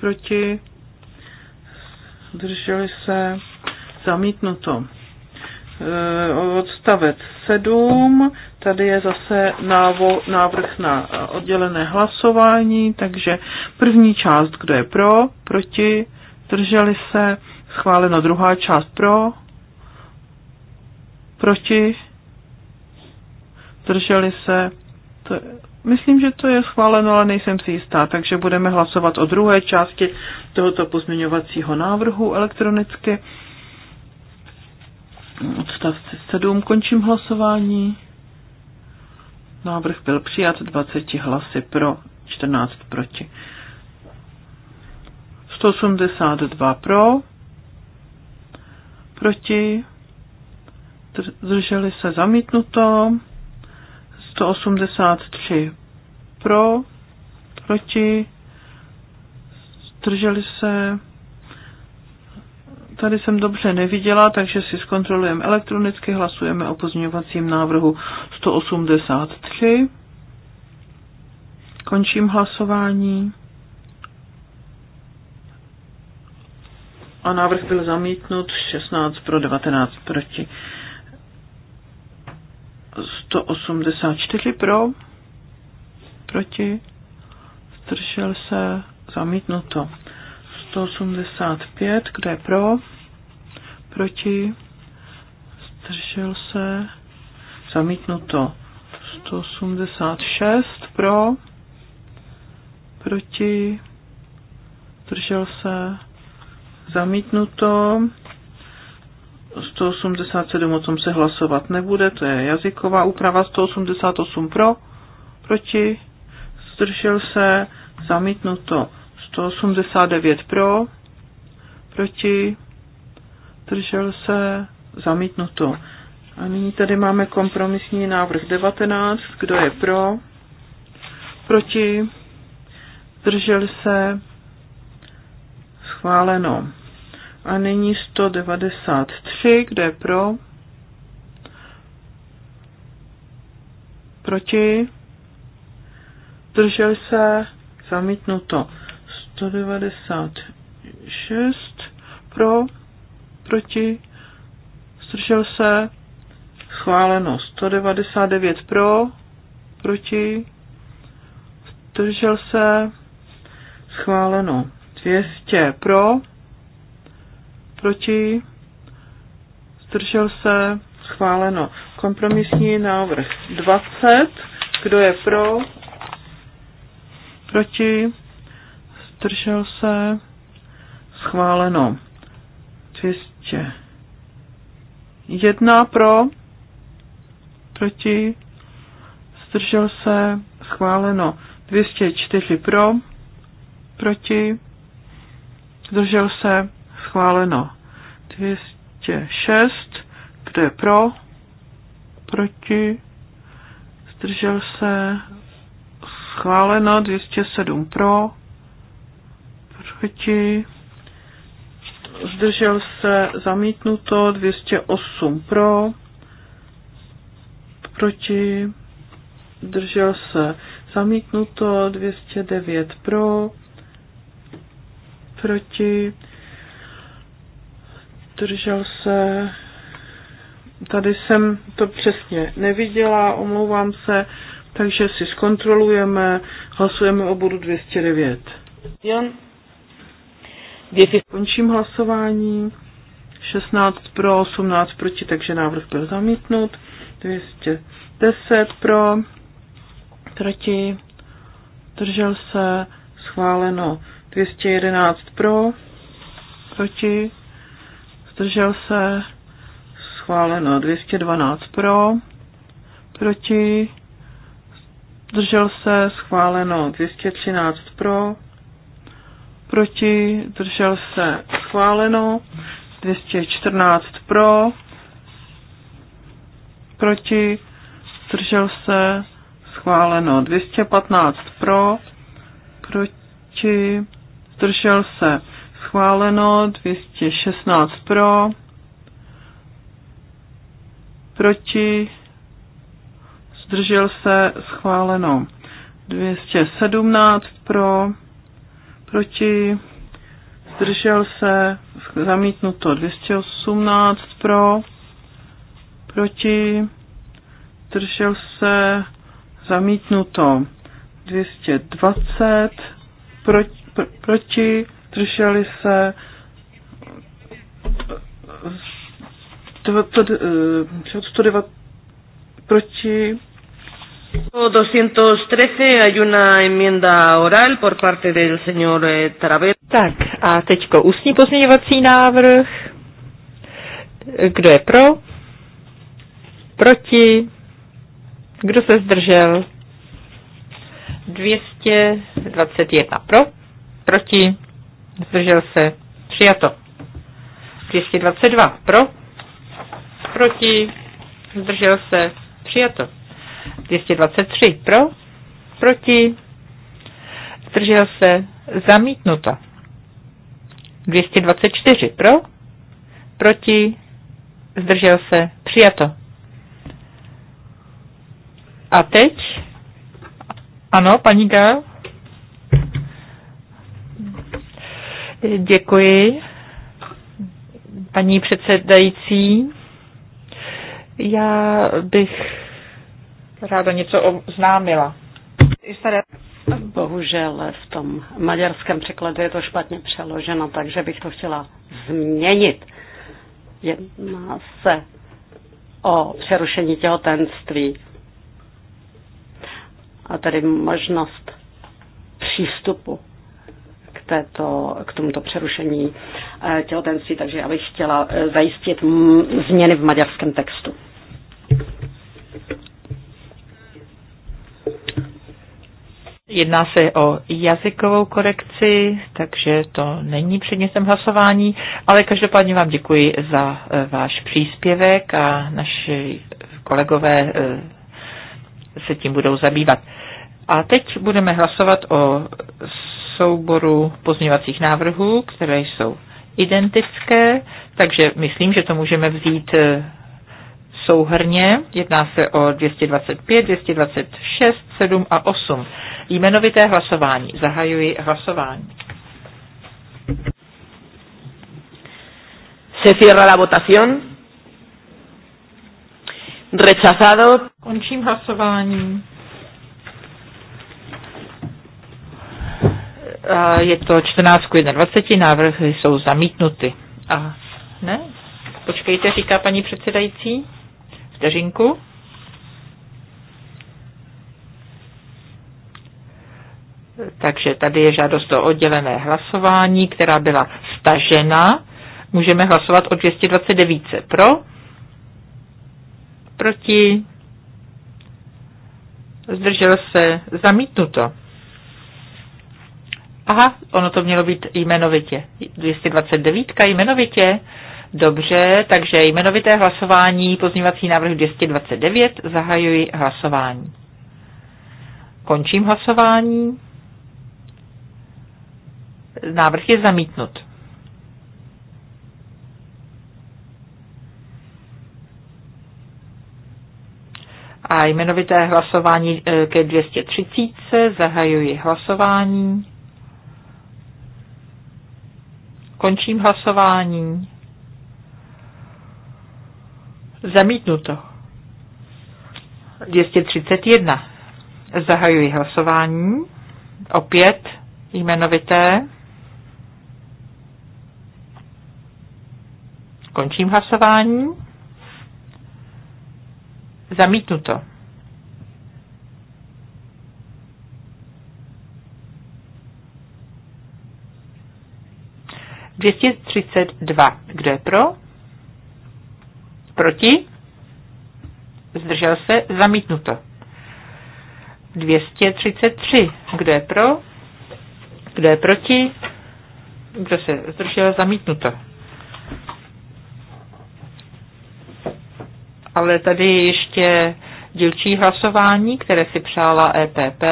[SPEAKER 2] proti, drželi se, zamítnuto. E, odstavec 7, tady je zase návo, návrh na oddělené hlasování, takže první část, kdo je pro, proti, drželi se, schváleno druhá část pro, proti, drželi se, to je Myslím, že to je schváleno, ale nejsem si jistá, takže budeme hlasovat o druhé části tohoto pozměňovacího návrhu elektronicky. Odstavce 7 končím hlasování. Návrh byl přijat 20 hlasy pro, 14 proti. 182 pro, proti, zdrželi se zamítnuto. 183 pro, proti, drželi se. Tady jsem dobře neviděla, takže si zkontrolujeme elektronicky, hlasujeme o pozměňovacím návrhu 183. Končím hlasování. A návrh byl zamítnut 16 pro 19 proti. 184 pro, proti, zdržel se, zamítnuto. 185, kde je pro, proti, zdržel se, zamítnuto. 186 pro, proti, zdržel se, zamítnuto. 187 o tom se hlasovat nebude, to je jazyková úprava 188 pro, proti, zdržel se, zamítnuto 189 pro, proti, zdržel se, zamítnuto. A nyní tady máme kompromisní návrh 19, kdo je pro, proti, zdržel se, schváleno. A nyní 193, kde je pro? Proti? Držel se? Zamítnuto. 196 pro? Proti? Zdržel se? Schváleno. 199 pro? Proti? Zdržel se? Schváleno. 200 pro? proti, zdržel se, schváleno. Kompromisní návrh 20, kdo je pro, proti, zdržel se, schváleno. 200. Jedna pro, proti, zdržel se, schváleno. 204 pro, proti, zdržel se, schváleno. 206, kdo je pro, proti, zdržel se, schváleno. 207 pro, proti, zdržel se, zamítnuto. 208 pro, proti, zdržel se, zamítnuto. 209 pro, proti, držel se, tady jsem to přesně neviděla, omlouvám se, takže si zkontrolujeme, hlasujeme o bodu 209. Jan. Končím hlasování. 16 pro, 18 proti, takže návrh byl zamítnut. 210 pro, proti, držel se, schváleno. 211 pro, proti, zdržel se, schváleno 212 pro, proti, zdržel se, schváleno 213 pro, proti, zdržel se, schváleno 214 pro, proti, zdržel se, schváleno 215 pro, proti, zdržel se, schváleno, 216 pro, proti, zdržel se, schváleno, 217 pro, proti, zdržel se, zamítnuto, 218 pro, proti, zdržel se, zamítnuto, 220 pro, pro, proti, zdrželi se, eh,
[SPEAKER 4] proti.
[SPEAKER 1] 213 hay una enmienda oral por parte del señor eh, Travera.
[SPEAKER 4] Tak a teďko ústní pozměňovací návrh. Kdo je pro? Proti? Kdo se zdržel? 221 pro, proti, zdržel se, přijato. 222 pro,
[SPEAKER 5] proti,
[SPEAKER 4] zdržel se, přijato. 223 pro, proti, zdržel se, zamítnuto. 224 pro, proti, zdržel se, přijato. A teď, ano, paní Gál, Děkuji, paní předsedající. Já
[SPEAKER 5] bych ráda něco oznámila. Bohužel v tom maďarském překladu je to špatně přeloženo, takže bych to chtěla změnit. Jedná se o přerušení těhotenství a tedy možnost přístupu k, této, k tomuto přerušení eh, těhotenství, takže já bych chtěla eh, zajistit mm, změny v maďarském textu.
[SPEAKER 4] Jedná se o jazykovou korekci, takže to není předmětem hlasování, ale každopádně vám děkuji za eh, váš příspěvek a naši kolegové se tím budou zabývat. A teď budeme hlasovat o souboru pozměňovacích návrhů, které jsou identické, takže myslím, že to můžeme vzít e, souhrně. Jedná se o 225, 226, 7 a 8. Jmenovité hlasování. Zahajuji hlasování.
[SPEAKER 1] Se cierra la votación. Rechazado. Končím hlasování.
[SPEAKER 4] je to 14 k 21, návrhy jsou zamítnuty. A ne? Počkejte, říká paní předsedající. Vteřinku. Takže tady je žádost o oddělené hlasování, která byla stažena. Můžeme hlasovat o 229 pro, proti, zdržel se, zamítnuto. Aha, ono to mělo být jmenovitě. 229 jmenovitě. Dobře, takže jmenovité hlasování, pozměňovací návrh 229, zahajuji hlasování. Končím hlasování. Návrh je zamítnut. A jmenovité hlasování eh, ke 230 zahajuji hlasování. Končím hlasování. Zamítnuto. 231. Zahajuji hlasování. Opět jmenovité. Končím hlasování. Zamítnuto. 232. Kdo je pro? Proti? Zdržel se? Zamítnuto. 233. Kdo je pro? Kdo je proti? Kdo se zdržel? Zamítnuto. Ale tady ještě dílčí hlasování, které si přála EPP.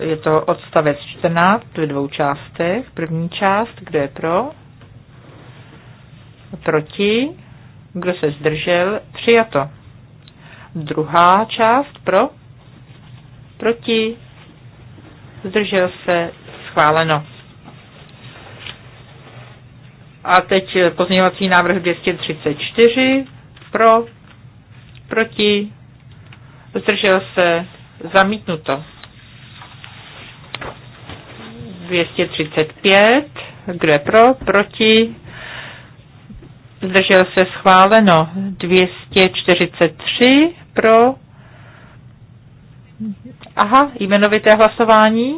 [SPEAKER 4] Je to odstavec 14 ve dvou částech. První část, kdo je pro? Proti? Kdo se zdržel? Přijato. Druhá část pro? Proti? Zdržel se? Schváleno. A teď pozměňovací návrh 234 pro, proti, zdržel se, zamítnuto. 235. Kdo je pro? Proti? Zdržel se schváleno. 243 pro. Aha, jmenovité hlasování.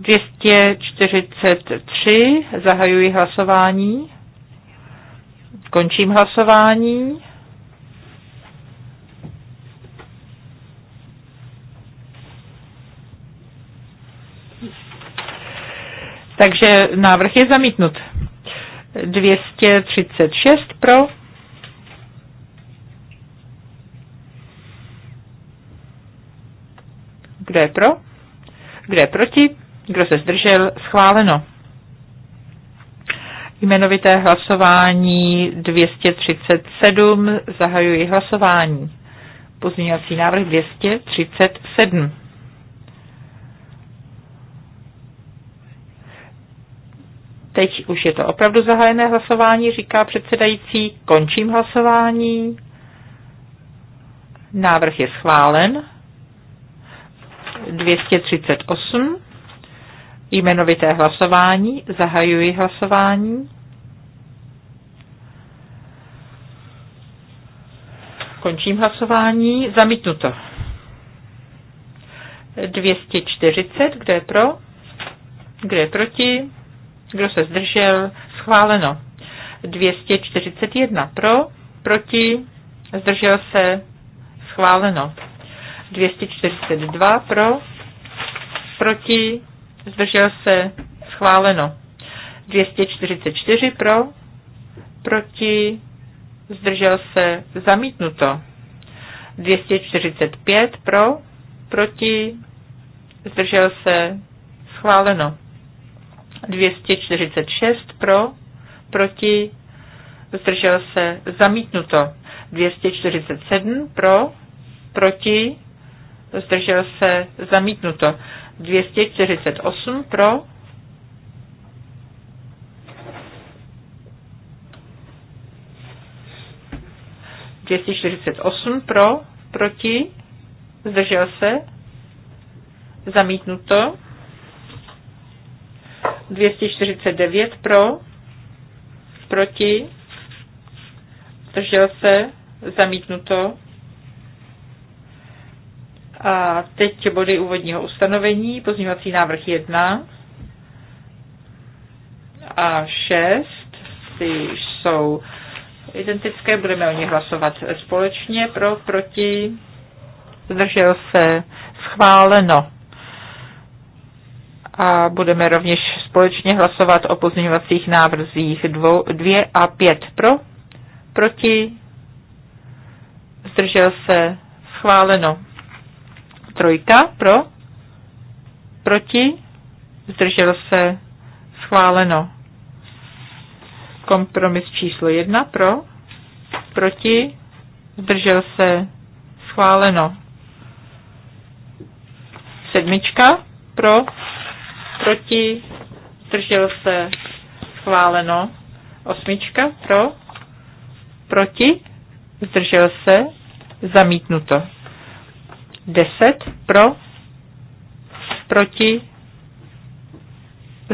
[SPEAKER 4] 243. Zahajuji hlasování. Končím hlasování. Takže návrh je zamítnut. 236 pro. Kdo je pro? Kdo je proti? Kdo se zdržel? Schváleno. Jmenovité hlasování 237. Zahajuji hlasování. Pozměňovací návrh 237. Teď už je to opravdu zahájené hlasování, říká předsedající. Končím hlasování. Návrh je schválen. 238. Jmenovité hlasování. Zahajuji hlasování. Končím hlasování. Zamítnuto. 240. Kdo je pro? Kdo je proti? Kdo se zdržel? Schváleno. 241 pro, proti, zdržel se, schváleno. 242 pro, proti, zdržel se, schváleno. 244 pro, proti, zdržel se, zamítnuto. 245 pro, proti, zdržel se, schváleno. 246 pro, proti, zdržel se, zamítnuto. 247 pro, proti, zdržel se, zamítnuto. 248 pro, osm pro, proti, zdržel se, zamítnuto. 249 pro, proti, zdržel se, zamítnuto. A teď body úvodního ustanovení, pozměňovací návrh 1 a 6, ty jsou identické, budeme o nich hlasovat společně, pro, proti, zdržel se, schváleno. A budeme rovněž společně hlasovat o pozměňovacích návrzích 2 a 5 pro, proti, zdržel se, schváleno. Trojka pro, proti, zdržel se, schváleno. Kompromis číslo 1 pro, proti, zdržel se, schváleno. Sedmička pro, proti, zdržel se, schváleno. Osmička pro, proti, zdržel se, zamítnuto. Deset pro, proti,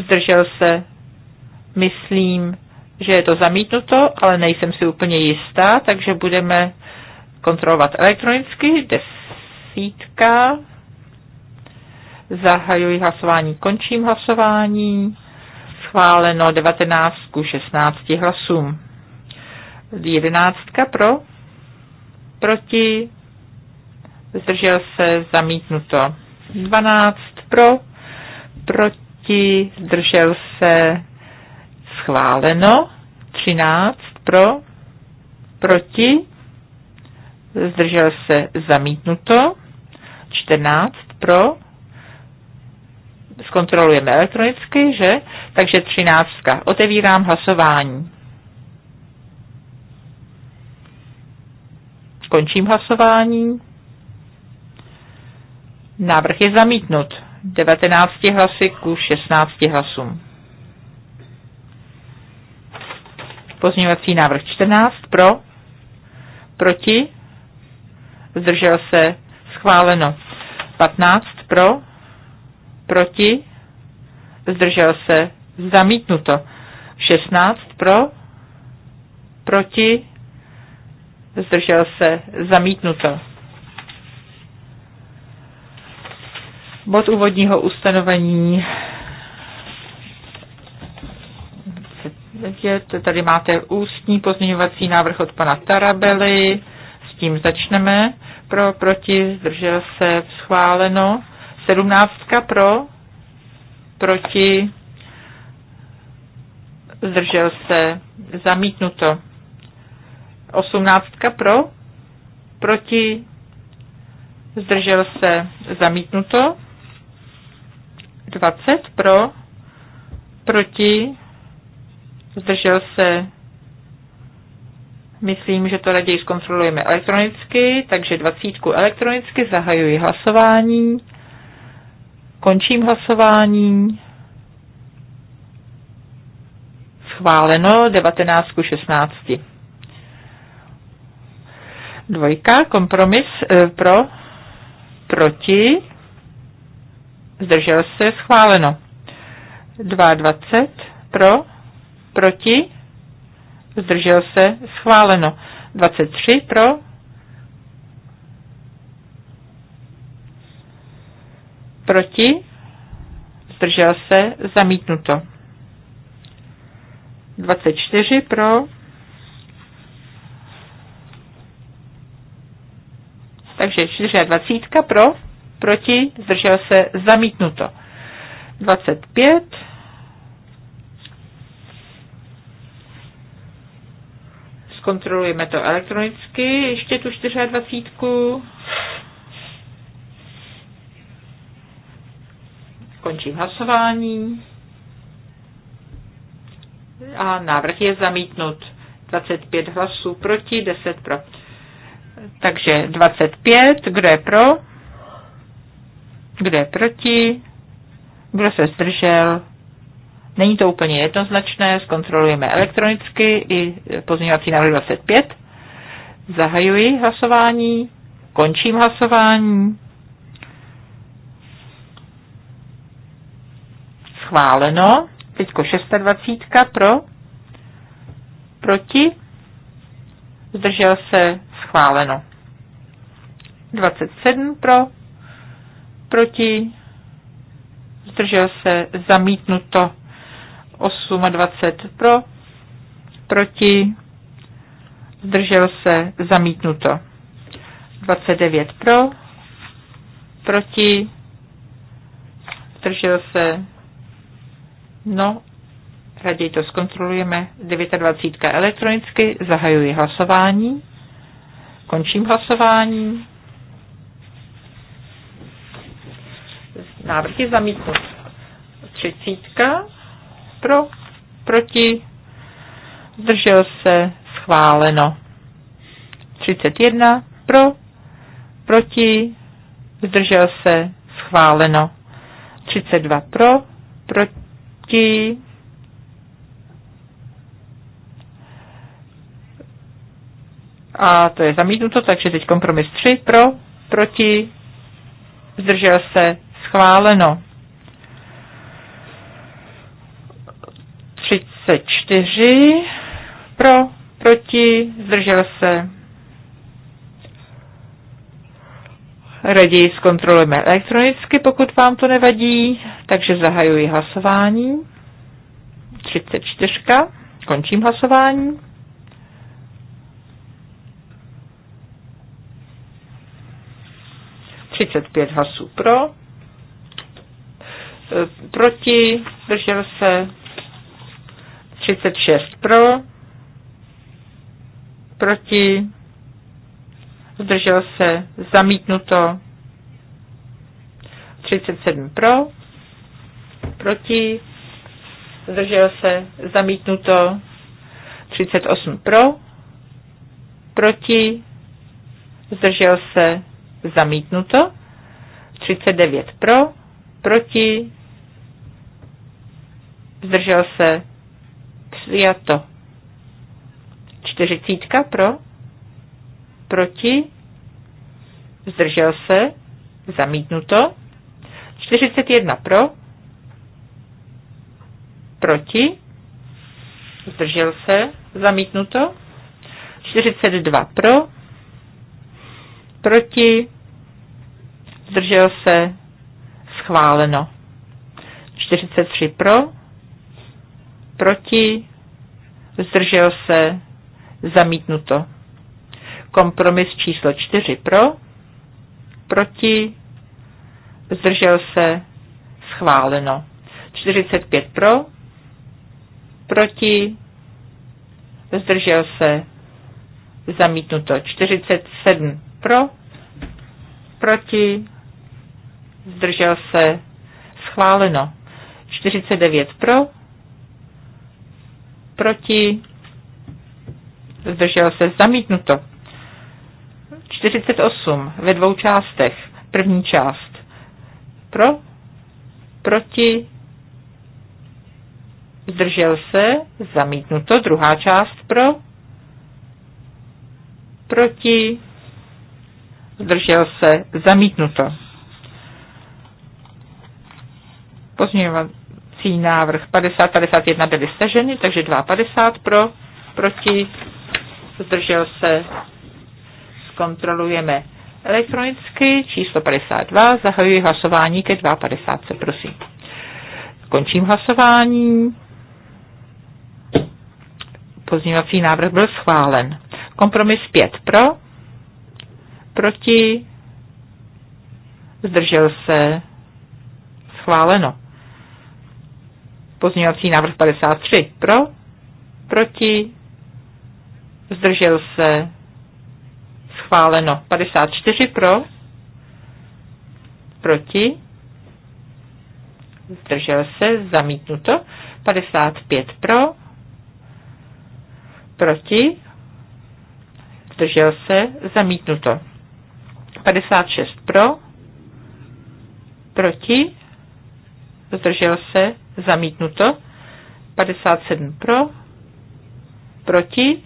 [SPEAKER 4] zdržel se, myslím, že je to zamítnuto, ale nejsem si úplně jistá, takže budeme kontrolovat elektronicky. Desítka. Zahajuji hlasování, končím hlasování schváleno 19 ku 16 hlasům. 11 pro, proti, zdržel se zamítnuto. 12 pro, proti, zdržel se schváleno. 13 pro, proti, zdržel se zamítnuto. 14 pro, zkontrolujeme elektronicky, že? Takže třináctka. Otevírám hlasování. Končím hlasování. Návrh je zamítnut. 19 hlasy ku 16 hlasům. Pozměňovací návrh 14 pro, proti, zdržel se, schváleno. 15 pro, proti, zdržel se, zamítnuto. 16 pro, proti, zdržel se, zamítnuto. Bod úvodního ustanovení Tady máte ústní pozměňovací návrh od pana Tarabely. S tím začneme. Pro, proti, zdržel se, schváleno. Sedmnáctka pro, proti, zdržel se, zamítnuto. Osmnáctka pro, proti, zdržel se, zamítnuto. Dvacet pro, proti, zdržel se, myslím, že to raději zkontrolujeme elektronicky, takže dvacítku elektronicky, zahajuji hlasování, končím hlasování, schváleno 19 ku 16. Dvojka, kompromis e, pro, proti, zdržel se, schváleno. 22 pro, proti, zdržel se, schváleno. 23 pro, proti, zdržel se, zamítnuto. 24 pro. Takže 24 pro, proti, zdržel se, zamítnuto. 25 zkontrolujeme to elektronicky, ještě tu 24. Končím hlasování a návrh je zamítnut. 25 hlasů proti, 10 pro. Takže 25, kdo je pro? Kdo je proti? Kdo se zdržel? Není to úplně jednoznačné, zkontrolujeme elektronicky i pozměňovací návrh 25. Zahajuji hlasování, končím hlasování. Schváleno teď 26 pro, proti, zdržel se, schváleno. 27 pro, proti, zdržel se, zamítnuto. 28 pro, proti, zdržel se, zamítnuto. 29 pro, proti, zdržel se, No, raději to zkontrolujeme. 29. elektronicky, zahajuji hlasování, končím hlasování. Návrh je zamítnut. 30. Pro, proti, zdržel se, schváleno. 31. Pro, proti, zdržel se, schváleno. 32 pro, proti, proti. A to je zamítnuto, takže teď kompromis 3 pro, proti, zdržel se, schváleno. 34 pro, proti, zdržel se, Raději zkontrolujeme elektronicky, pokud vám to nevadí. Takže zahajuji hlasování. 34. Končím hlasování. Třicet pět hlasů pro, e, proti, držel se 36 pro, proti, zdržel se, zamítnuto 37 pro, proti, zdržel se, zamítnuto 38 pro, proti, zdržel se, zamítnuto 39 pro, proti, zdržel se, přijato 40 pro, proti, zdržel se, zamítnuto, 41 pro, proti, zdržel se, zamítnuto, 42 pro, proti, zdržel se, schváleno, 43 pro, proti, zdržel se, zamítnuto. Kompromis číslo 4 pro, proti, zdržel se, schváleno. 45 pro, proti, zdržel se, zamítnuto. 47 pro, proti, zdržel se, schváleno. 49 pro, proti, zdržel se, zamítnuto. 48 ve dvou částech. První část pro, proti, zdržel se, zamítnuto. Druhá část pro, proti, zdržel se, zamítnuto. Pozměňovací návrh 50, 51 byly staženy, takže 2,50 pro, proti, zdržel se, zkontrolujeme elektronicky číslo 52, zahajuji hlasování ke 2.50, prosím. Končím hlasování. Pozměňovací návrh byl schválen. Kompromis 5 pro, proti, zdržel se, schváleno. Pozměňovací návrh 53 pro, proti, zdržel se, schváleno. 54 pro, proti, zdržel se, zamítnuto. 55 pro, proti, zdržel se, zamítnuto. 56 pro, proti, zdržel se, zamítnuto. 57 pro, proti,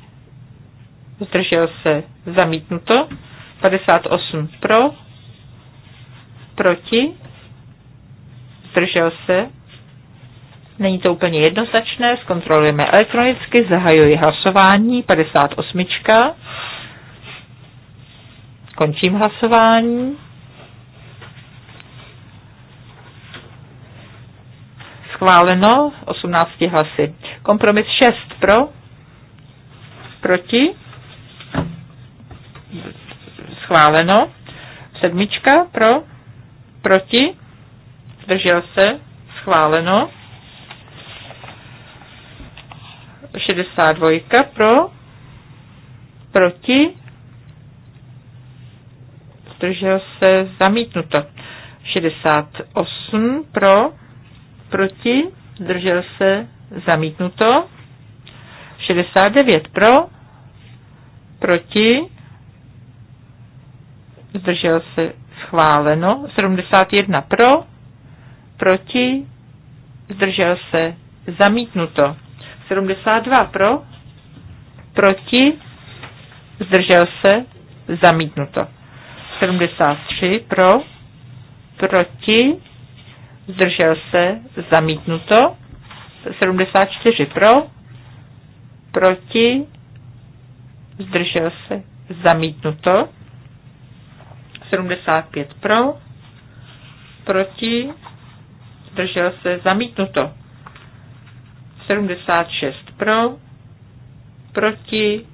[SPEAKER 4] zdržel se, zamítnuto, 58 pro, proti, zdržel se, není to úplně jednoznačné, zkontrolujeme elektronicky, zahajuji hlasování, 58. Končím hlasování. Schváleno 18 hlasy. Kompromis 6 pro, proti, schváleno. Sedmička pro, proti, zdržel se, schváleno. 62 pro, proti, zdržel se, zamítnuto. 68 pro, proti, zdržel se, zamítnuto. 69 pro, proti, zdržel se schváleno, 71 pro, proti, zdržel se zamítnuto, 72 pro, proti, zdržel se zamítnuto, 73 pro, proti, zdržel se zamítnuto, 74 pro, proti, zdržel se zamítnuto, 75 pro, proti, zdržel se, zamítnuto. 76 pro, proti,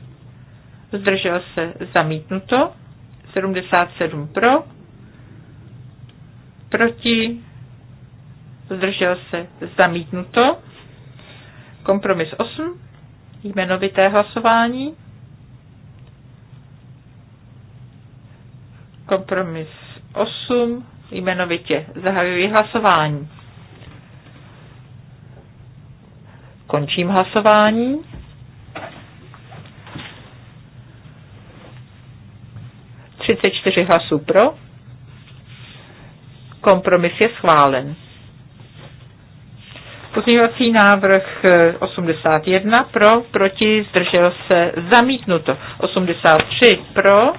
[SPEAKER 4] zdržel se, zamítnuto. 77 pro, proti, zdržel se, zamítnuto. Kompromis 8, jmenovité hlasování. Kompromis 8 jmenovitě. Zahajuji hlasování. Končím hlasování. Třicet čtyři hlasů pro. Kompromis je schválen. Pozměňovací návrh 81 pro, proti, zdržel se, zamítnuto. 83 pro,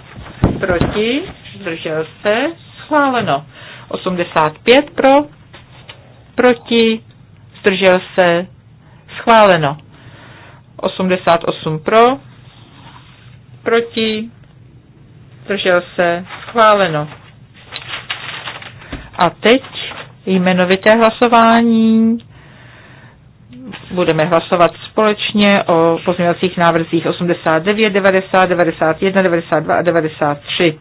[SPEAKER 4] proti, zdržel se, schváleno. 85 pro, proti, zdržel se, schváleno. 88 pro, proti, zdržel se, schváleno. A teď jmenovité hlasování. Budeme hlasovat společně o pozměňovacích návrzích 89, 90, 91, 92 a 93.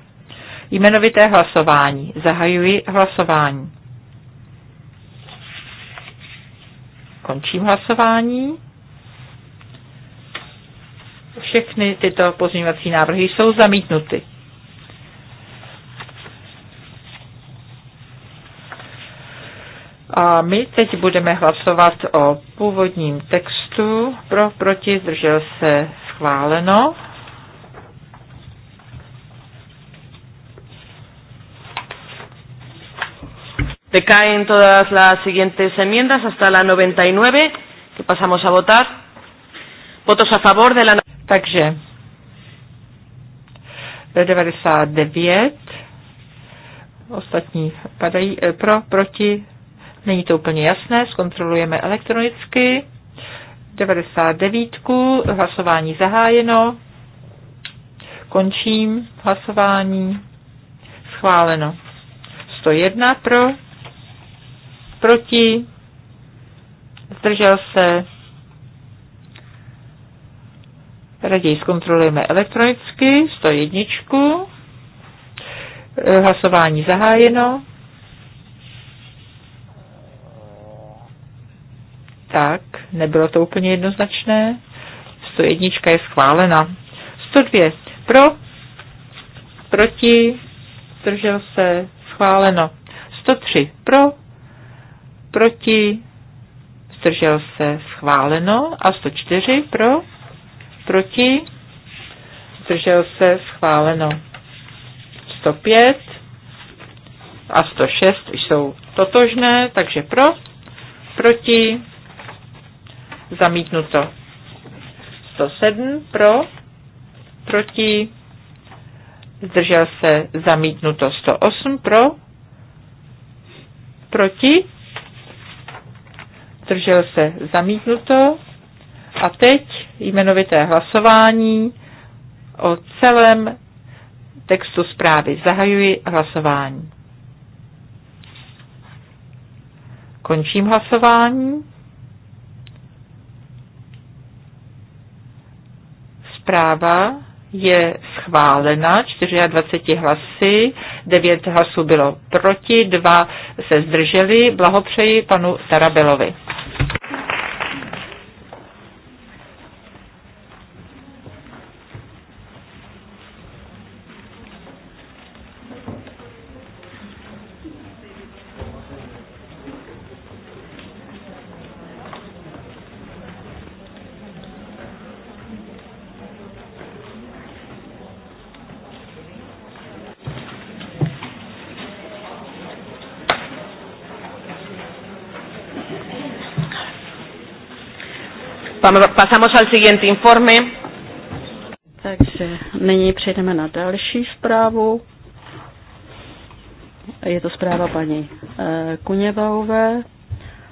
[SPEAKER 4] Jmenovité hlasování. Zahajuji hlasování. Končím hlasování. Všechny tyto pozměňovací návrhy jsou zamítnuty. A my teď budeme hlasovat o původním textu. Pro, proti, zdržel se schváleno.
[SPEAKER 1] Decaen todas las siguientes enmiendas hasta la 99, que pasamos a votar. Votos a favor de la... No- Takže 99,
[SPEAKER 4] ostatní padají eh, pro, proti, není to úplně jasné, zkontrolujeme elektronicky. 99, hlasování zahájeno, končím hlasování, schváleno. 101 pro, proti, zdržel se, raději zkontrolujeme elektronicky, 101, e, hlasování zahájeno, tak, nebylo to úplně jednoznačné, 101 je schválena, 102 pro, proti, zdržel se, schváleno, 103 pro, proti, zdržel se schváleno a 104 pro, proti, zdržel se schváleno 105 a 106 jsou totožné, takže pro, proti, zamítnuto 107 pro, proti, zdržel se zamítnuto 108 pro, proti, zdržel se zamítnuto. A teď jmenovité hlasování o celém textu zprávy. Zahajuji hlasování. Končím hlasování. Zpráva je schválena 24 hlasy, 9 hlasů bylo proti, 2 se zdrželi. Blahopřeji panu Tarabelovi.
[SPEAKER 1] Pasamos al siguiente informe.
[SPEAKER 5] Takže nyní přejdeme na další zprávu. Je to zpráva paní eh, Kuněvaové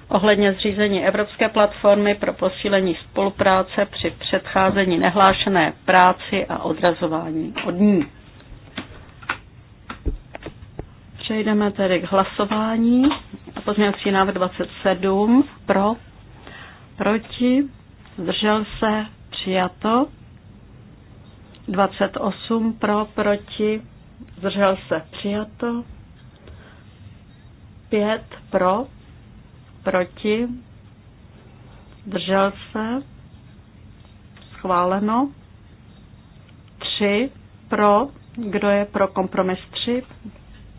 [SPEAKER 5] ohledně zřízení Evropské platformy pro posílení spolupráce při předcházení nehlášené práci a odrazování od ní. Přejdeme tedy k hlasování. Pozměňovací návrh 27 pro, proti, zdržel se, přijato. 28 pro, proti, zdržel se, přijato. 5 pro, proti, zdržel se, schváleno. 3 pro, kdo je pro kompromis 3,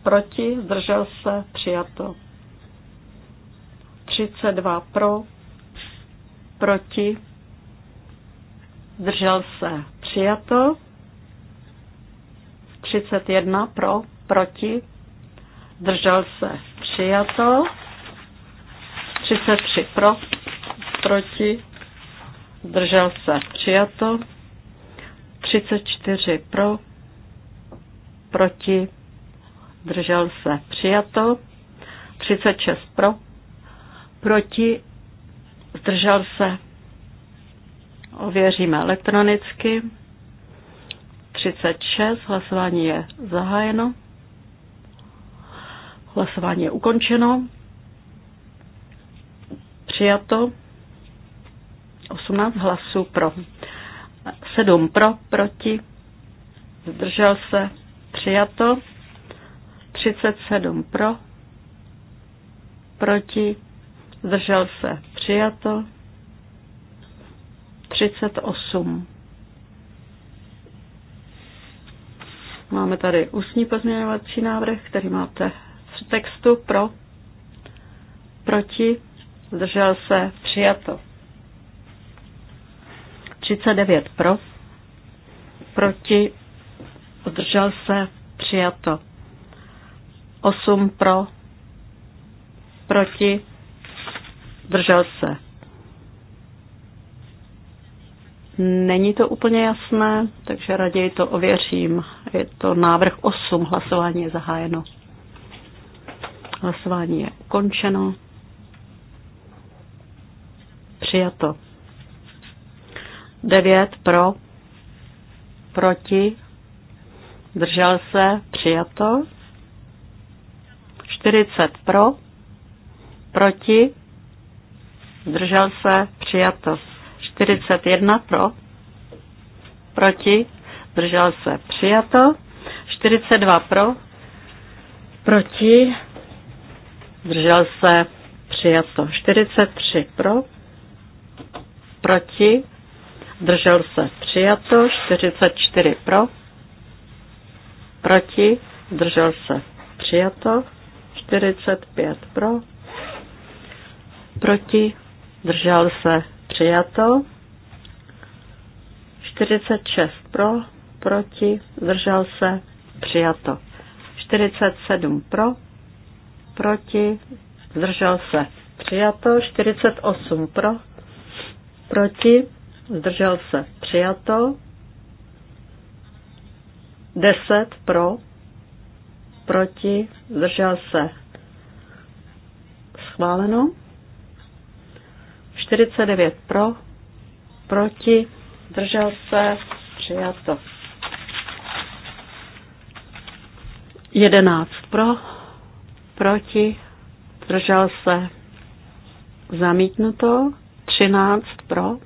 [SPEAKER 5] proti, zdržel se, přijato. 32 pro, proti, zdržel se přijato, 31 pro, proti, zdržel se přijato, 33 pro, proti, zdržel se přijato, 34 pro, proti, zdržel se přijato, 36 pro, proti, zdržel se, ověříme elektronicky. 36, hlasování je zahájeno. Hlasování je ukončeno. Přijato 18 hlasů pro. 7 pro, proti. Zdržel se. Přijato. 37 pro. Proti. Zdržel se přijato. 38. Máme tady ústní pozměňovací návrh, který máte v textu pro, proti, zdržel se, přijato. 39 pro, proti, zdržel se, přijato. 8 pro, proti, držel se. Není to úplně jasné, takže raději to ověřím. Je to návrh 8, hlasování je zahájeno. Hlasování je ukončeno. Přijato. 9 pro, proti, držel se, přijato. 40 pro, proti, zdržel se, přijato. 41 pro, proti, zdržel se, přijato. 42 pro, proti, zdržel se, přijato. 43 pro, proti, zdržel se, přijato. 44 pro, proti, zdržel se, přijato. 45 pro, proti, zdržel se, přijato. 46 pro, proti, zdržel se, přijato. 47 pro, proti, zdržel se, přijato. 48 pro, proti, zdržel se, přijato. 10 pro, proti, zdržel se, schváleno. 49 pro, proti, držel se, přijato. 11 pro, proti, držel se, zamítnuto. 13 pro,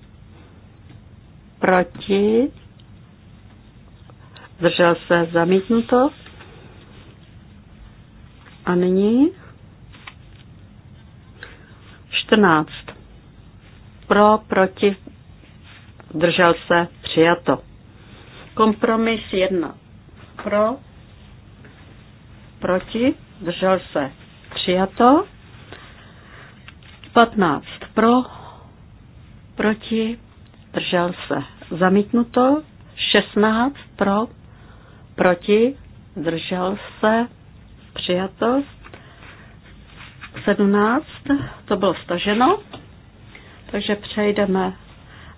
[SPEAKER 5] proti, držel se, zamítnuto. A nyní 14 pro, proti, držel se, přijato. Kompromis jedna. Pro, proti, držel se, přijato. 15. Pro, proti, držel se, zamítnuto. 16. Pro, proti, držel se, přijato. 17. To bylo staženo. Takže přejdeme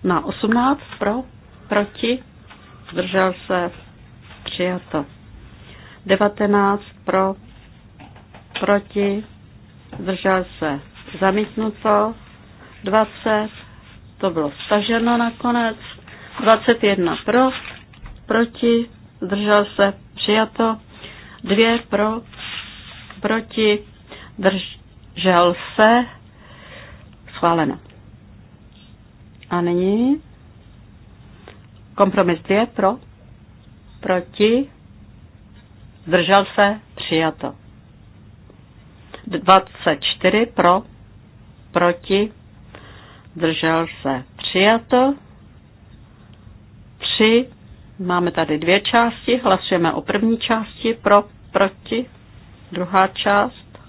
[SPEAKER 5] na 18 pro, proti, zdržel se, přijato. 19 pro, proti, zdržel se, zamítnuto. 20, to bylo staženo nakonec. 21 pro, proti, zdržel se, přijato. 2 pro, proti, držel se, schváleno. A nyní kompromis 2 pro, proti, zdržel se, přijato. 24 pro, proti, zdržel se, přijato. 3, máme tady dvě části, hlasujeme o první části, pro, proti, druhá část,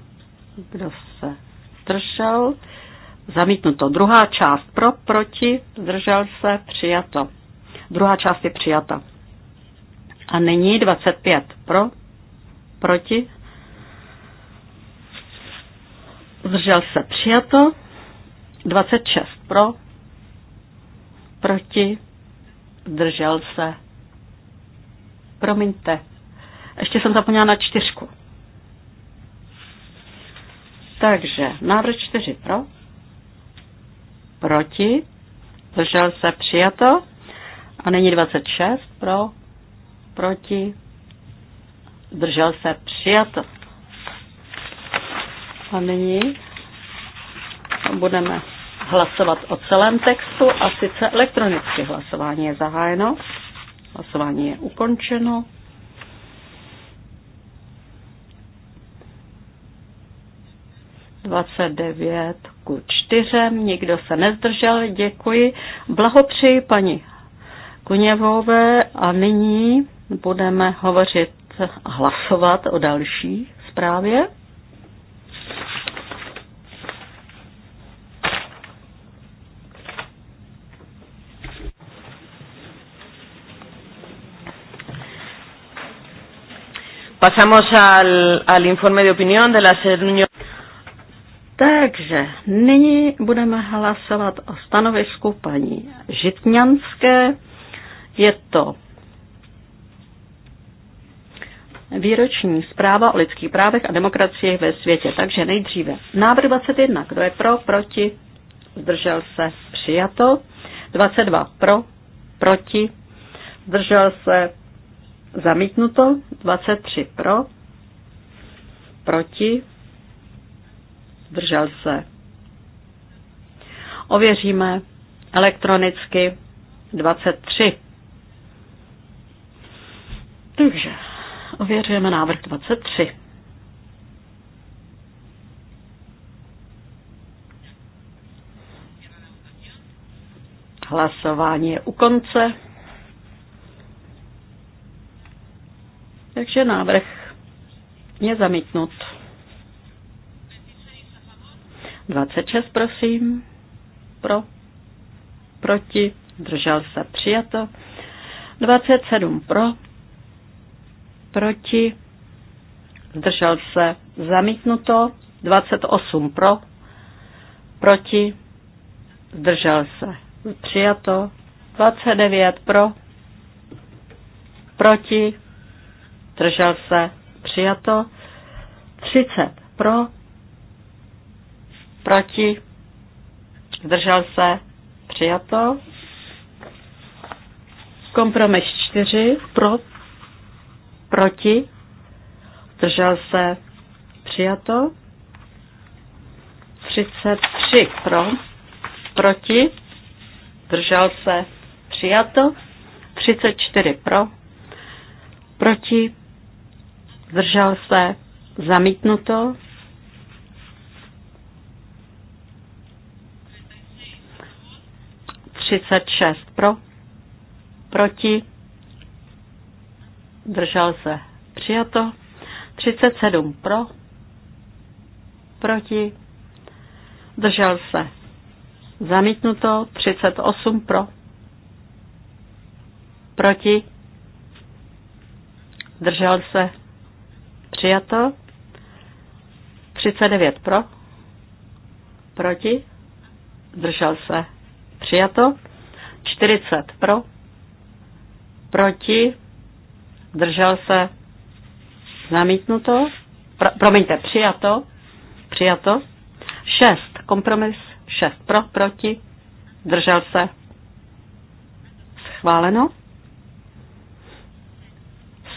[SPEAKER 5] kdo se zdržel, Zamítnuto. Druhá část pro, proti, zdržel se, přijato. Druhá část je přijata. A nyní 25 pro, proti, zdržel se, přijato. 26 pro, proti, zdržel se. Promiňte, ještě jsem zapomněla na čtyřku. Takže návrh čtyři pro, proti, zdržel se přijato. A není 26 pro, proti, zdržel se přijato. A nyní budeme hlasovat o celém textu a sice elektronické hlasování je zahájeno, hlasování je ukončeno. 29 ku 4, nikdo se nezdržel, děkuji. Blahopřeji paní Kuněvové a nyní budeme hovořit a hlasovat o další zprávě.
[SPEAKER 1] Pasamos al, al informe de opinión de la señora takže nyní budeme
[SPEAKER 5] hlasovat o stanovisku paní Žitňanské. Je to výroční zpráva o lidských právech a demokracii ve světě. Takže nejdříve návrh 21. Kdo je pro, proti, zdržel se, přijato. 22. Pro, proti, zdržel se, zamítnuto. 23. Pro, proti, držel se. Ověříme elektronicky 23. Takže ověřujeme návrh 23. Hlasování je u konce. Takže návrh je zamítnut. 26, prosím. Pro. Proti. Zdržel se. Přijato. 27 pro. Proti. Zdržel se. Zamítnuto. 28 pro. Proti. Zdržel se. Přijato. 29 pro. Proti. Zdržel se. Přijato. 30 pro proti, zdržel se, přijato. Kompromis 4, pro, proti, zdržel se, přijato. 33 pro, proti, zdržel se, přijato. 34 pro, proti, zdržel se, zamítnuto. 36 pro, proti, držel se přijato, 37 pro, proti, držel se zamítnuto, 38 pro, proti, držel se přijato, 39 pro, proti, držel se Přijato. 40 pro. Proti. Držel se. Zamítnuto. Pro, promiňte, přijato. Přijato. 6. Kompromis. 6 pro. Proti. Držel se. Schváleno.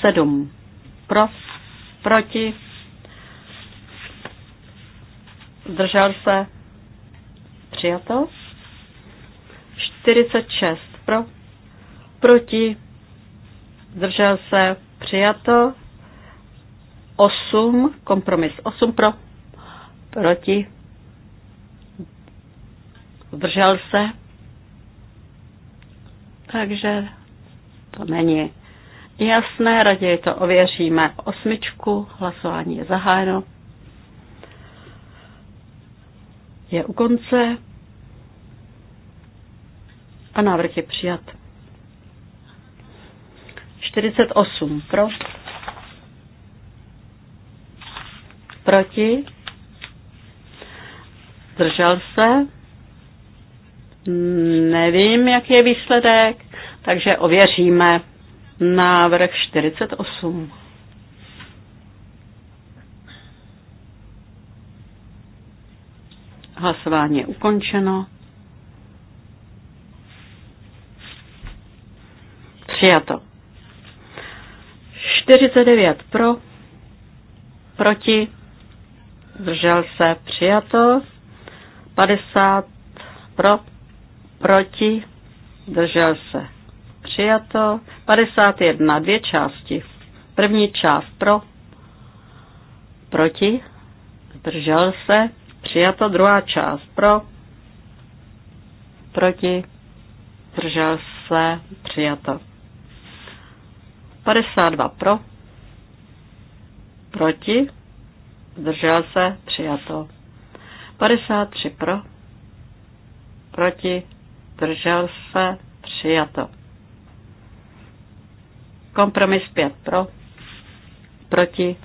[SPEAKER 5] 7 pro. Proti. držel se. Přijato. 46 pro, proti, zdržel se, přijato, 8, kompromis 8 pro, proti, zdržel se, takže to není jasné, raději to ověříme osmičku, hlasování je zahájeno. Je u konce a návrh je přijat. 48 pro, proti, zdržel se, nevím, jaký je výsledek, takže ověříme návrh 48. Hlasování je ukončeno Přijato. 49 pro, proti, zdržel se, přijato. 50 pro, proti, zdržel se, přijato. 51, dvě části. První část pro, proti, zdržel se, přijato. Druhá část pro, proti, zdržel se, přijato. 52 pro, proti, zdržel se, přijato. 53 pro, proti, zdržel se, přijato. Kompromis 5 pro, proti,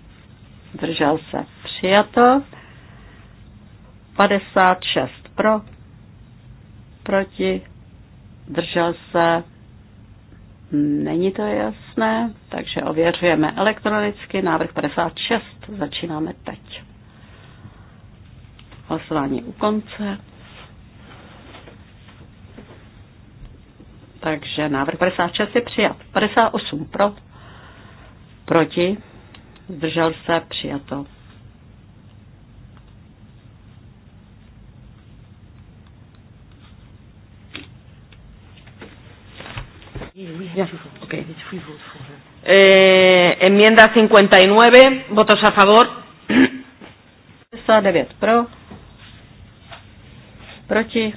[SPEAKER 5] zdržel se, přijato. 56 pro, proti, zdržel se, Není to jasné, takže ověřujeme elektronicky. Návrh 56 začínáme teď. Hlasování u konce. Takže návrh 56 je přijat. 58 pro, proti, zdržel se, přijato.
[SPEAKER 1] Eh, enmienda 59, votos a favor. 59 pro. Proti.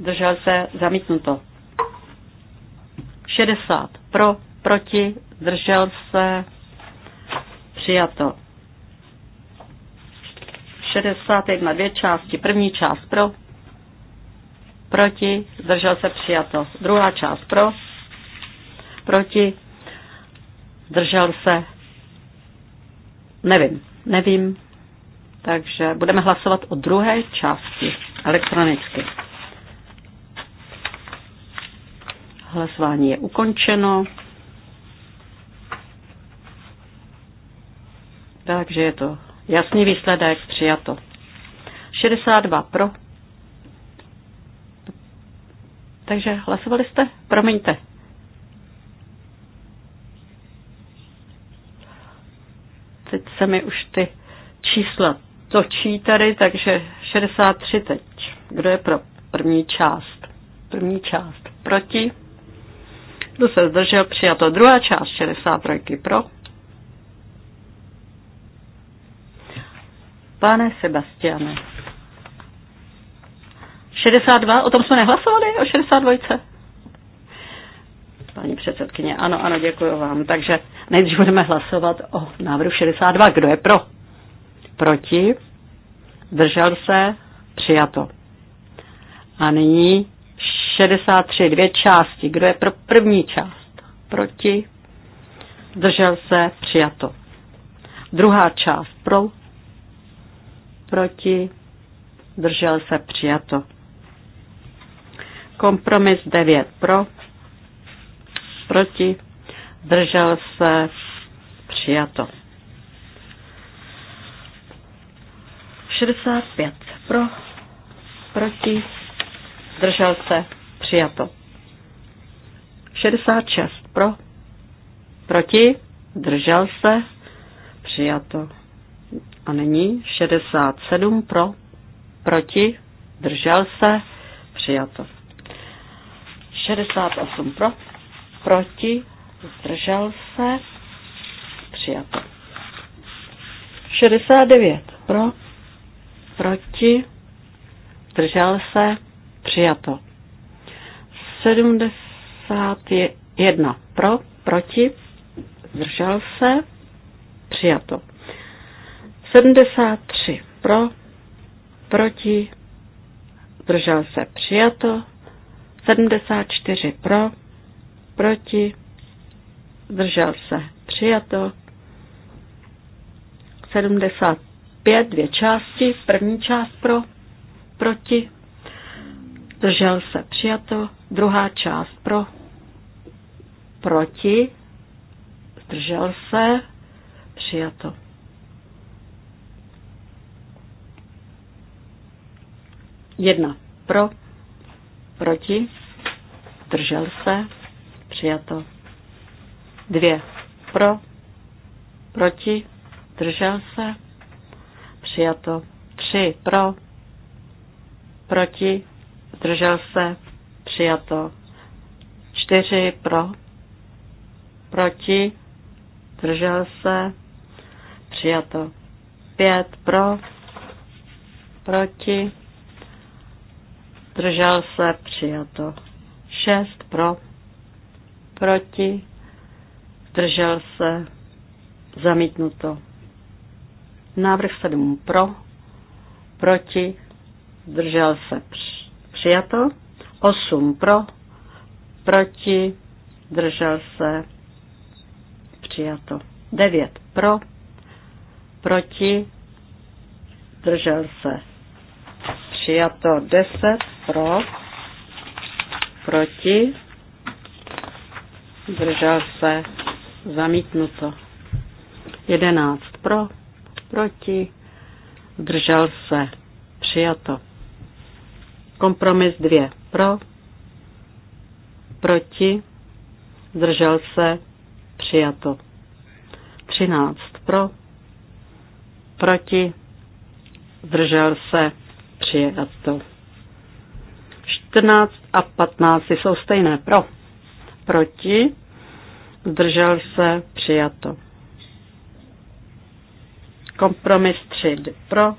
[SPEAKER 5] Zdržel se zamítnuto. 60 pro, proti, zdržel se přijato. 61 dvě části. První část pro, proti, zdržel se přijato. Druhá část pro, proti, zdržel se, nevím, nevím, takže budeme hlasovat o druhé části elektronicky. Hlasování je ukončeno. Takže je to jasný výsledek, přijato. 62 pro. Takže hlasovali jste? Promiňte. se mi už ty čísla točí tady, takže 63 teď. Kdo je pro první část? První část proti. Kdo se zdržel, přijato druhá část 63 pro. Pane Sebastiane. 62, o tom jsme nehlasovali, o 62 paní předsedkyně. Ano, ano, děkuji vám. Takže nejdřív budeme hlasovat o návrhu 62. Kdo je pro? Proti? Držel se? Přijato. A nyní 63, dvě části. Kdo je pro první část? Proti? Držel se? Přijato. Druhá část pro? Proti? Držel se? Přijato. Kompromis 9 pro? proti, zdržel se, přijato. 65 pro, proti, zdržel se, přijato. 66 pro, proti, držel se, přijato. A nyní 67 pro, proti, držel se, přijato. 68 pro, proti, zdržel se, přijato. 69 pro, proti, zdržel se, přijato. 71 pro, proti, zdržel se, přijato. 73 pro, proti, zdržel se, přijato. 74 pro, proti, zdržel se, přijato. 75, dvě části, první část pro, proti, zdržel se, přijato, druhá část pro, proti, zdržel se, přijato. Jedna pro, proti, zdržel se, Přijato. Dvě. Pro. Proti. Držel se. Přijato. Tři. Pro. Proti. Držel se. Přijato. Čtyři. Pro. Proti. Držel se. Přijato. Pět. Pro. Proti. Držel se. Přijato. Šest. Pro proti, zdržel se, zamítnuto. Návrh 7 pro, proti, zdržel se, přijato. 8 pro, proti, zdržel se, přijato. 9 pro, proti, zdržel se, přijato. 10 pro, proti, zdržel se, zamítnuto. 11 pro, proti, zdržel se, přijato. Kompromis 2 pro, proti, zdržel se, přijato. 13 pro, proti, zdržel se, přijato. 14 a 15 jsou stejné pro proti, zdržel se, přijato. Kompromis 3 pro,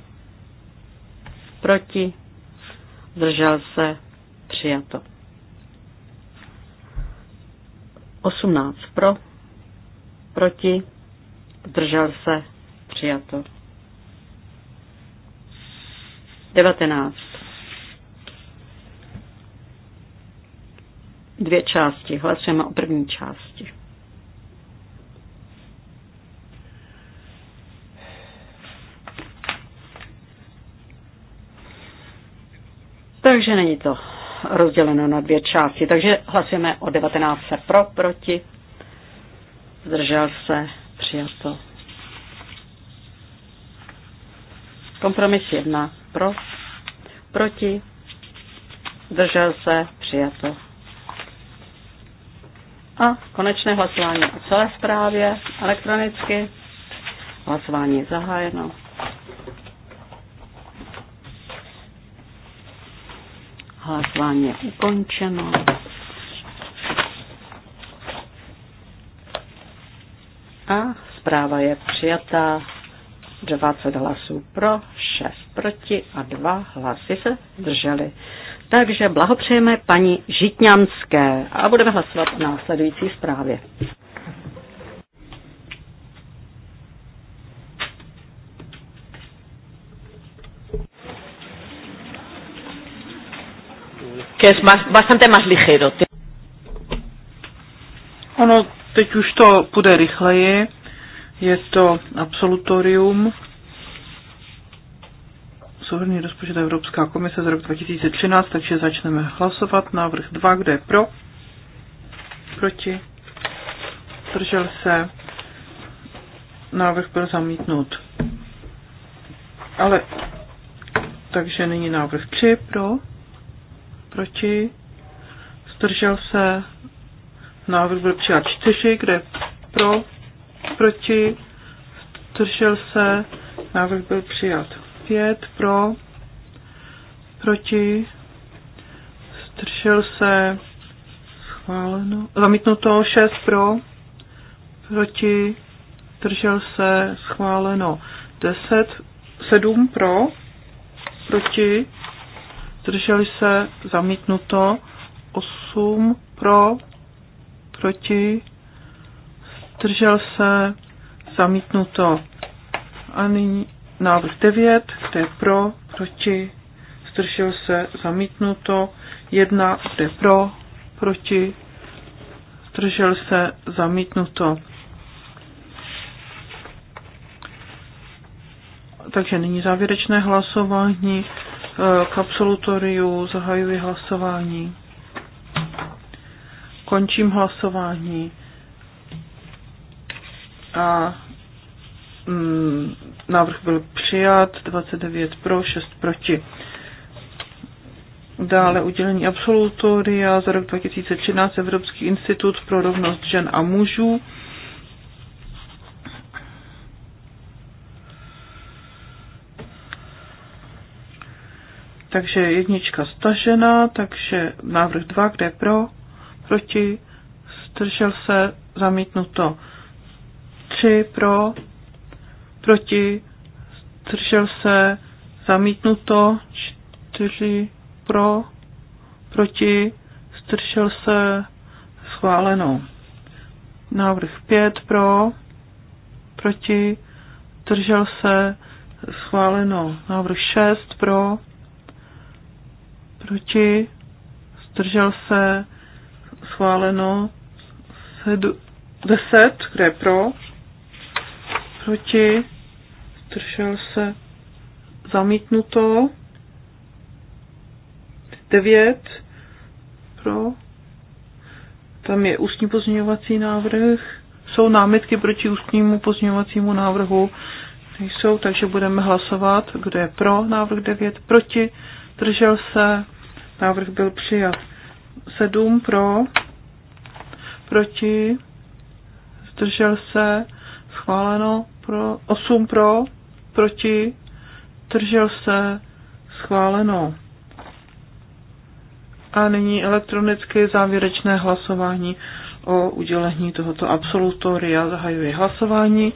[SPEAKER 5] proti, zdržel se, přijato. 18 pro, proti, zdržel se, přijato. 19 dvě části. Hlasujeme o první části. Takže není to rozděleno na dvě části. Takže hlasujeme o 19 pro, proti. Zdržel se, přijato. Kompromis 1 pro, proti. Zdržel se, přijato. A konečné hlasování o celé zprávě elektronicky. Hlasování je zahájeno. Hlasování je ukončeno. A zpráva je přijatá 20 hlasů pro, 6 proti a 2 hlasy se drželi. Takže blahopřejeme paní Žitňanské a budeme hlasovat o následující zprávě.
[SPEAKER 1] que es más, bastante más ligero.
[SPEAKER 2] Ono, teď už to půjde rychleji, je to absolutorium souhrný rozpočet Evropská komise za rok 2013, takže začneme hlasovat. Návrh 2, kde je pro? Proti? Držel se? Návrh byl zamítnut. Ale, takže nyní návrh 3, pro? Proti? Zdržel se? Návrh byl přijat 4, kde je pro? Proti? Zdržel se? Návrh byl přijat. 25 pro, proti, zdržel se, schváleno, zamítnuto 6 pro, proti, zdržel se, schváleno 10, 7 pro, proti, zdrželi se, zamítnuto 8 pro, proti, zdržel se, zamítnuto. A nyní Návrh 9, kdo je pro, proti, zdržel se, zamítnuto. 1, kdo je pro, proti, zdržel se, zamítnuto. Takže nyní závěrečné hlasování eh, k absolutoriu. Zahajuji hlasování. Končím hlasování. A Mm, návrh byl přijat, 29 pro, 6 proti. Dále udělení absolutoria za rok 2013 Evropský institut pro rovnost žen a mužů. Takže jednička stažena, takže návrh 2, kde pro, proti, stržel se, zamítnuto 3 pro, proti, zdržel se, zamítnuto, čtyři pro, proti, zdržel se, schváleno. Návrh pět pro, proti, zdržel se, schváleno. Návrh šest pro, proti, zdržel se, schváleno. Sedu, deset, kde pro, proti, zdržel se, zamítnuto. 9 pro, tam je ústní pozměňovací návrh. Jsou námitky proti ústnímu pozměňovacímu návrhu? Nejsou, takže budeme hlasovat, kdo je pro návrh 9, proti, držel se, návrh byl přijat. 7 pro, proti, zdržel se, schváleno pro, 8 pro, proti, držel se, schváleno. A nyní elektronické závěrečné hlasování o udělení tohoto absolutoria. Zahajuji hlasování.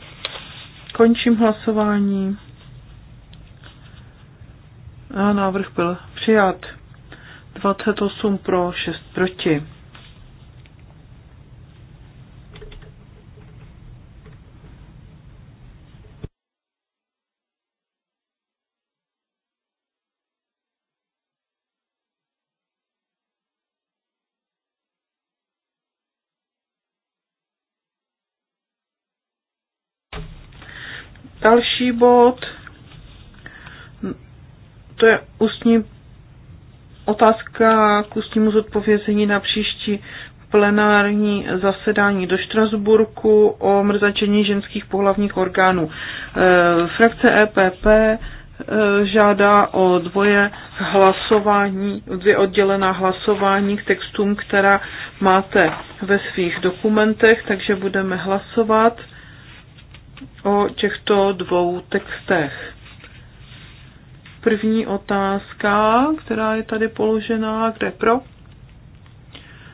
[SPEAKER 2] Končím hlasování. A návrh byl přijat. 28 pro, 6 proti. Další bod, to je ústní otázka k ústnímu zodpovězení na příští plenární zasedání do Štrasburku o mrzačení ženských pohlavních orgánů. E, frakce EPP e, žádá o dvoje hlasování, dvě oddělená hlasování k textům, která máte ve svých dokumentech, takže budeme hlasovat o těchto dvou textech. První otázka, která je tady položená, kde pro?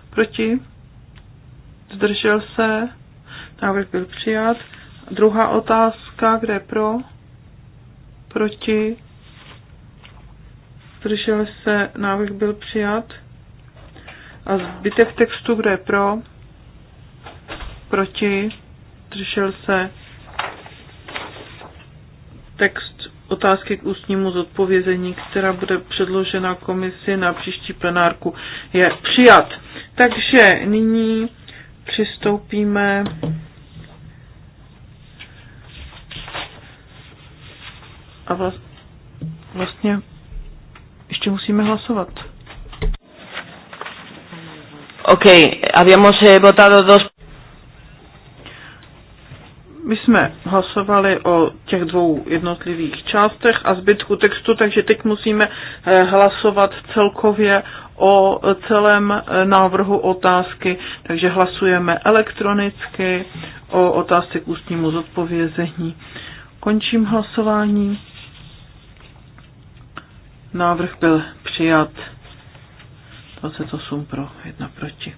[SPEAKER 2] Proti? Zdržel se? Návrh byl přijat. Druhá otázka, kde pro? Proti? Zdržel se? Návrh byl přijat. A zbytek textu, kde pro? Proti? Zdržel se? text otázky k ústnímu zodpovězení, která bude předložena komisi na příští plenárku, je přijat. Takže nyní přistoupíme a vlastně ještě musíme hlasovat.
[SPEAKER 1] Ok, habíamos eh, votado dos my jsme hlasovali o těch dvou
[SPEAKER 2] jednotlivých částech a zbytku textu, takže teď musíme eh, hlasovat celkově o celém eh, návrhu otázky, takže hlasujeme elektronicky o otázce k ústnímu zodpovězení. Končím hlasování. Návrh byl přijat
[SPEAKER 3] 28 pro, 1 proti.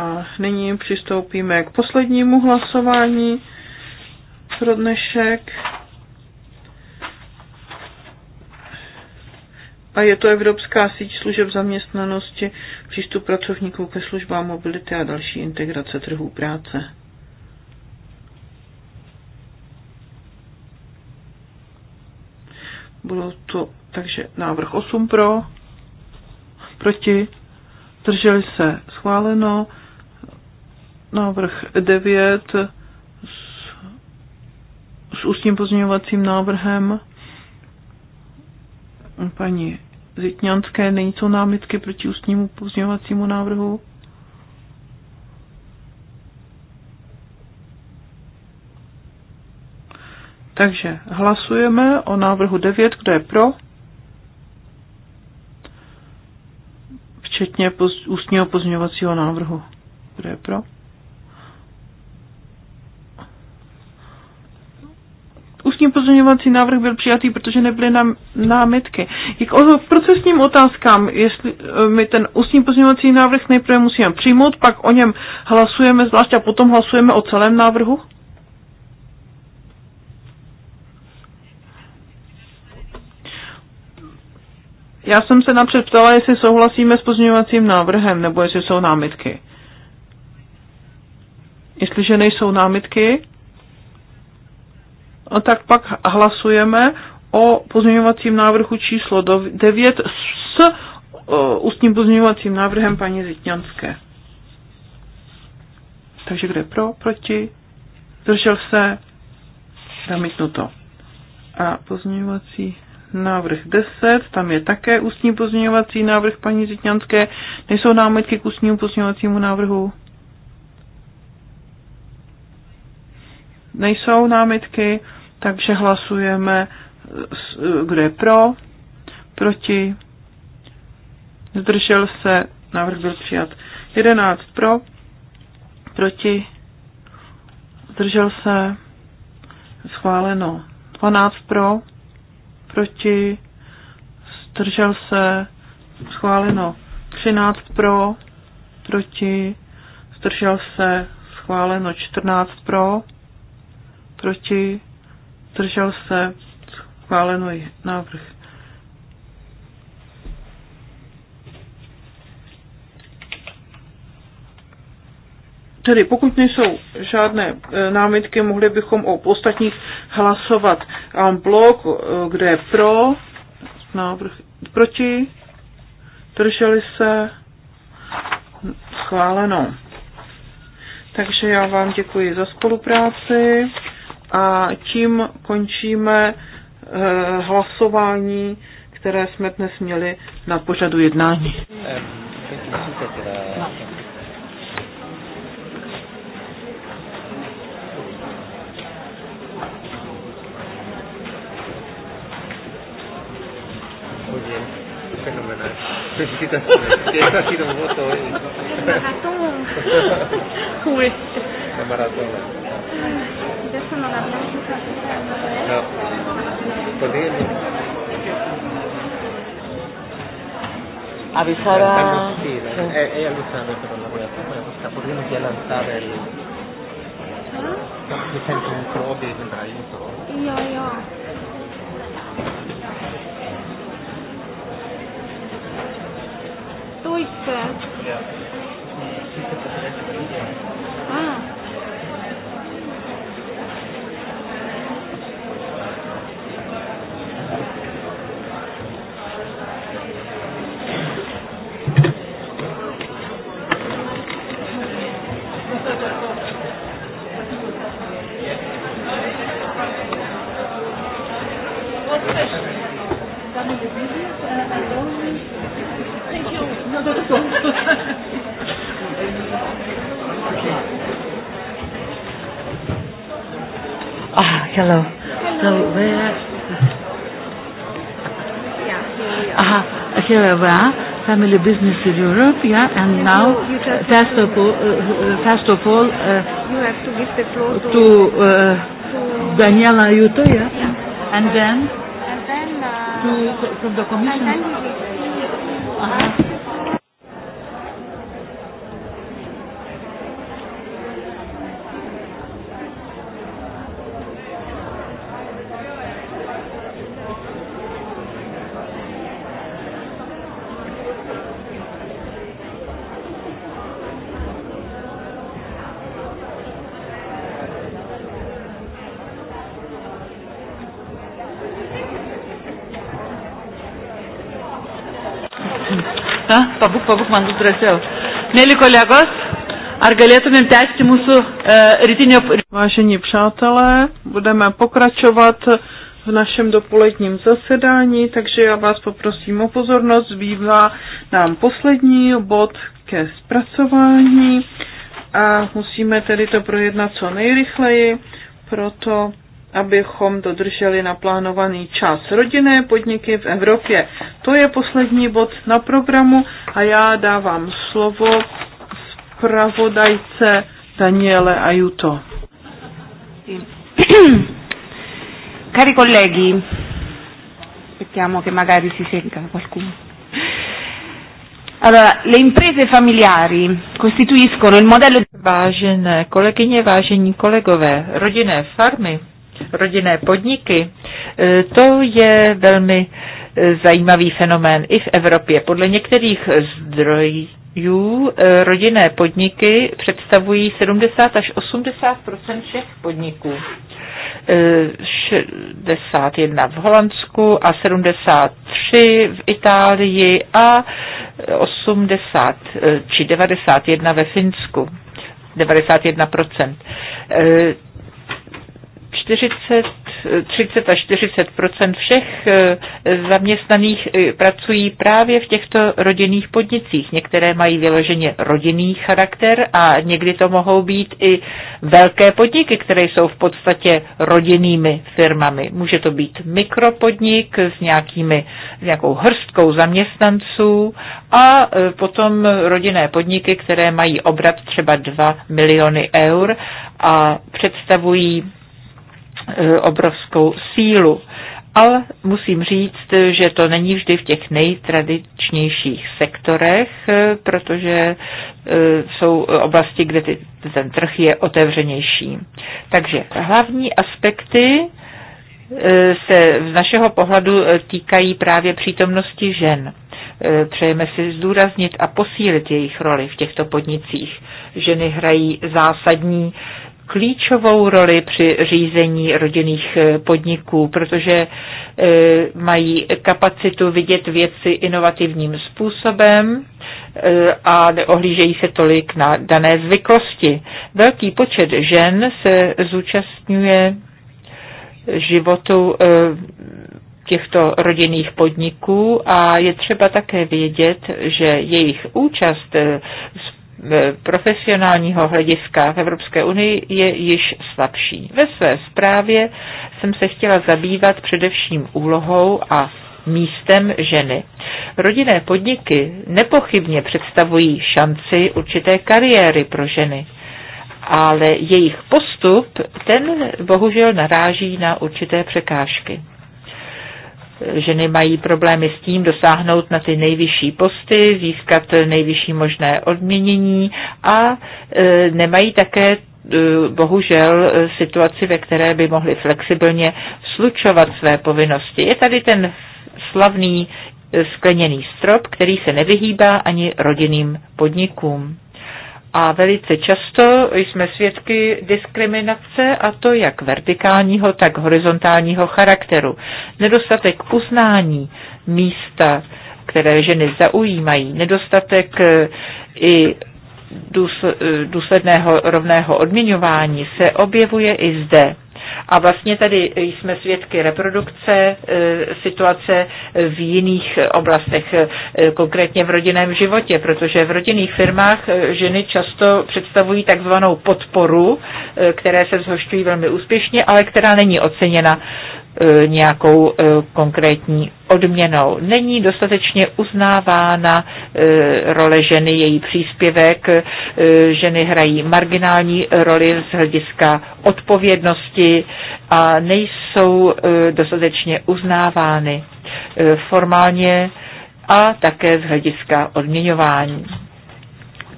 [SPEAKER 2] A nyní přistoupíme k poslednímu hlasování pro dnešek. A je to Evropská síť služeb zaměstnanosti, přístup pracovníků ke službám mobility a další integrace trhů práce. Bylo to takže návrh 8 pro, proti, drželi se schváleno, návrh 9 s, s ústním pozměňovacím návrhem paní Zitňanské. Není to námitky proti ústnímu pozměňovacímu návrhu? Takže hlasujeme o návrhu 9, kdo je pro, včetně ústního pozměňovacího návrhu. Kdo je pro? ústní pozměňovací návrh byl přijatý, protože nebyly nám námitky. o procesním otázkám, jestli e, my ten ústní pozměňovací návrh nejprve musíme přijmout, pak o něm hlasujeme zvlášť a potom hlasujeme o celém návrhu? Já jsem se napřed ptala, jestli souhlasíme s pozměňovacím návrhem, nebo jestli jsou námitky. Jestliže nejsou námitky, tak pak hlasujeme o pozměňovacím návrhu číslo 9 s e, ústním pozměňovacím návrhem paní Zitňanské. Takže kde pro, proti, držel se, zamítnuto. A pozměňovací návrh 10, tam je také ústní pozměňovací návrh paní Zitňanské. Nejsou námitky k ústnímu pozměňovacímu návrhu? Nejsou námitky takže hlasujeme, kdo je pro, proti, zdržel se, návrh byl přijat. 11 pro, proti, zdržel se, schváleno. 12 pro, proti, zdržel se, schváleno. 13 pro, proti, zdržel se, schváleno. 14 pro, proti, zdržel se, schváleno zdržel se, schválený návrh. Tedy pokud nejsou žádné eh, námitky, mohli bychom o ostatních hlasovat en blok, eh, kde je pro, návrh proti, drželi se, schváleno. Takže já vám děkuji za spolupráci. A tím končíme eh, hlasování, které jsme dnes měli na pořadu jednání.
[SPEAKER 3] fenomenal. Felicitaciones. Eso ha Maratón. Avisar ¿eh? eh, eh, a... Sí, toccato il tema, eh? No. Va A Bisara... A a Lucina però la quella sta potendo di alzare il... Mi sento un po' di Sí, Io, io. Dojce. Ah.
[SPEAKER 4] family business in Europe, yeah, and, you now, you,
[SPEAKER 3] uh,
[SPEAKER 1] first, of all, uh, uh, first of all, uh,
[SPEAKER 3] you have to give the floor to, to, uh, to Daniela Ayuto, yeah? yeah, and then, and then uh, to, from
[SPEAKER 1] the Commission. And then we will see, uh -huh.
[SPEAKER 4] Pabūk, pabūk, man bus drąsiau. Mėly kolegos, ar galėtumėm tęsti mūsų e,
[SPEAKER 2] rytinio... Vážení přátelé, budeme pokračovat v našem dopoledním zasedání, takže já vás poprosím o pozornost. Zbývá nám poslední bod ke zpracování a musíme tedy to projednat co nejrychleji, proto abychom dodrželi naplánovaný čas. Rodinné podniky v Evropě. To je poslední bod na programu a já dávám slovo zpravodajce Daniele Ajuto.
[SPEAKER 3] [clears throat]
[SPEAKER 4] Cari colleghi, aspettiamo che magari si senta qualcuno. Allora, le imprese familiari costituiscono il modello... di... Vážené kolegyně, vážení kolegové, rodinné farmy rodinné podniky, e, to je velmi e, zajímavý fenomén i v Evropě. Podle některých zdrojů e, rodinné podniky představují 70 až 80 všech podniků. 61 v Holandsku a 73 v Itálii a 80 či 91 ve Finsku. 91 40, 30 až 40 všech eh, zaměstnaných eh, pracují právě v těchto rodinných podnicích. Některé mají vyloženě rodinný charakter a někdy to mohou být i velké podniky, které jsou v podstatě rodinnými firmami. Může to být mikropodnik s, nějakými, s nějakou hrstkou zaměstnanců a eh, potom rodinné podniky, které mají obrat třeba 2 miliony eur a představují E, obrovskou sílu. Ale musím říct, že to není vždy v těch nejtradičnějších sektorech, e, protože e, jsou oblasti, kde ten trh je otevřenější. Takže hlavní aspekty se z našeho pohledu týkají právě přítomnosti žen. Přejeme si zdůraznit a posílit jejich roli v těchto podnicích. Ženy hrají zásadní klíčovou roli při řízení rodinných eh, podniků, protože eh, mají kapacitu vidět věci inovativním způsobem eh, a neohlížejí se tolik na dané zvyklosti. Velký počet žen se zúčastňuje životu těchto rodinných podniků a je třeba také vědět, že jejich účast E, profesionálního hlediska v Evropské unii je již slabší. Ve své zprávě jsem se chtěla zabývat především úlohou a místem ženy. Rodinné podniky nepochybně představují šanci určité kariéry pro ženy, ale jejich postup ten bohužel naráží na určité překážky ženy mají problémy s tím dosáhnout na ty nejvyšší posty, získat nejvyšší možné odměnění a e, nemají také e, bohužel situaci, ve které by mohly flexibilně slučovat své povinnosti. Je tady ten slavný e, skleněný strop, který se nevyhýbá ani rodinným podnikům. A velice často jsme svědky diskriminace a to jak vertikálního, tak horizontálního charakteru. Nedostatek uznání místa, které ženy zaujímají, nedostatek eh, i eh, důsledného rovného odměňování se objevuje i zde. A vlastně tady jsme svědky reprodukce e, situace v jiných oblastech, e, konkrétně v rodinném životě, protože v rodinných firmách e, ženy často představují takzvanou podporu, které se zhošťují velmi úspěšně, ale která není oceněna E, nějakou e, konkrétní odměnou. Není dostatečně uznávána e, role ženy, její příspěvek. Ženy hrají marginální roli z hlediska odpovědnosti a nejsou dostatečně uznávány formálně a také z hlediska odměňování.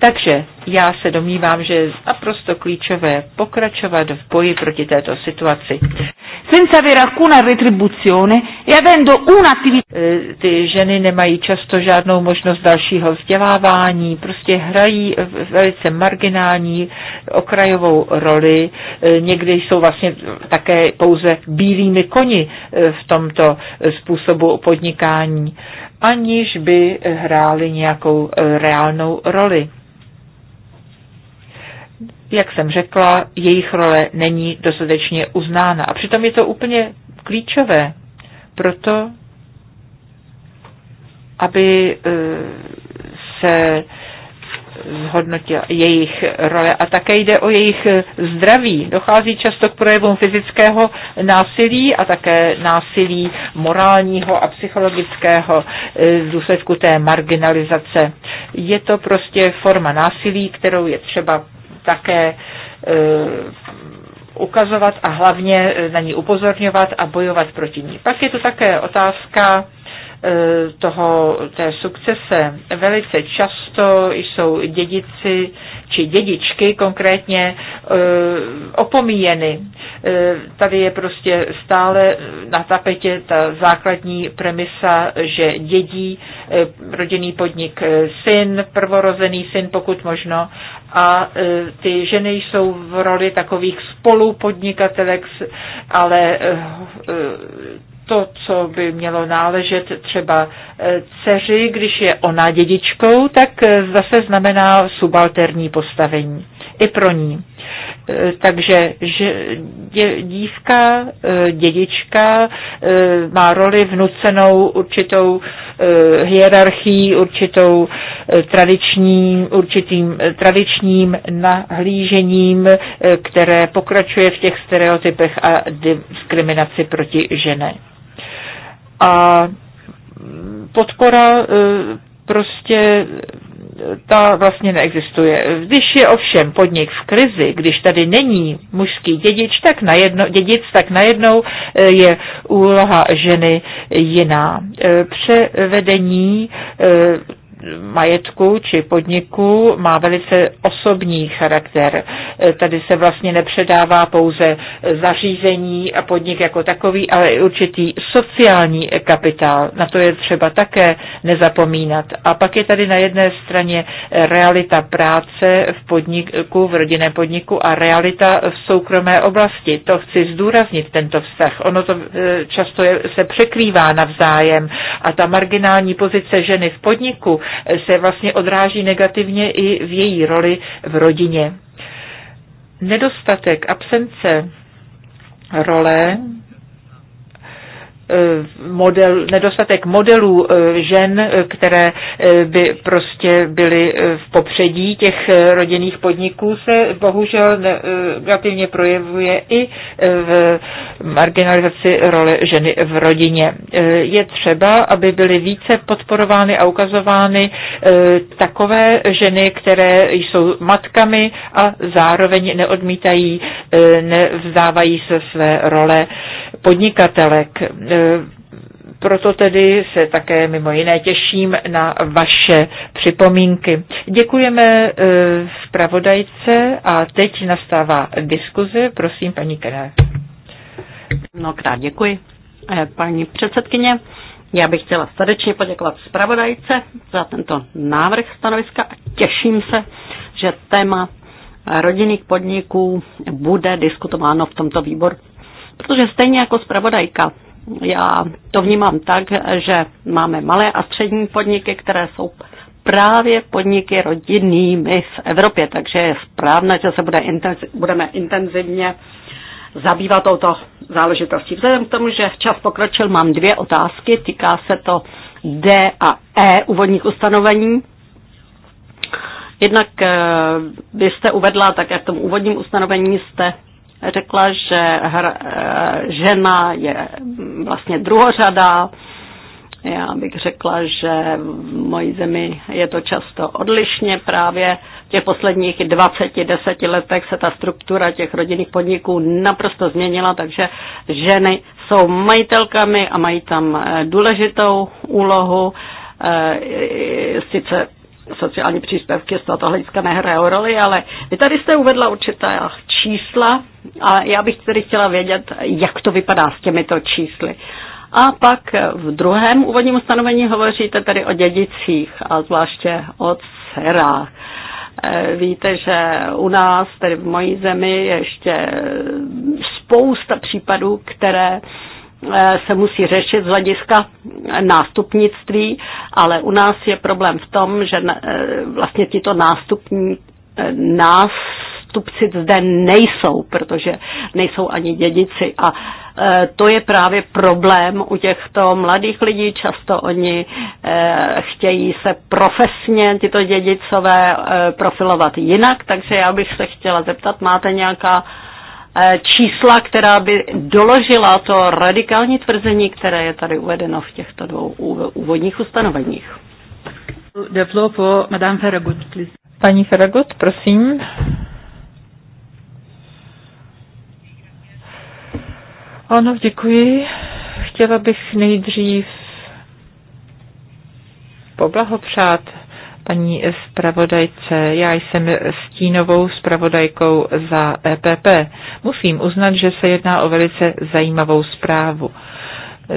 [SPEAKER 4] Takže já se domnívám, že je naprosto klíčové pokračovat v boji proti této situaci. Senza avere alcuna retribuzione e avendo un'attività. Eh, ty ženy nemají často žádnou možnost dalšího vzdělávání, prostě hrají velice marginální okrajovou roli, eh, někdy jsou vlastně také pouze bílými koni eh, v tomto způsobu podnikání, aniž by hrály nějakou reálnou roli. Jak jsem řekla, jejich role není dostatečně uznána. A přitom je to úplně klíčové proto, aby e, se zhodnotila jejich role. A také jde o jejich zdraví. Dochází často k projevům fyzického násilí a také násilí morálního a psychologického e, v důsledku té marginalizace. Je to prostě forma násilí, kterou je třeba také e, ukazovat a hlavně e, na ní upozorňovat a bojovat proti ní. Pak je to také otázka e, toho, té sukcese. Velice často jsou dědici či dědičky konkrétně opomíjeny. Tady je prostě stále na tapetě ta základní premisa, že dědí rodinný podnik syn, prvorozený syn pokud možno a e, ty ženy jsou v roli takových spolupodnikatelek, ale e, e, to, co by mělo náležet třeba dceři, když je ona dědičkou, tak zase znamená subalterní postavení i pro ní. E, takže že dě, dívka, e, dědička e, má roli vnucenou určitou hierarchií, určitou tradiční, určitým tradičním nahlížením, které pokračuje v těch stereotypech a diskriminaci proti žene. A podpora prostě ta vlastně neexistuje. Když je ovšem podnik v krizi, když tady není mužský dědič, tak najednou, dědic, tak najednou eh, je úloha ženy jiná. Eh, převedení eh, majetku či podniku má velice osobní charakter. E, tady se vlastně nepředává pouze zařízení a podnik jako takový, ale i určitý sociální kapitál. Na to je třeba také nezapomínat. A pak je tady na jedné straně realita práce v podniku, v rodinném podniku a realita v soukromé oblasti. To chci zdůraznit, tento vztah. Ono to e, často je, se překrývá navzájem a ta marginální pozice ženy v podniku se vlastně odráží negativně i v její roli v rodině. Nedostatek absence role Eh, model, nedostatek modelů eh, žen, eh, které by prostě byly v popředí těch rodinných podniků, se bohužel negativně projevuje i v marginalizaci role ženy v rodině. Je třeba, aby byly více podporovány a ukazovány takové ženy, které jsou matkami a zároveň neodmítají, nevzdávají se své role podnikatelek. E, proto tedy se také mimo jiné těším na vaše připomínky. Děkujeme e, zpravodajce a teď nastává diskuze. Prosím, paní Kené.
[SPEAKER 5] Mnohokrát děkuji. E, paní předsedkyně, já bych chtěla srdečně poděkovat zpravodajce za tento návrh stanoviska a těším se, že téma rodinných podniků bude diskutováno v tomto výboru protože stejně jako zpravodajka, já to vnímám tak, že máme malé a střední podniky, které jsou právě podniky rodinnými v Evropě, takže je správné, že se bude intenzi- budeme intenzivně zabývat touto záležitostí. Vzhledem k tomu, že čas pokročil, mám dvě otázky, týká se to D a E úvodních ustanovení. Jednak byste eh, uvedla, tak jak v tom úvodním ustanovení jste řekla, že hra, eh, žena je vlastně druhořadá. Já bych řekla, že v mojí zemi je to často odlišně. Právě v těch posledních 20-10 letech se ta struktura těch rodinných podniků naprosto změnila, takže ženy jsou majitelkami a mají tam eh, důležitou úlohu. Eh, sice sociální příspěvky z tohoto hlediska nehrajou roli, ale vy tady jste uvedla určitá čísla a já bych tedy chtěla vědět, jak to vypadá s těmito čísly. A pak v druhém úvodním ustanovení hovoříte tedy o dědicích a zvláště o dcerách. Eh, víte, že u nás, tedy v mojí zemi, je ještě spousta případů, které Eh, se musí řešit z hlediska nástupnictví, ale u nás je problém v tom, že eh, vlastně tito nástupní, eh, nástupci zde nejsou, protože nejsou ani dědici a to je právě problém u těchto mladých lidí. Často oni chtějí se profesně, tyto dědicové, profilovat jinak, takže já bych se chtěla zeptat, máte nějaká Eh, čísla, která by doložila to radikální tvrzení, které je tady uvedeno v těchto dvou úvodních ustanoveních.
[SPEAKER 4] Ferragut, Paní Ferragut, prosím. Ano, děkuji. Chtěla bych nejdřív poblahopřát paní zpravodajce. Já jsem stínovou zpravodajkou za EPP. Musím uznat, že se jedná o velice zajímavou zprávu.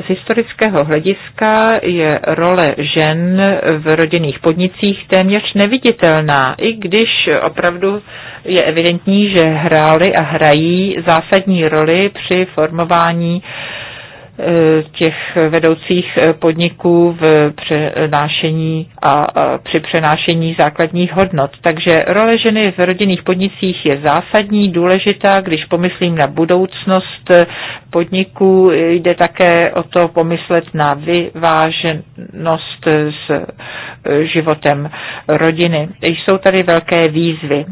[SPEAKER 4] Z historického hlediska je role žen v rodinných podnicích téměř neviditelná, i když opravdu je evidentní, že hrály a hrají zásadní roli při formování E, těch vedoucích e, podniků v přenášení a při přenášení základních hodnot. Takže role ženy v rodinných podnicích je zásadní, důležitá, když pomyslím na budoucnost e, podniků, jde také o to pomyslet na vyváženost s životem rodiny. Jsou tady velké výzvy.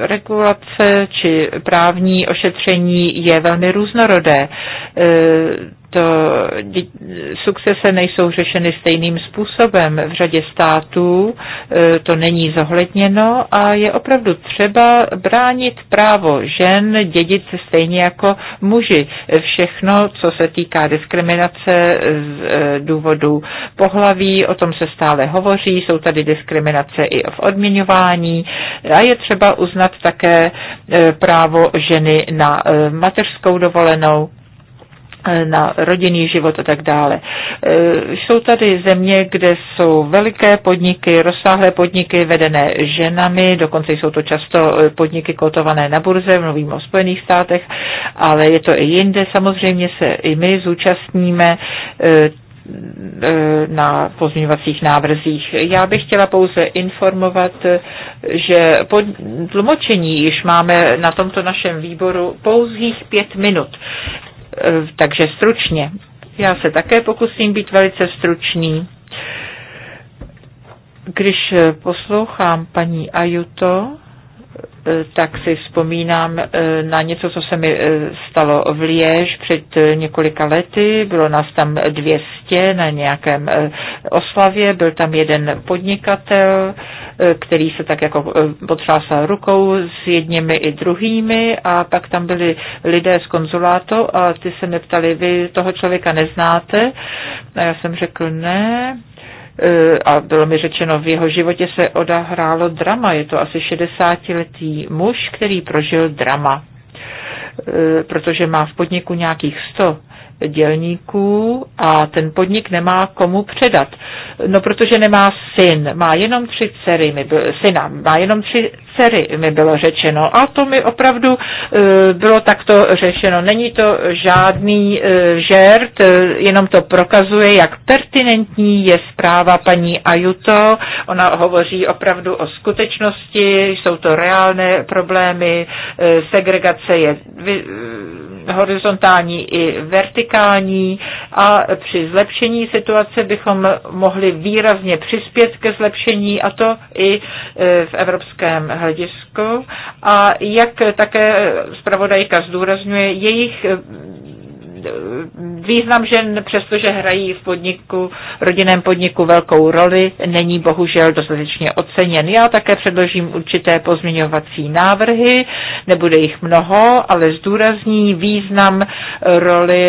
[SPEAKER 4] regulace či právní ošetření je velmi různorodé. E, to sukcese nejsou řešeny stejným způsobem. V řadě států e, to není zohledněno a je opravdu třeba bránit právo žen dědit se stejně jako muži. Všechno, co se týká diskriminace z e, důvodu pohlaví, o tom se stále hovoří, jsou tady diskriminace i v odměňování a je třeba uznat také právo ženy na mateřskou dovolenou Eh, na rodinný život a tak dále. Eh, jsou tady země, kde jsou veliké podniky, rozsáhlé podniky vedené ženami, dokonce jsou to často eh, podniky kotované na burze, mluvím o Spojených státech, ale je to i jinde. Samozřejmě se i my zúčastníme na pozměňovacích návrzích. Já bych chtěla pouze informovat, že po tlumočení již máme na tomto našem výboru pouzích pět minut. Eh, takže stručně. Já se také pokusím být velice stručný. Když eh, poslouchám paní Ajuto, Eh, tak si vzpomínám eh, na něco, co se mi eh, stalo v Liež před několika lety. Bylo nás tam 200 na nějakém oslavě, byl tam jeden podnikatel, který se tak jako potřásal rukou s jedněmi i druhými a pak tam byli lidé z konzulátu a ty se mě ptali, vy toho člověka neznáte? A já jsem řekl ne E, a bylo mi řečeno, v jeho životě se odahrálo drama. Je to asi 60-letý muž, který prožil drama, e, protože má v podniku nějakých 100 dělníků a ten podnik nemá komu předat. No protože nemá syn, má jenom tři dcery, syna, má jenom tři dcery, mi bylo řečeno. A to mi opravdu e, bylo takto řešeno. Není to žádný e, žert, e, jenom to prokazuje, jak pertinentní je zpráva paní Ajuto. Ona hovoří opravdu o skutečnosti, jsou to reálné problémy, segregace je horizontální i vertikální a při zlepšení situace bychom mohli výrazně přispět ke zlepšení a to i v evropském hledisko a jak také zpravodajka zdůrazňuje, jejich význam žen, přestože hrají v podniku, v rodinném podniku velkou roli, není bohužel dostatečně oceněn. Já také předložím určité pozměňovací návrhy, nebude jich mnoho, ale zdůrazní význam roli,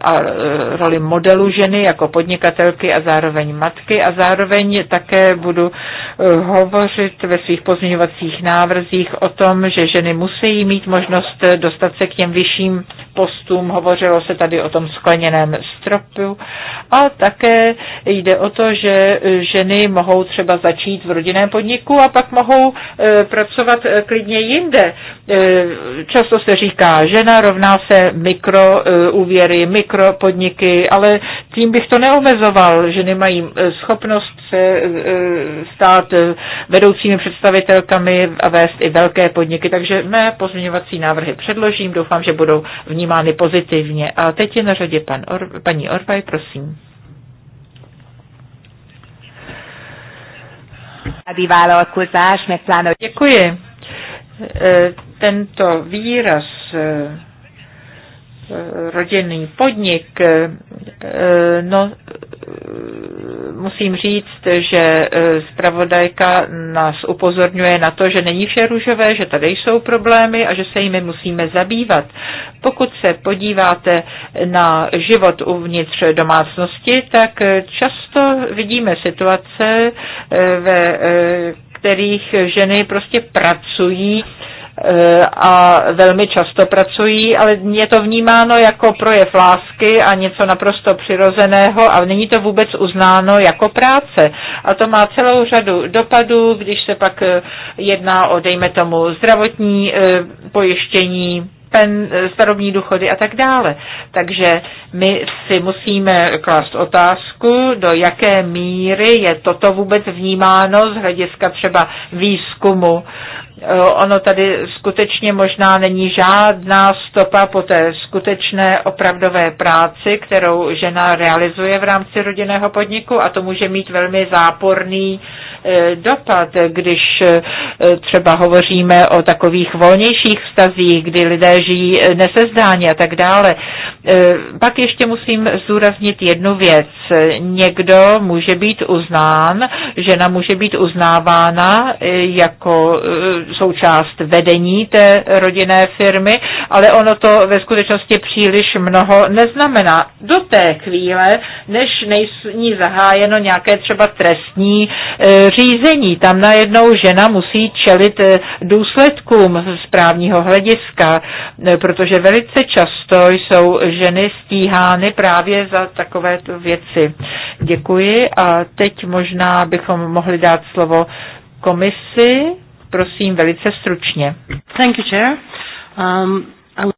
[SPEAKER 4] a e, roli modelu ženy jako podnikatelky a zároveň matky a zároveň také budu e, hovořit ve svých pozměňovacích návrzích o tom, že ženy musí mít možnost dostat se k těm vyšším postům. Hovořilo se tady o tom skleněném stropu. A také jde o to, že ženy mohou třeba začít v rodinném podniku a pak mohou e, pracovat e, klidně jinde. E, často se říká, žena rovná se mikroúvěry, mikropodniky, ale tím bych to neomezoval. Ženy mají schopnost se stát vedoucími představitelkami a vést i velké podniky, takže mé pozměňovací návrhy předložím, doufám, že budou vnímány pozitivně. A teď je na řadě pan Or- paní Paní Orvaj, prosím. Děkuji. E, tento výraz e, rodinný podnik, eh, no, eh, musím říct, že eh, zpravodajka nás upozorňuje na to, že není vše růžové, že tady jsou problémy a že se jimi musíme zabývat. Pokud se podíváte na život uvnitř domácnosti, tak často vidíme situace, ve kterých ženy prostě pracují Eh, a velmi často pracují, ale je to vnímáno jako projev lásky a něco naprosto přirozeného a není to vůbec uznáno jako práce. A to má celou řadu dopadů, když se pak eh, jedná o, dejme tomu, zdravotní eh, pojištění, pen, starobní důchody a tak dále. Takže my si musíme klást otázku, do jaké míry je toto vůbec vnímáno z hlediska třeba výzkumu Eh, ono tady skutečně možná není žádná stopa po té skutečné opravdové práci, kterou žena realizuje v rámci rodinného podniku a to může mít velmi záporný Eh, dopad, když eh, třeba hovoříme o takových volnějších vztazích, kdy lidé žijí eh, nesezdáně a tak dále. Pak ještě musím zúraznit jednu věc. Někdo může být uznán, žena může být uznávána jako součást vedení té rodinné firmy, ale ono to ve skutečnosti příliš mnoho neznamená. Do té chvíle, než nejsou zahájeno nějaké třeba trestní řízení. Tam najednou žena musí čelit eh, důsledkům z právního hlediska, eh, protože velice často jsou ženy stíhány právě za takové věci. Děkuji a teď možná bychom mohli dát slovo komisi, prosím velice stručně. Thank you, Chair. Um,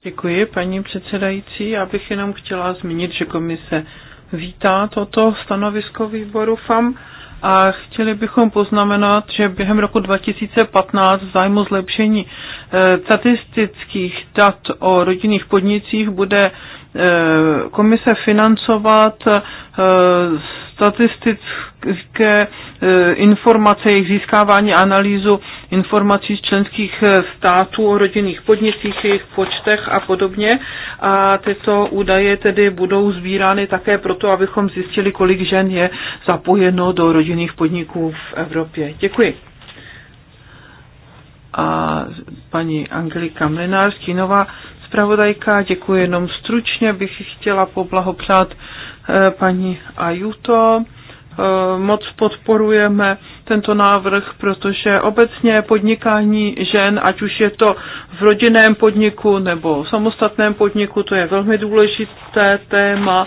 [SPEAKER 2] Děkuji, paní předsedající. Já bych jenom chtěla zmínit, že komise vítá toto stanovisko výboru FAM a chtěli bychom poznamenat, že během roku 2015 v zájmu zlepšení eh, statistických dat o rodinných podnicích bude eh, komise financovat eh, statistické e, informace, jejich získávání, analýzu informací z členských e, států o rodinných podnicích, jejich počtech a podobně. A tyto údaje tedy budou sbírány také proto, abychom zjistili, kolik žen je zapojeno do rodinných podniků v Evropě. Děkuji a paní Angelika Mlinář, Kinová, zpravodajka. Děkuji jenom stručně, bych chtěla poblahopřát Eh, paní Ajuto. Eh, moc podporujeme tento návrh, protože obecně podnikání žen, ať už je to v rodinném podniku nebo v samostatném podniku, to je velmi důležité téma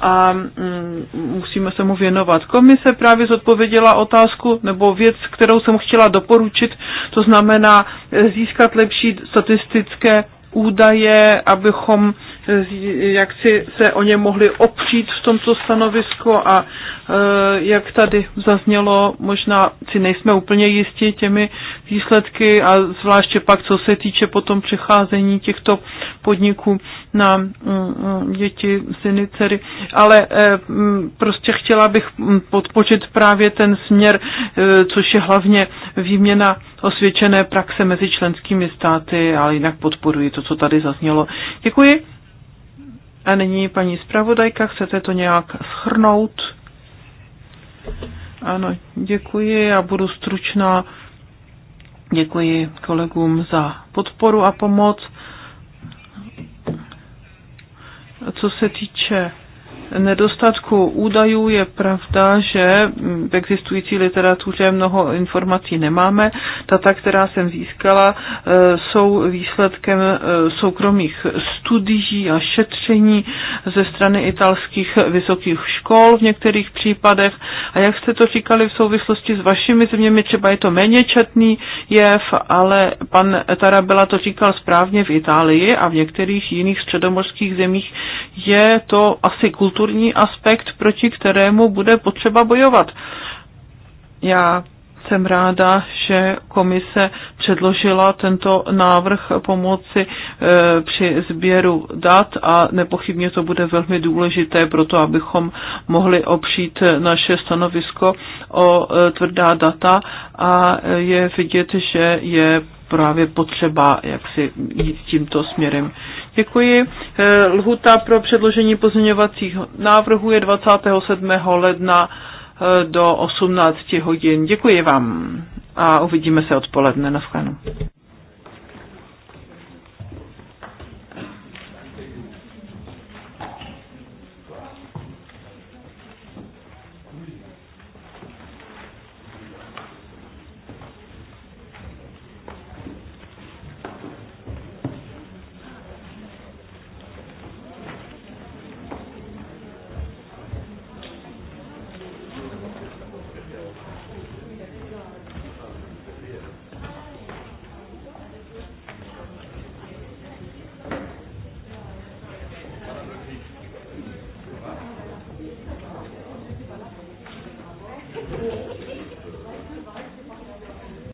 [SPEAKER 2] a mm, musíme se mu věnovat. Komise právě zodpověděla otázku nebo věc, kterou jsem chtěla doporučit, to znamená eh, získat lepší statistické údaje, abychom jak si se o ně mohli opřít v tomto stanovisku a e, jak tady zaznělo, možná si nejsme úplně jistí těmi výsledky a zvláště pak, co se týče potom přecházení těchto podniků na mm, mm, děti, syny, dcery. Ale e, mm, prostě chtěla bych podpořit právě ten směr, e, což je hlavně výměna osvědčené praxe mezi členskými státy, ale jinak podporuji to, co tady zaznělo. Děkuji. A nyní paní zpravodajka, chcete to nějak schrnout? Ano, děkuji, já budu stručná. Děkuji kolegům za podporu a pomoc. Co se týče nedostatku údajů je pravda, že v existující literatuře mnoho informací nemáme. Data, která jsem získala, e, jsou výsledkem e, soukromých studií a šetření ze strany italských vysokých škol v některých případech. A jak jste to říkali v souvislosti s vašimi zeměmi, třeba je to méně četný jev, ale pan Tarabela to říkal správně v Itálii a v některých jiných středomorských zemích je to asi kulturní kulturní aspekt, proti kterému bude potřeba bojovat. Já jsem ráda, že komise předložila tento návrh pomoci e, při sběru dat a nepochybně to bude velmi důležité pro to, abychom mohli opřít naše stanovisko o e, tvrdá data a e, je vidět, že je právě potřeba, jak si jít tímto směrem. Děkuji. Eh, lhuta pro předložení pozměňovacích návrhů je 27. ledna eh, do 18 hodin. Děkuji vám a uvidíme se odpoledne. Naschledanou.